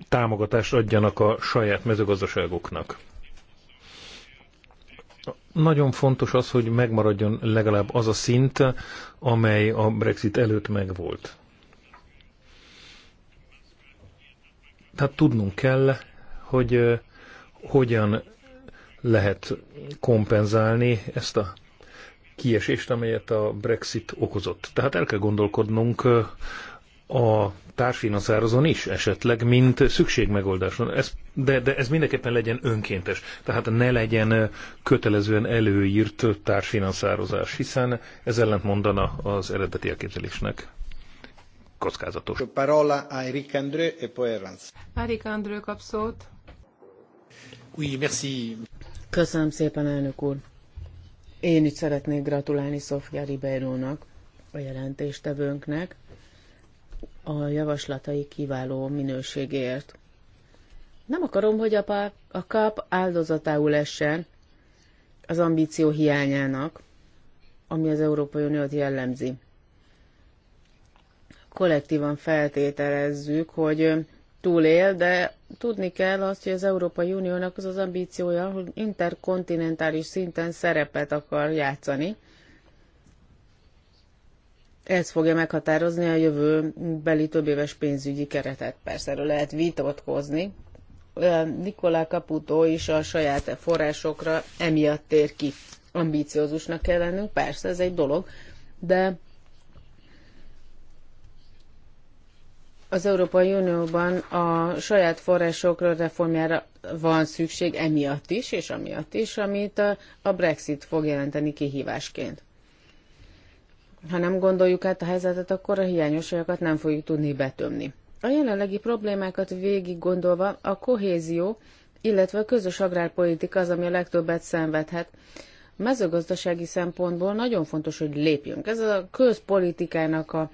támogatást adjanak a saját mezőgazdaságoknak. Nagyon fontos az, hogy megmaradjon legalább az a szint, amely a Brexit előtt megvolt. Tehát tudnunk kell, hogy hogyan lehet kompenzálni ezt a kiesést, amelyet a Brexit okozott. Tehát el kell gondolkodnunk a társfinanszározón is esetleg, mint szükségmegoldáson. Ez, de, de ez mindenképpen legyen önkéntes. Tehát ne legyen kötelezően előírt társfinanszározás, hiszen ez ellent mondana az eredeti elképzelésnek kockázatos. Parola Andrő, e kap szót. Köszönöm szépen, elnök úr. Én is szeretnék gratulálni Sofia Ribeiro-nak, a jelentéstevőnknek, a javaslatai kiváló minőségért. Nem akarom, hogy a, pap, a kap áldozatául essen az ambíció hiányának, ami az Európai Uniót jellemzi kollektívan feltételezzük, hogy túlél, de tudni kell azt, hogy az Európai Uniónak az az ambíciója, hogy interkontinentális szinten szerepet akar játszani. Ez fogja meghatározni a jövőbeli éves pénzügyi keretet. Persze erről lehet vitatkozni. Nikolá Caputo is a saját e forrásokra emiatt tér ki. Ambíciózusnak kell lennünk, persze ez egy dolog, de az Európai Unióban a saját forrásokról reformjára van szükség emiatt is, és amiatt is, amit a, a Brexit fog jelenteni kihívásként. Ha nem gondoljuk át a helyzetet, akkor a hiányosságokat nem fogjuk tudni betömni. A jelenlegi problémákat végig gondolva a kohézió, illetve a közös agrárpolitika az, ami a legtöbbet szenvedhet. Mezőgazdasági szempontból nagyon fontos, hogy lépjünk. Ez a közpolitikának a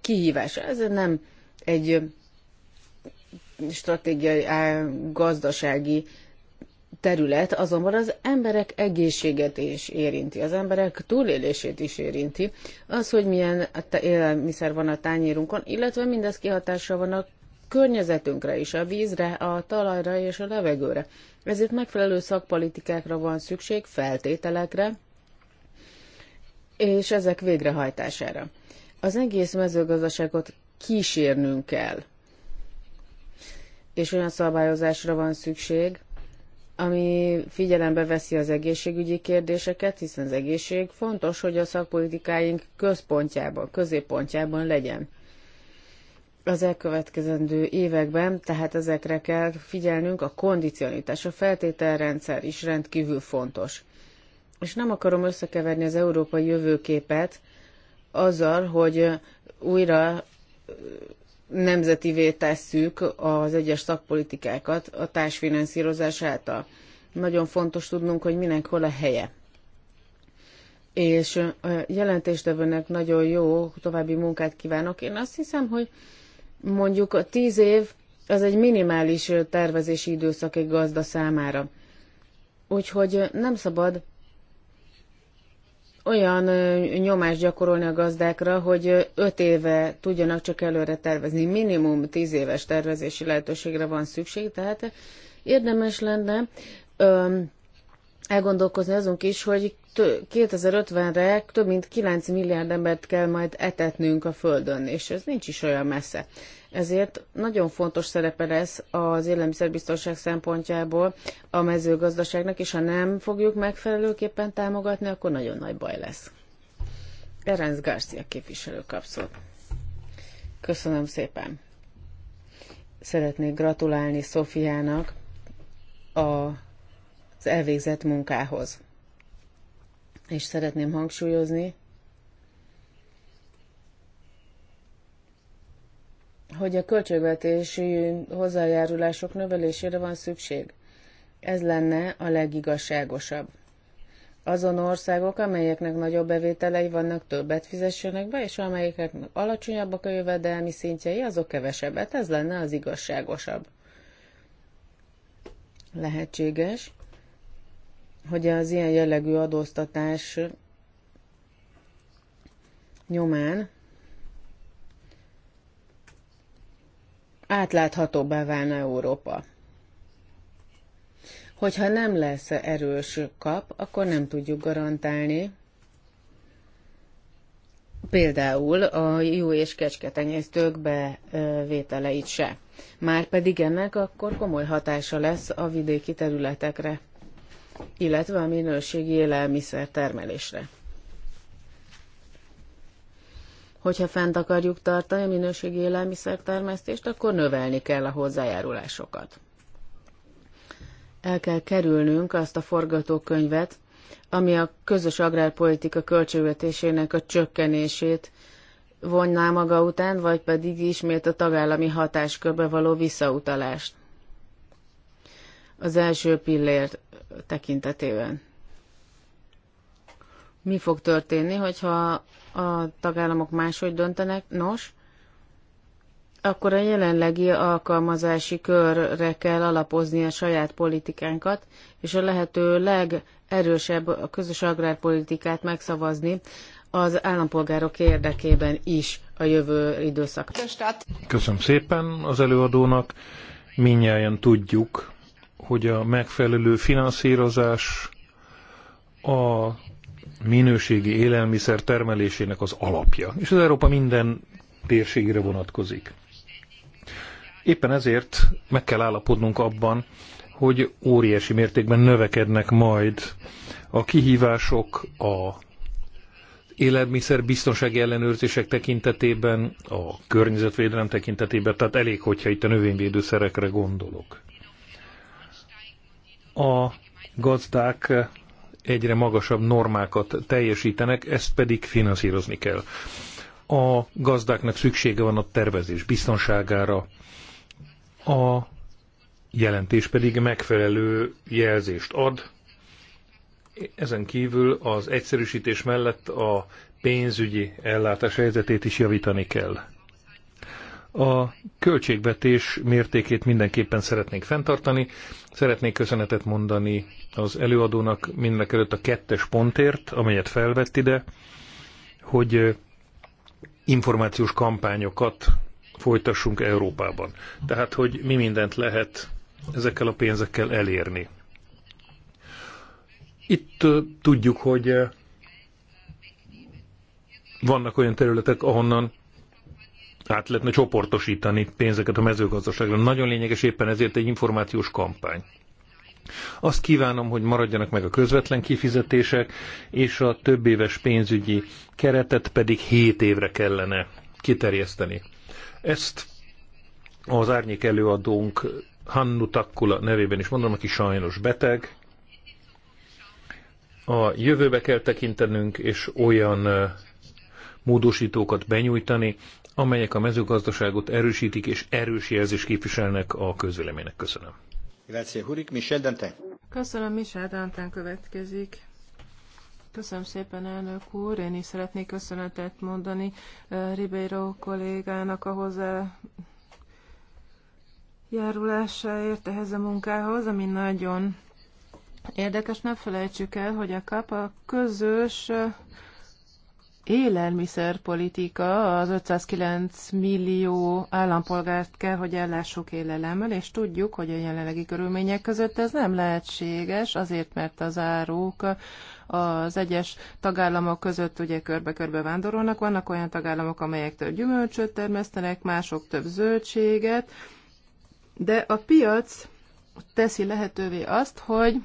kihívása. Ez nem egy stratégiai gazdasági terület, azonban az emberek egészséget is érinti, az emberek túlélését is érinti, az, hogy milyen élelmiszer van a tányérunkon, illetve mindez kihatással van a környezetünkre is, a vízre, a talajra és a levegőre. Ezért megfelelő szakpolitikákra van szükség, feltételekre, és ezek végrehajtására. Az egész mezőgazdaságot kísérnünk kell. És olyan szabályozásra van szükség, ami figyelembe veszi az egészségügyi kérdéseket, hiszen az egészség fontos, hogy a szakpolitikáink központjában, középpontjában legyen. Az elkövetkezendő években, tehát ezekre kell figyelnünk, a kondicionitás, a feltételrendszer is rendkívül fontos. És nem akarom összekeverni az európai jövőképet azzal, hogy újra nemzetivé tesszük az egyes szakpolitikákat a társfinanszírozás által. Nagyon fontos tudnunk, hogy minek hol a helye. És a jelentéstevőnek nagyon jó további munkát kívánok. Én azt hiszem, hogy mondjuk a tíz év az egy minimális tervezési időszak egy gazda számára. Úgyhogy nem szabad olyan nyomást gyakorolni a gazdákra, hogy öt éve tudjanak csak előre tervezni. Minimum tíz éves tervezési lehetőségre van szükség, tehát érdemes lenne öm, elgondolkozni azunk is, hogy 2050-re több mint 9 milliárd embert kell majd etetnünk a Földön, és ez nincs is olyan messze. Ezért nagyon fontos szerepe lesz az élelmiszerbiztonság szempontjából a mezőgazdaságnak, és ha nem fogjuk megfelelőképpen támogatni, akkor nagyon nagy baj lesz. Erenc Garcia képviselő kapszol. Köszönöm szépen. Szeretnék gratulálni Szofiának a, az elvégzett munkához. És szeretném hangsúlyozni, hogy a költségvetési hozzájárulások növelésére van szükség. Ez lenne a legigazságosabb. Azon országok, amelyeknek nagyobb bevételei vannak, többet fizessenek be, és amelyeknek alacsonyabbak a jövedelmi szintjei, azok kevesebbet. Ez lenne az igazságosabb. Lehetséges, hogy az ilyen jellegű adóztatás nyomán átláthatóbbá válna Európa. Hogyha nem lesz erős kap, akkor nem tudjuk garantálni például a jó és kecsketenyésztők bevételeit se. Márpedig ennek akkor komoly hatása lesz a vidéki területekre, illetve a minőségi élelmiszer termelésre hogyha fent akarjuk tartani a minőségi élelmiszertermesztést, akkor növelni kell a hozzájárulásokat. El kell kerülnünk azt a forgatókönyvet, ami a közös agrárpolitika költségvetésének a csökkenését vonná maga után, vagy pedig ismét a tagállami hatáskörbe való visszautalást. Az első pillér tekintetében mi fog történni, hogyha a tagállamok máshogy döntenek. Nos, akkor a jelenlegi alkalmazási körre kell alapozni a saját politikánkat, és a lehető legerősebb a közös agrárpolitikát megszavazni az állampolgárok érdekében is a jövő időszak. Köszönöm szépen az előadónak. Minnyáján tudjuk, hogy a megfelelő finanszírozás a minőségi élelmiszer termelésének az alapja, és az Európa minden térségére vonatkozik. Éppen ezért meg kell állapodnunk abban, hogy óriási mértékben növekednek majd a kihívások a élelmiszer biztonsági ellenőrzések tekintetében, a környezetvédelem tekintetében, tehát elég, hogyha itt a növényvédőszerekre gondolok. A gazdák egyre magasabb normákat teljesítenek, ezt pedig finanszírozni kell. A gazdáknak szüksége van a tervezés biztonságára, a jelentés pedig megfelelő jelzést ad. Ezen kívül az egyszerűsítés mellett a pénzügyi ellátás helyzetét is javítani kell. A költségvetés mértékét mindenképpen szeretnénk fenntartani. Szeretnék köszönetet mondani az előadónak mindenek előtt a kettes pontért, amelyet felvett ide, hogy információs kampányokat folytassunk Európában. Tehát, hogy mi mindent lehet ezekkel a pénzekkel elérni. Itt tudjuk, hogy vannak olyan területek, ahonnan át lehetne csoportosítani pénzeket a mezőgazdaságra. Nagyon lényeges éppen ezért egy információs kampány. Azt kívánom, hogy maradjanak meg a közvetlen kifizetések, és a több éves pénzügyi keretet pedig 7 évre kellene kiterjeszteni. Ezt az árnyék előadónk Hannu Takkula nevében is mondom, aki sajnos beteg. A jövőbe kell tekintenünk, és olyan módosítókat benyújtani, amelyek a mezőgazdaságot erősítik és erős jelzést képviselnek a közvéleménynek. Köszönöm. Grazie, Hurik. Michel Dante. Köszönöm, Michel Dante következik. Köszönöm szépen, elnök úr. Én is szeretnék köszönetet mondani eh, Ribeiro kollégának a hozzá járulásáért ehhez a munkához, ami nagyon érdekes. Ne felejtsük el, hogy a KAP a közös eh, élelmiszerpolitika az 509 millió állampolgárt kell, hogy ellássuk élelemmel, és tudjuk, hogy a jelenlegi körülmények között ez nem lehetséges, azért mert az áruk az egyes tagállamok között ugye körbe-körbe vándorolnak. Vannak olyan tagállamok, amelyek több gyümölcsöt termesztenek, mások több zöldséget, de a piac teszi lehetővé azt, hogy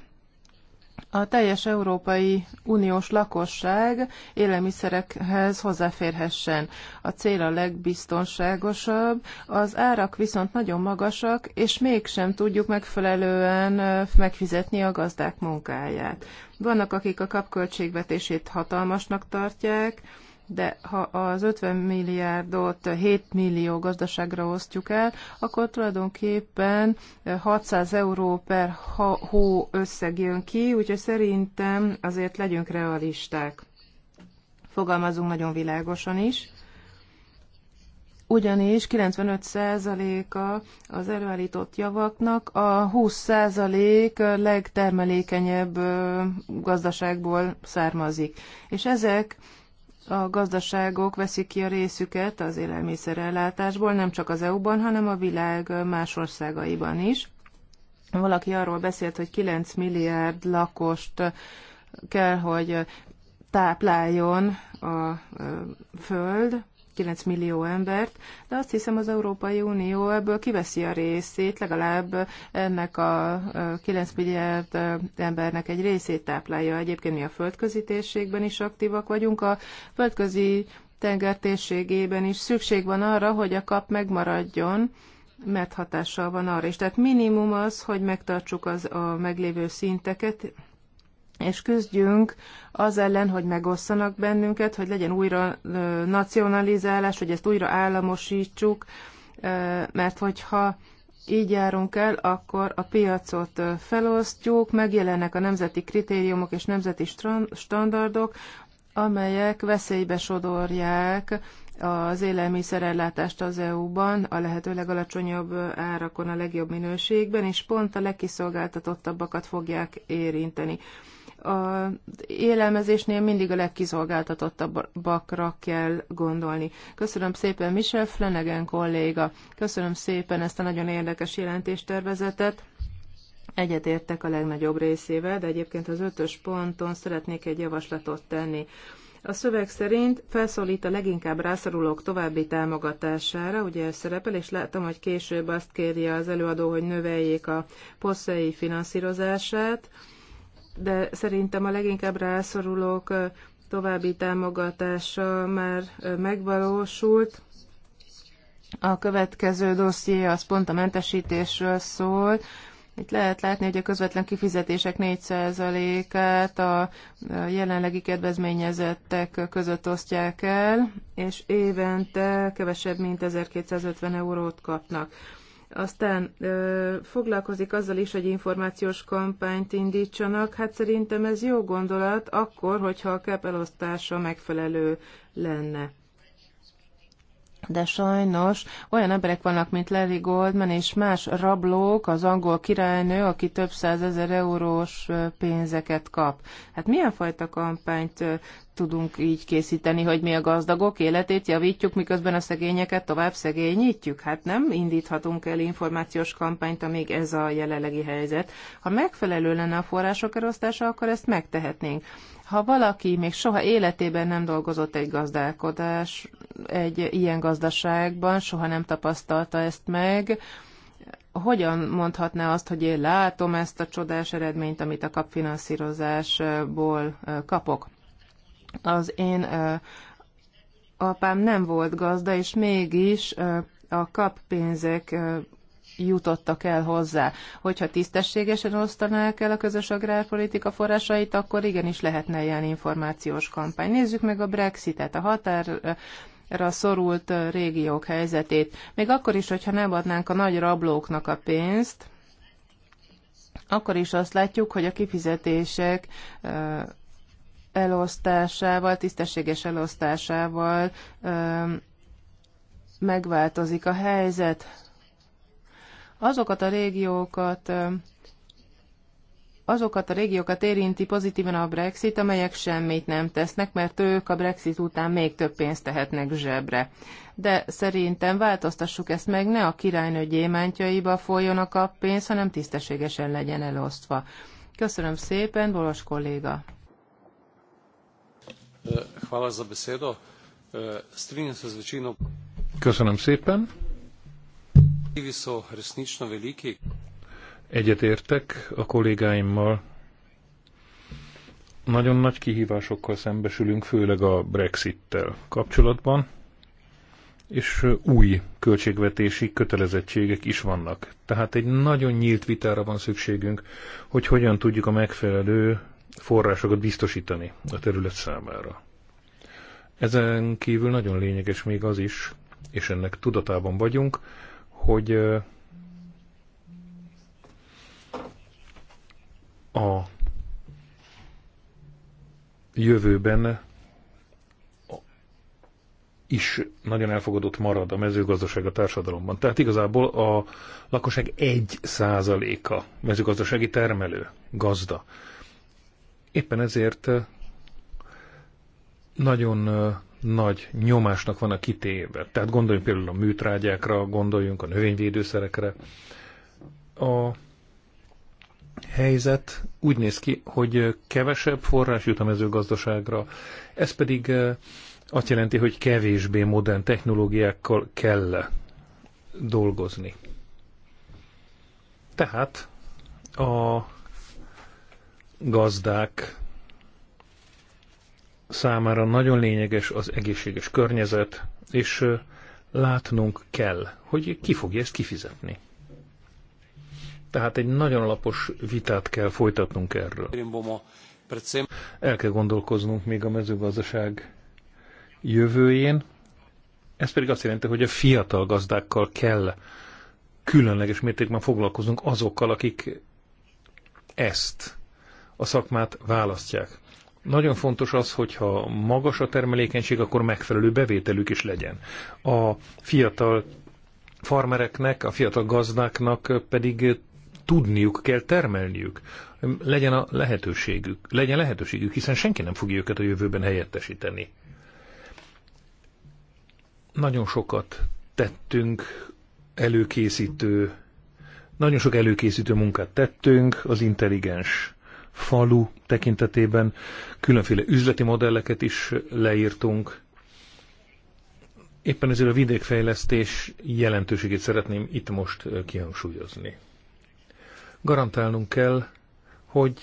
a teljes Európai Uniós lakosság élelmiszerekhez hozzáférhessen. A cél a legbiztonságosabb, az árak viszont nagyon magasak, és mégsem tudjuk megfelelően megfizetni a gazdák munkáját. Vannak, akik a kapköltségvetését hatalmasnak tartják, de ha az 50 milliárdot 7 millió gazdaságra osztjuk el, akkor tulajdonképpen 600 eh, euró per hó összeg jön ki, úgyhogy szerintem azért legyünk realisták. Fogalmazunk nagyon világosan is ugyanis 95%-a az előállított javaknak a 20% legtermelékenyebb eh, gazdaságból származik. És ezek a gazdaságok veszik ki a részüket az élelmiszerellátásból, nem csak az EU-ban, hanem a világ más országaiban is. Valaki arról beszélt, hogy 9 milliárd lakost kell, hogy tápláljon a föld, 9 millió embert, de azt hiszem az Európai Unió ebből kiveszi a részét, legalább ennek a 9 milliárd embernek egy részét táplálja. Egyébként mi a földközi térségben is aktívak vagyunk. A földközi tenger térségében is szükség van arra, hogy a kap megmaradjon, mert hatással van arra is. Tehát minimum az, hogy megtartsuk az a meglévő szinteket, és küzdjünk az ellen, hogy megosszanak bennünket, hogy legyen újra nacionalizálás, hogy ezt újra államosítsuk, mert hogyha így járunk el, akkor a piacot felosztjuk, megjelennek a nemzeti kritériumok és nemzeti standardok, amelyek veszélybe sodorják az élelmiszerellátást az EU-ban a lehető legalacsonyabb árakon, a legjobb minőségben, és pont a legkiszolgáltatottabbakat fogják érinteni a élelmezésnél mindig a legkizolgáltatottabbakra kell gondolni. Köszönöm szépen Michel Flanagan kolléga, köszönöm szépen ezt a nagyon érdekes jelentéstervezetet. Egyetértek a legnagyobb részével, de egyébként az ötös ponton szeretnék egy javaslatot tenni. A szöveg szerint felszólít a leginkább rászorulók további támogatására, ugye ez szerepel, és láttam, hogy később azt kérje az előadó, hogy növeljék a poszei finanszírozását, de szerintem a leginkább rászorulók további támogatása már megvalósult. A következő dosszié az pont a mentesítésről szól. Itt lehet látni, hogy a közvetlen kifizetések 4%-át a jelenlegi kedvezményezettek között osztják el, és évente kevesebb, mint 1250 eurót kapnak. Aztán ö, foglalkozik azzal is, hogy információs kampányt indítsanak. Hát szerintem ez jó gondolat, akkor, hogyha a kap elosztása megfelelő lenne de sajnos olyan emberek vannak, mint Larry Goldman és más rablók, az angol királynő, aki több százezer eurós pénzeket kap. Hát milyen fajta kampányt tudunk így készíteni, hogy mi a gazdagok életét javítjuk, miközben a szegényeket tovább szegényítjük? Hát nem indíthatunk el információs kampányt, amíg ez a jelenlegi helyzet. Ha megfelelő lenne a források erosztása, akkor ezt megtehetnénk. Ha valaki még soha életében nem dolgozott egy gazdálkodás, egy ilyen gazdaságban, soha nem tapasztalta ezt meg, hogyan mondhatná azt, hogy én látom ezt a csodás eredményt, amit a kapfinanszírozásból kapok? Az én apám nem volt gazda, és mégis a kap pénzek jutottak el hozzá. Hogyha tisztességesen osztanák el a közös agrárpolitika forrásait, akkor igenis lehetne ilyen információs kampány. Nézzük meg a Brexitet, a határ a szorult régiók helyzetét. Még akkor is, hogyha nem adnánk a nagy rablóknak a pénzt, akkor is azt látjuk, hogy a kifizetések elosztásával, tisztességes elosztásával megváltozik a helyzet azokat a régiókat azokat a régiókat érinti pozitívan a Brexit, amelyek semmit nem tesznek, mert ők a Brexit után még több pénzt tehetnek zsebre. De szerintem változtassuk ezt meg, ne a királynő gyémántjaiba folyjon a pénz, hanem tisztességesen legyen elosztva. Köszönöm szépen, Bolos kolléga. Köszönöm szépen. Egyetértek a kollégáimmal. Nagyon nagy kihívásokkal szembesülünk, főleg a Brexit-tel kapcsolatban, és új költségvetési kötelezettségek is vannak. Tehát egy nagyon nyílt vitára van szükségünk, hogy hogyan tudjuk a megfelelő forrásokat biztosítani a terület számára. Ezen kívül nagyon lényeges még az is, és ennek tudatában vagyunk, hogy a jövőben is nagyon elfogadott marad a mezőgazdaság a társadalomban. Tehát igazából a lakosság egy százaléka mezőgazdasági termelő, gazda. Éppen ezért nagyon nagy nyomásnak van a kitéve. Tehát gondoljunk például a műtrágyákra, gondoljunk a növényvédőszerekre. A helyzet úgy néz ki, hogy kevesebb forrás jut a mezőgazdaságra, ez pedig eh, azt jelenti, hogy kevésbé modern technológiákkal kell dolgozni. Tehát a gazdák számára nagyon lényeges az egészséges környezet, és látnunk kell, hogy ki fogja ezt kifizetni. Tehát egy nagyon alapos vitát kell folytatnunk erről. El kell gondolkoznunk még a mezőgazdaság jövőjén. Ez pedig azt jelenti, hogy a fiatal gazdákkal kell különleges mértékben foglalkozunk azokkal, akik ezt a szakmát választják. Nagyon fontos az, hogyha magas a termelékenység, akkor megfelelő bevételük is legyen. A fiatal farmereknek, a fiatal gazdáknak pedig tudniuk kell termelniük. Legyen a lehetőségük, legyen lehetőségük, hiszen senki nem fogja őket a jövőben helyettesíteni. Nagyon sokat tettünk előkészítő, nagyon sok előkészítő munkát tettünk az intelligens falu tekintetében. Különféle üzleti modelleket is leírtunk. Éppen ezért a vidékfejlesztés jelentőségét szeretném itt most kihangsúlyozni. Garantálnunk kell, hogy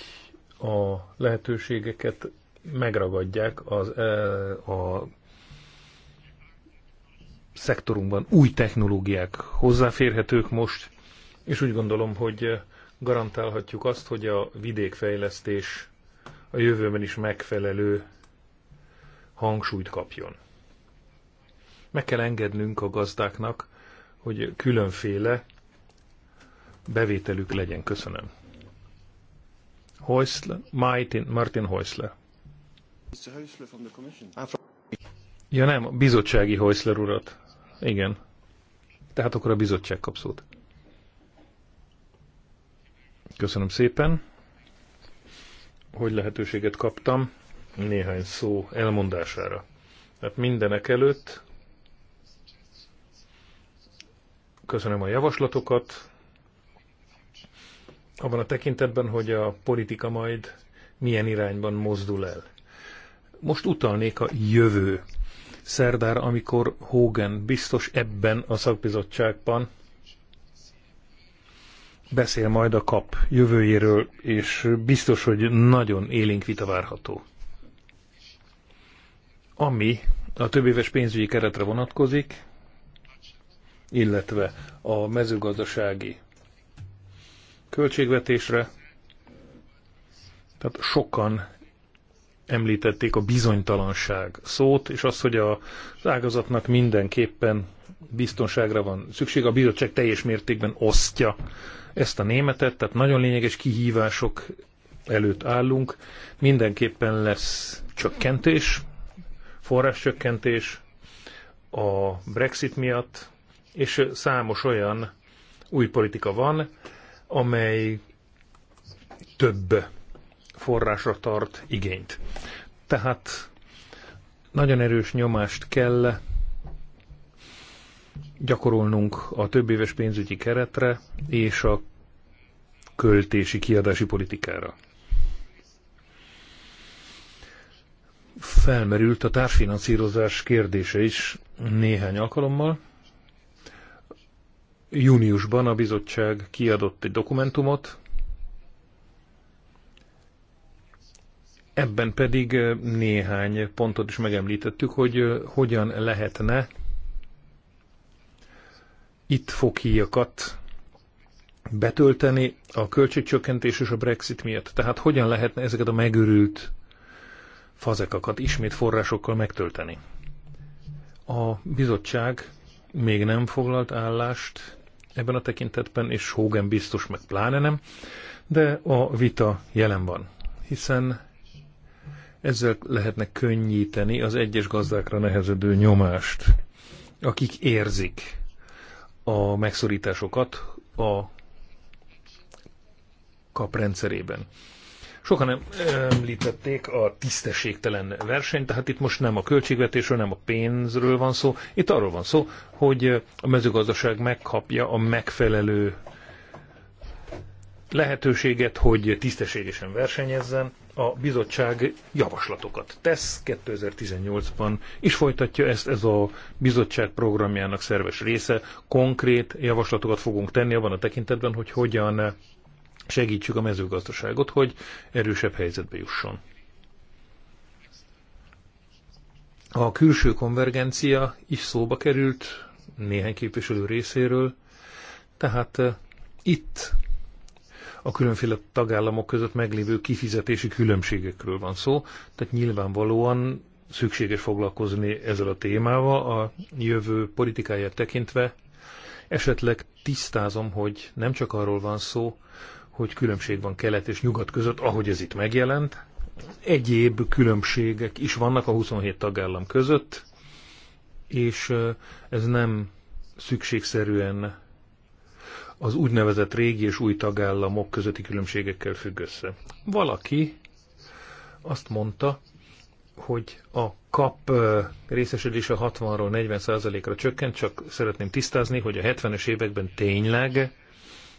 a lehetőségeket megragadják az, a szektorunkban új technológiák hozzáférhetők most, és úgy gondolom, hogy garantálhatjuk azt, hogy a vidékfejlesztés a jövőben is megfelelő hangsúlyt kapjon. Meg kell engednünk a gazdáknak, hogy különféle bevételük legyen. Köszönöm. Heusler, Martin, Martin Heusler. Ah, ja nem, a bizottsági Heusler urat. Igen. Tehát akkor a bizottság kap szót. Köszönöm szépen, hogy lehetőséget kaptam néhány szó elmondására. Hát mindenek előtt köszönöm a javaslatokat, abban a tekintetben, hogy a politika majd milyen irányban mozdul el. Most utalnék a jövő szerdára, amikor Hogan biztos ebben a szakbizottságban beszél majd a kap jövőjéről, és biztos, hogy nagyon élénk vita várható. Ami a többéves pénzügyi keretre vonatkozik, illetve a mezőgazdasági költségvetésre, tehát sokan említették a bizonytalanság szót, és az, hogy az ágazatnak mindenképpen biztonságra van szükség. A bizottság teljes mértékben osztja ezt a németet, tehát nagyon lényeges kihívások előtt állunk. Mindenképpen lesz csökkentés, forráscsökkentés a Brexit miatt, és számos olyan új politika van, amely több forrásra tart igényt. Tehát nagyon erős nyomást kell gyakorolnunk a éves pénzügyi keretre és a költési kiadási politikára. Felmerült a társfinanszírozás kérdése is néhány alkalommal. Júniusban a bizottság kiadott egy dokumentumot, ebben pedig néhány pontot is megemlítettük, hogy hogyan lehetne itt foghíjakat betölteni a költségcsökkentés és a Brexit miatt. Tehát hogyan lehetne ezeket a megőrült fazekakat ismét forrásokkal megtölteni? A bizottság még nem foglalt állást ebben a tekintetben, és Hogan biztos meg pláne nem, de a vita jelen van, hiszen ezzel lehetne könnyíteni az egyes gazdákra nehezedő nyomást, akik érzik, a megszorításokat a kap rendszerében. Sokan említették a tisztességtelen versenyt, tehát itt most nem a költségvetésről, nem a pénzről van szó, itt arról van szó, hogy a mezőgazdaság megkapja a megfelelő lehetőséget, hogy tisztességesen versenyezzen, a bizottság javaslatokat tesz 2018-ban, és folytatja ezt, ez a bizottság programjának szerves része. Konkrét javaslatokat fogunk tenni abban a tekintetben, hogy hogyan segítsük a mezőgazdaságot, hogy erősebb helyzetbe jusson. A külső konvergencia is szóba került néhány képviselő részéről, tehát eh, itt a különféle tagállamok között meglévő kifizetési különbségekről van szó, tehát nyilvánvalóan szükséges foglalkozni ezzel a témával a jövő politikáját tekintve. Esetleg tisztázom, hogy nem csak arról van szó, hogy különbség van kelet és nyugat között, ahogy ez itt megjelent. Egyéb különbségek is vannak a 27 tagállam között, és ez nem szükségszerűen az úgynevezett régi és új tagállamok közötti különbségekkel függ össze. Valaki azt mondta, hogy a kap részesedése 60-ról 40%-ra csökkent, csak szeretném tisztázni, hogy a 70-es években tényleg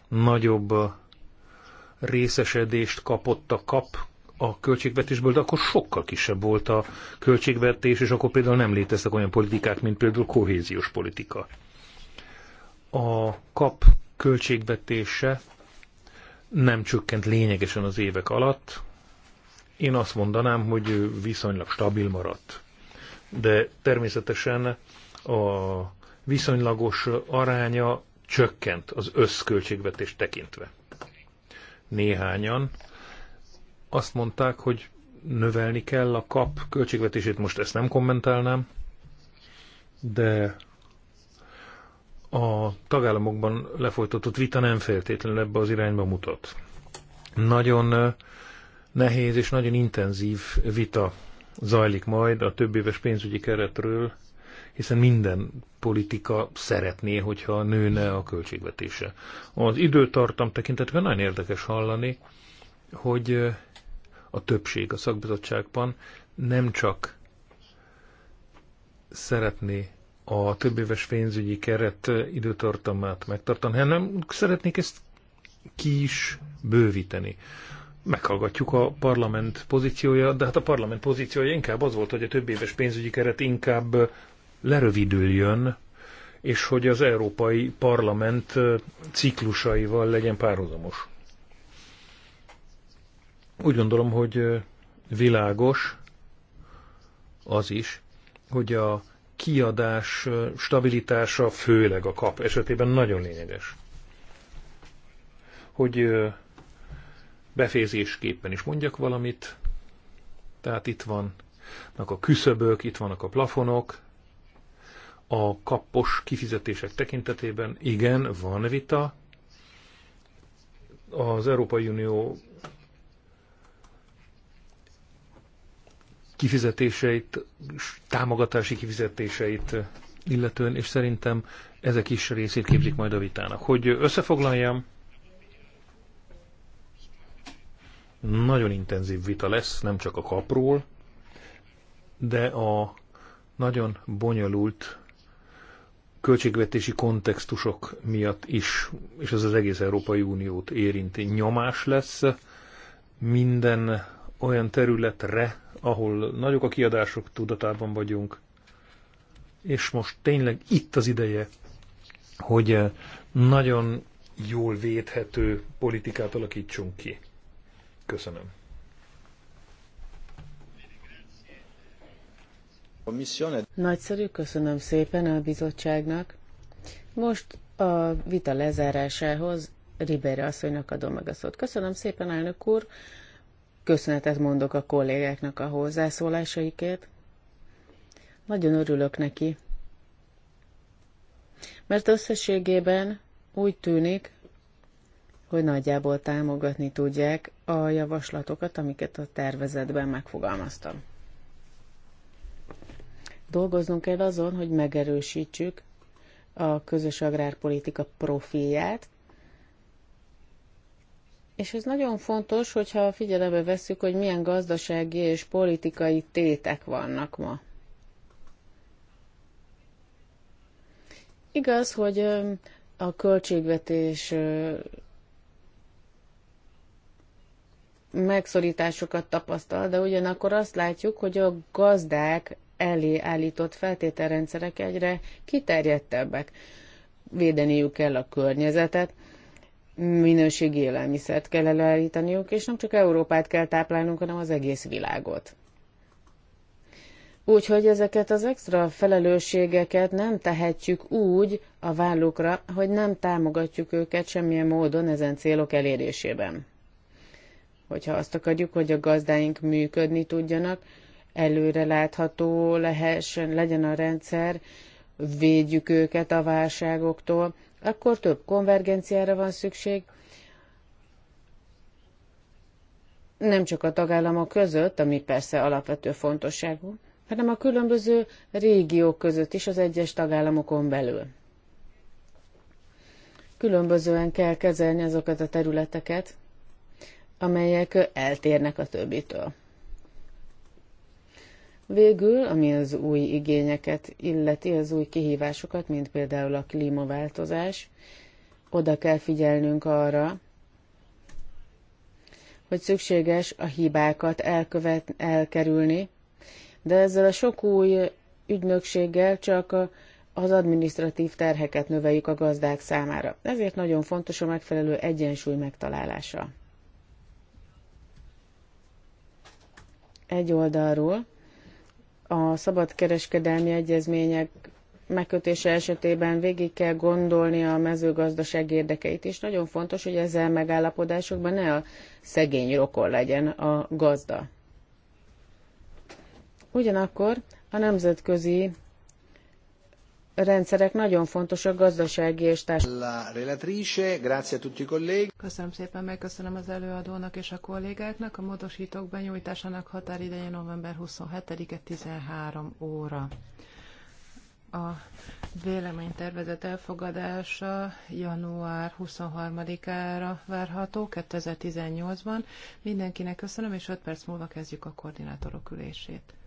nagyobb részesedést kapott a kap a költségvetésből, de akkor sokkal kisebb volt a költségvetés, és akkor például nem léteztek olyan politikák, mint például kohéziós politika. A kap költségvetése nem csökkent lényegesen az évek alatt. Én azt mondanám, hogy viszonylag stabil maradt. De természetesen a viszonylagos aránya csökkent az összköltségvetést tekintve. Néhányan azt mondták, hogy növelni kell a kap költségvetését, most ezt nem kommentálnám, de a tagállamokban lefolytatott vita nem feltétlenül ebbe az irányba mutat. Nagyon nehéz és nagyon intenzív vita zajlik majd a éves pénzügyi keretről, hiszen minden politika szeretné, hogyha nőne a költségvetése. Az időtartam tekintetben nagyon érdekes hallani, hogy a többség a szakbizottságban nem csak szeretné a többéves pénzügyi keret időtartamát megtartani, hanem szeretnék ezt ki is bővíteni. Meghallgatjuk a parlament pozíciója, de hát a parlament pozíciója inkább az volt, hogy a többéves pénzügyi keret inkább lerövidüljön, és hogy az Európai Parlament ciklusaival legyen párhuzamos. Úgy gondolom, hogy világos az is, hogy a kiadás stabilitása, főleg a kap esetében nagyon lényeges. Hogy befézésképpen is mondjak valamit, tehát itt vannak a küszöbök, itt vannak a plafonok, a kapos kifizetések tekintetében igen, van vita. Az Európai Unió kifizetéseit, támogatási kifizetéseit illetően, és szerintem ezek is részét képzik majd a vitának. Hogy összefoglaljam, nagyon intenzív vita lesz, nem csak a kapról, de a nagyon bonyolult költségvetési kontextusok miatt is, és ez az egész Európai Uniót érinti, nyomás lesz minden olyan területre, ahol nagyok a kiadások, tudatában vagyunk, és most tényleg itt az ideje, hogy eh, nagyon jól védhető politikát alakítsunk ki. Köszönöm. Nagyszerű, köszönöm szépen a bizottságnak. Most a vita lezárásához Ribére asszonynak adom meg a szót. Köszönöm szépen, elnök úr. Köszönetet mondok a kollégáknak a hozzászólásaikért. Nagyon örülök neki, mert összességében úgy tűnik, hogy nagyjából támogatni tudják a javaslatokat, amiket a tervezetben megfogalmaztam. Dolgoznunk kell azon, hogy megerősítsük a közös agrárpolitika profilját, és ez nagyon fontos, hogyha figyelembe vesszük, hogy milyen gazdasági és politikai tétek vannak ma. Igaz, hogy a költségvetés megszorításokat tapasztal, de ugyanakkor azt látjuk, hogy a gazdák elé állított feltételrendszerek egyre kiterjedtebbek. Védeniük kell a környezetet, minőségi élelmiszert kell előállítaniuk, és nem csak Európát kell táplálnunk, hanem az egész világot. Úgyhogy ezeket az extra felelősségeket nem tehetjük úgy a vállukra, hogy nem támogatjuk őket semmilyen módon ezen célok elérésében. Hogyha azt akarjuk, hogy a gazdáink működni tudjanak, előre látható lehessen, legyen a rendszer, védjük őket a válságoktól, akkor több konvergenciára van szükség, nem csak a tagállamok között, ami persze alapvető fontosságú, hanem a különböző régiók között is az egyes tagállamokon belül. Különbözően kell kezelni azokat a területeket, amelyek eltérnek a többitől. Végül, ami az új igényeket illeti, az új kihívásokat, mint például a klímaváltozás, oda kell figyelnünk arra, hogy szükséges a hibákat elkövet, elkerülni, de ezzel a sok új ügynökséggel csak az adminisztratív terheket növeljük a gazdák számára. Ezért nagyon fontos a megfelelő egyensúly megtalálása. Egy oldalról a szabadkereskedelmi egyezmények megkötése esetében végig kell gondolni a mezőgazdaság érdekeit is. Nagyon fontos, hogy ezzel megállapodásokban ne a szegény rokon legyen a gazda. Ugyanakkor a nemzetközi rendszerek nagyon fontosak gazdasági és társadalmi. Köszönöm szépen, megköszönöm az előadónak és a kollégáknak. A módosítók benyújtásának határideje november 27-e 13 óra. A véleménytervezet elfogadása január 23-ára várható 2018-ban. Mindenkinek köszönöm, és 5 perc múlva kezdjük a koordinátorok ülését.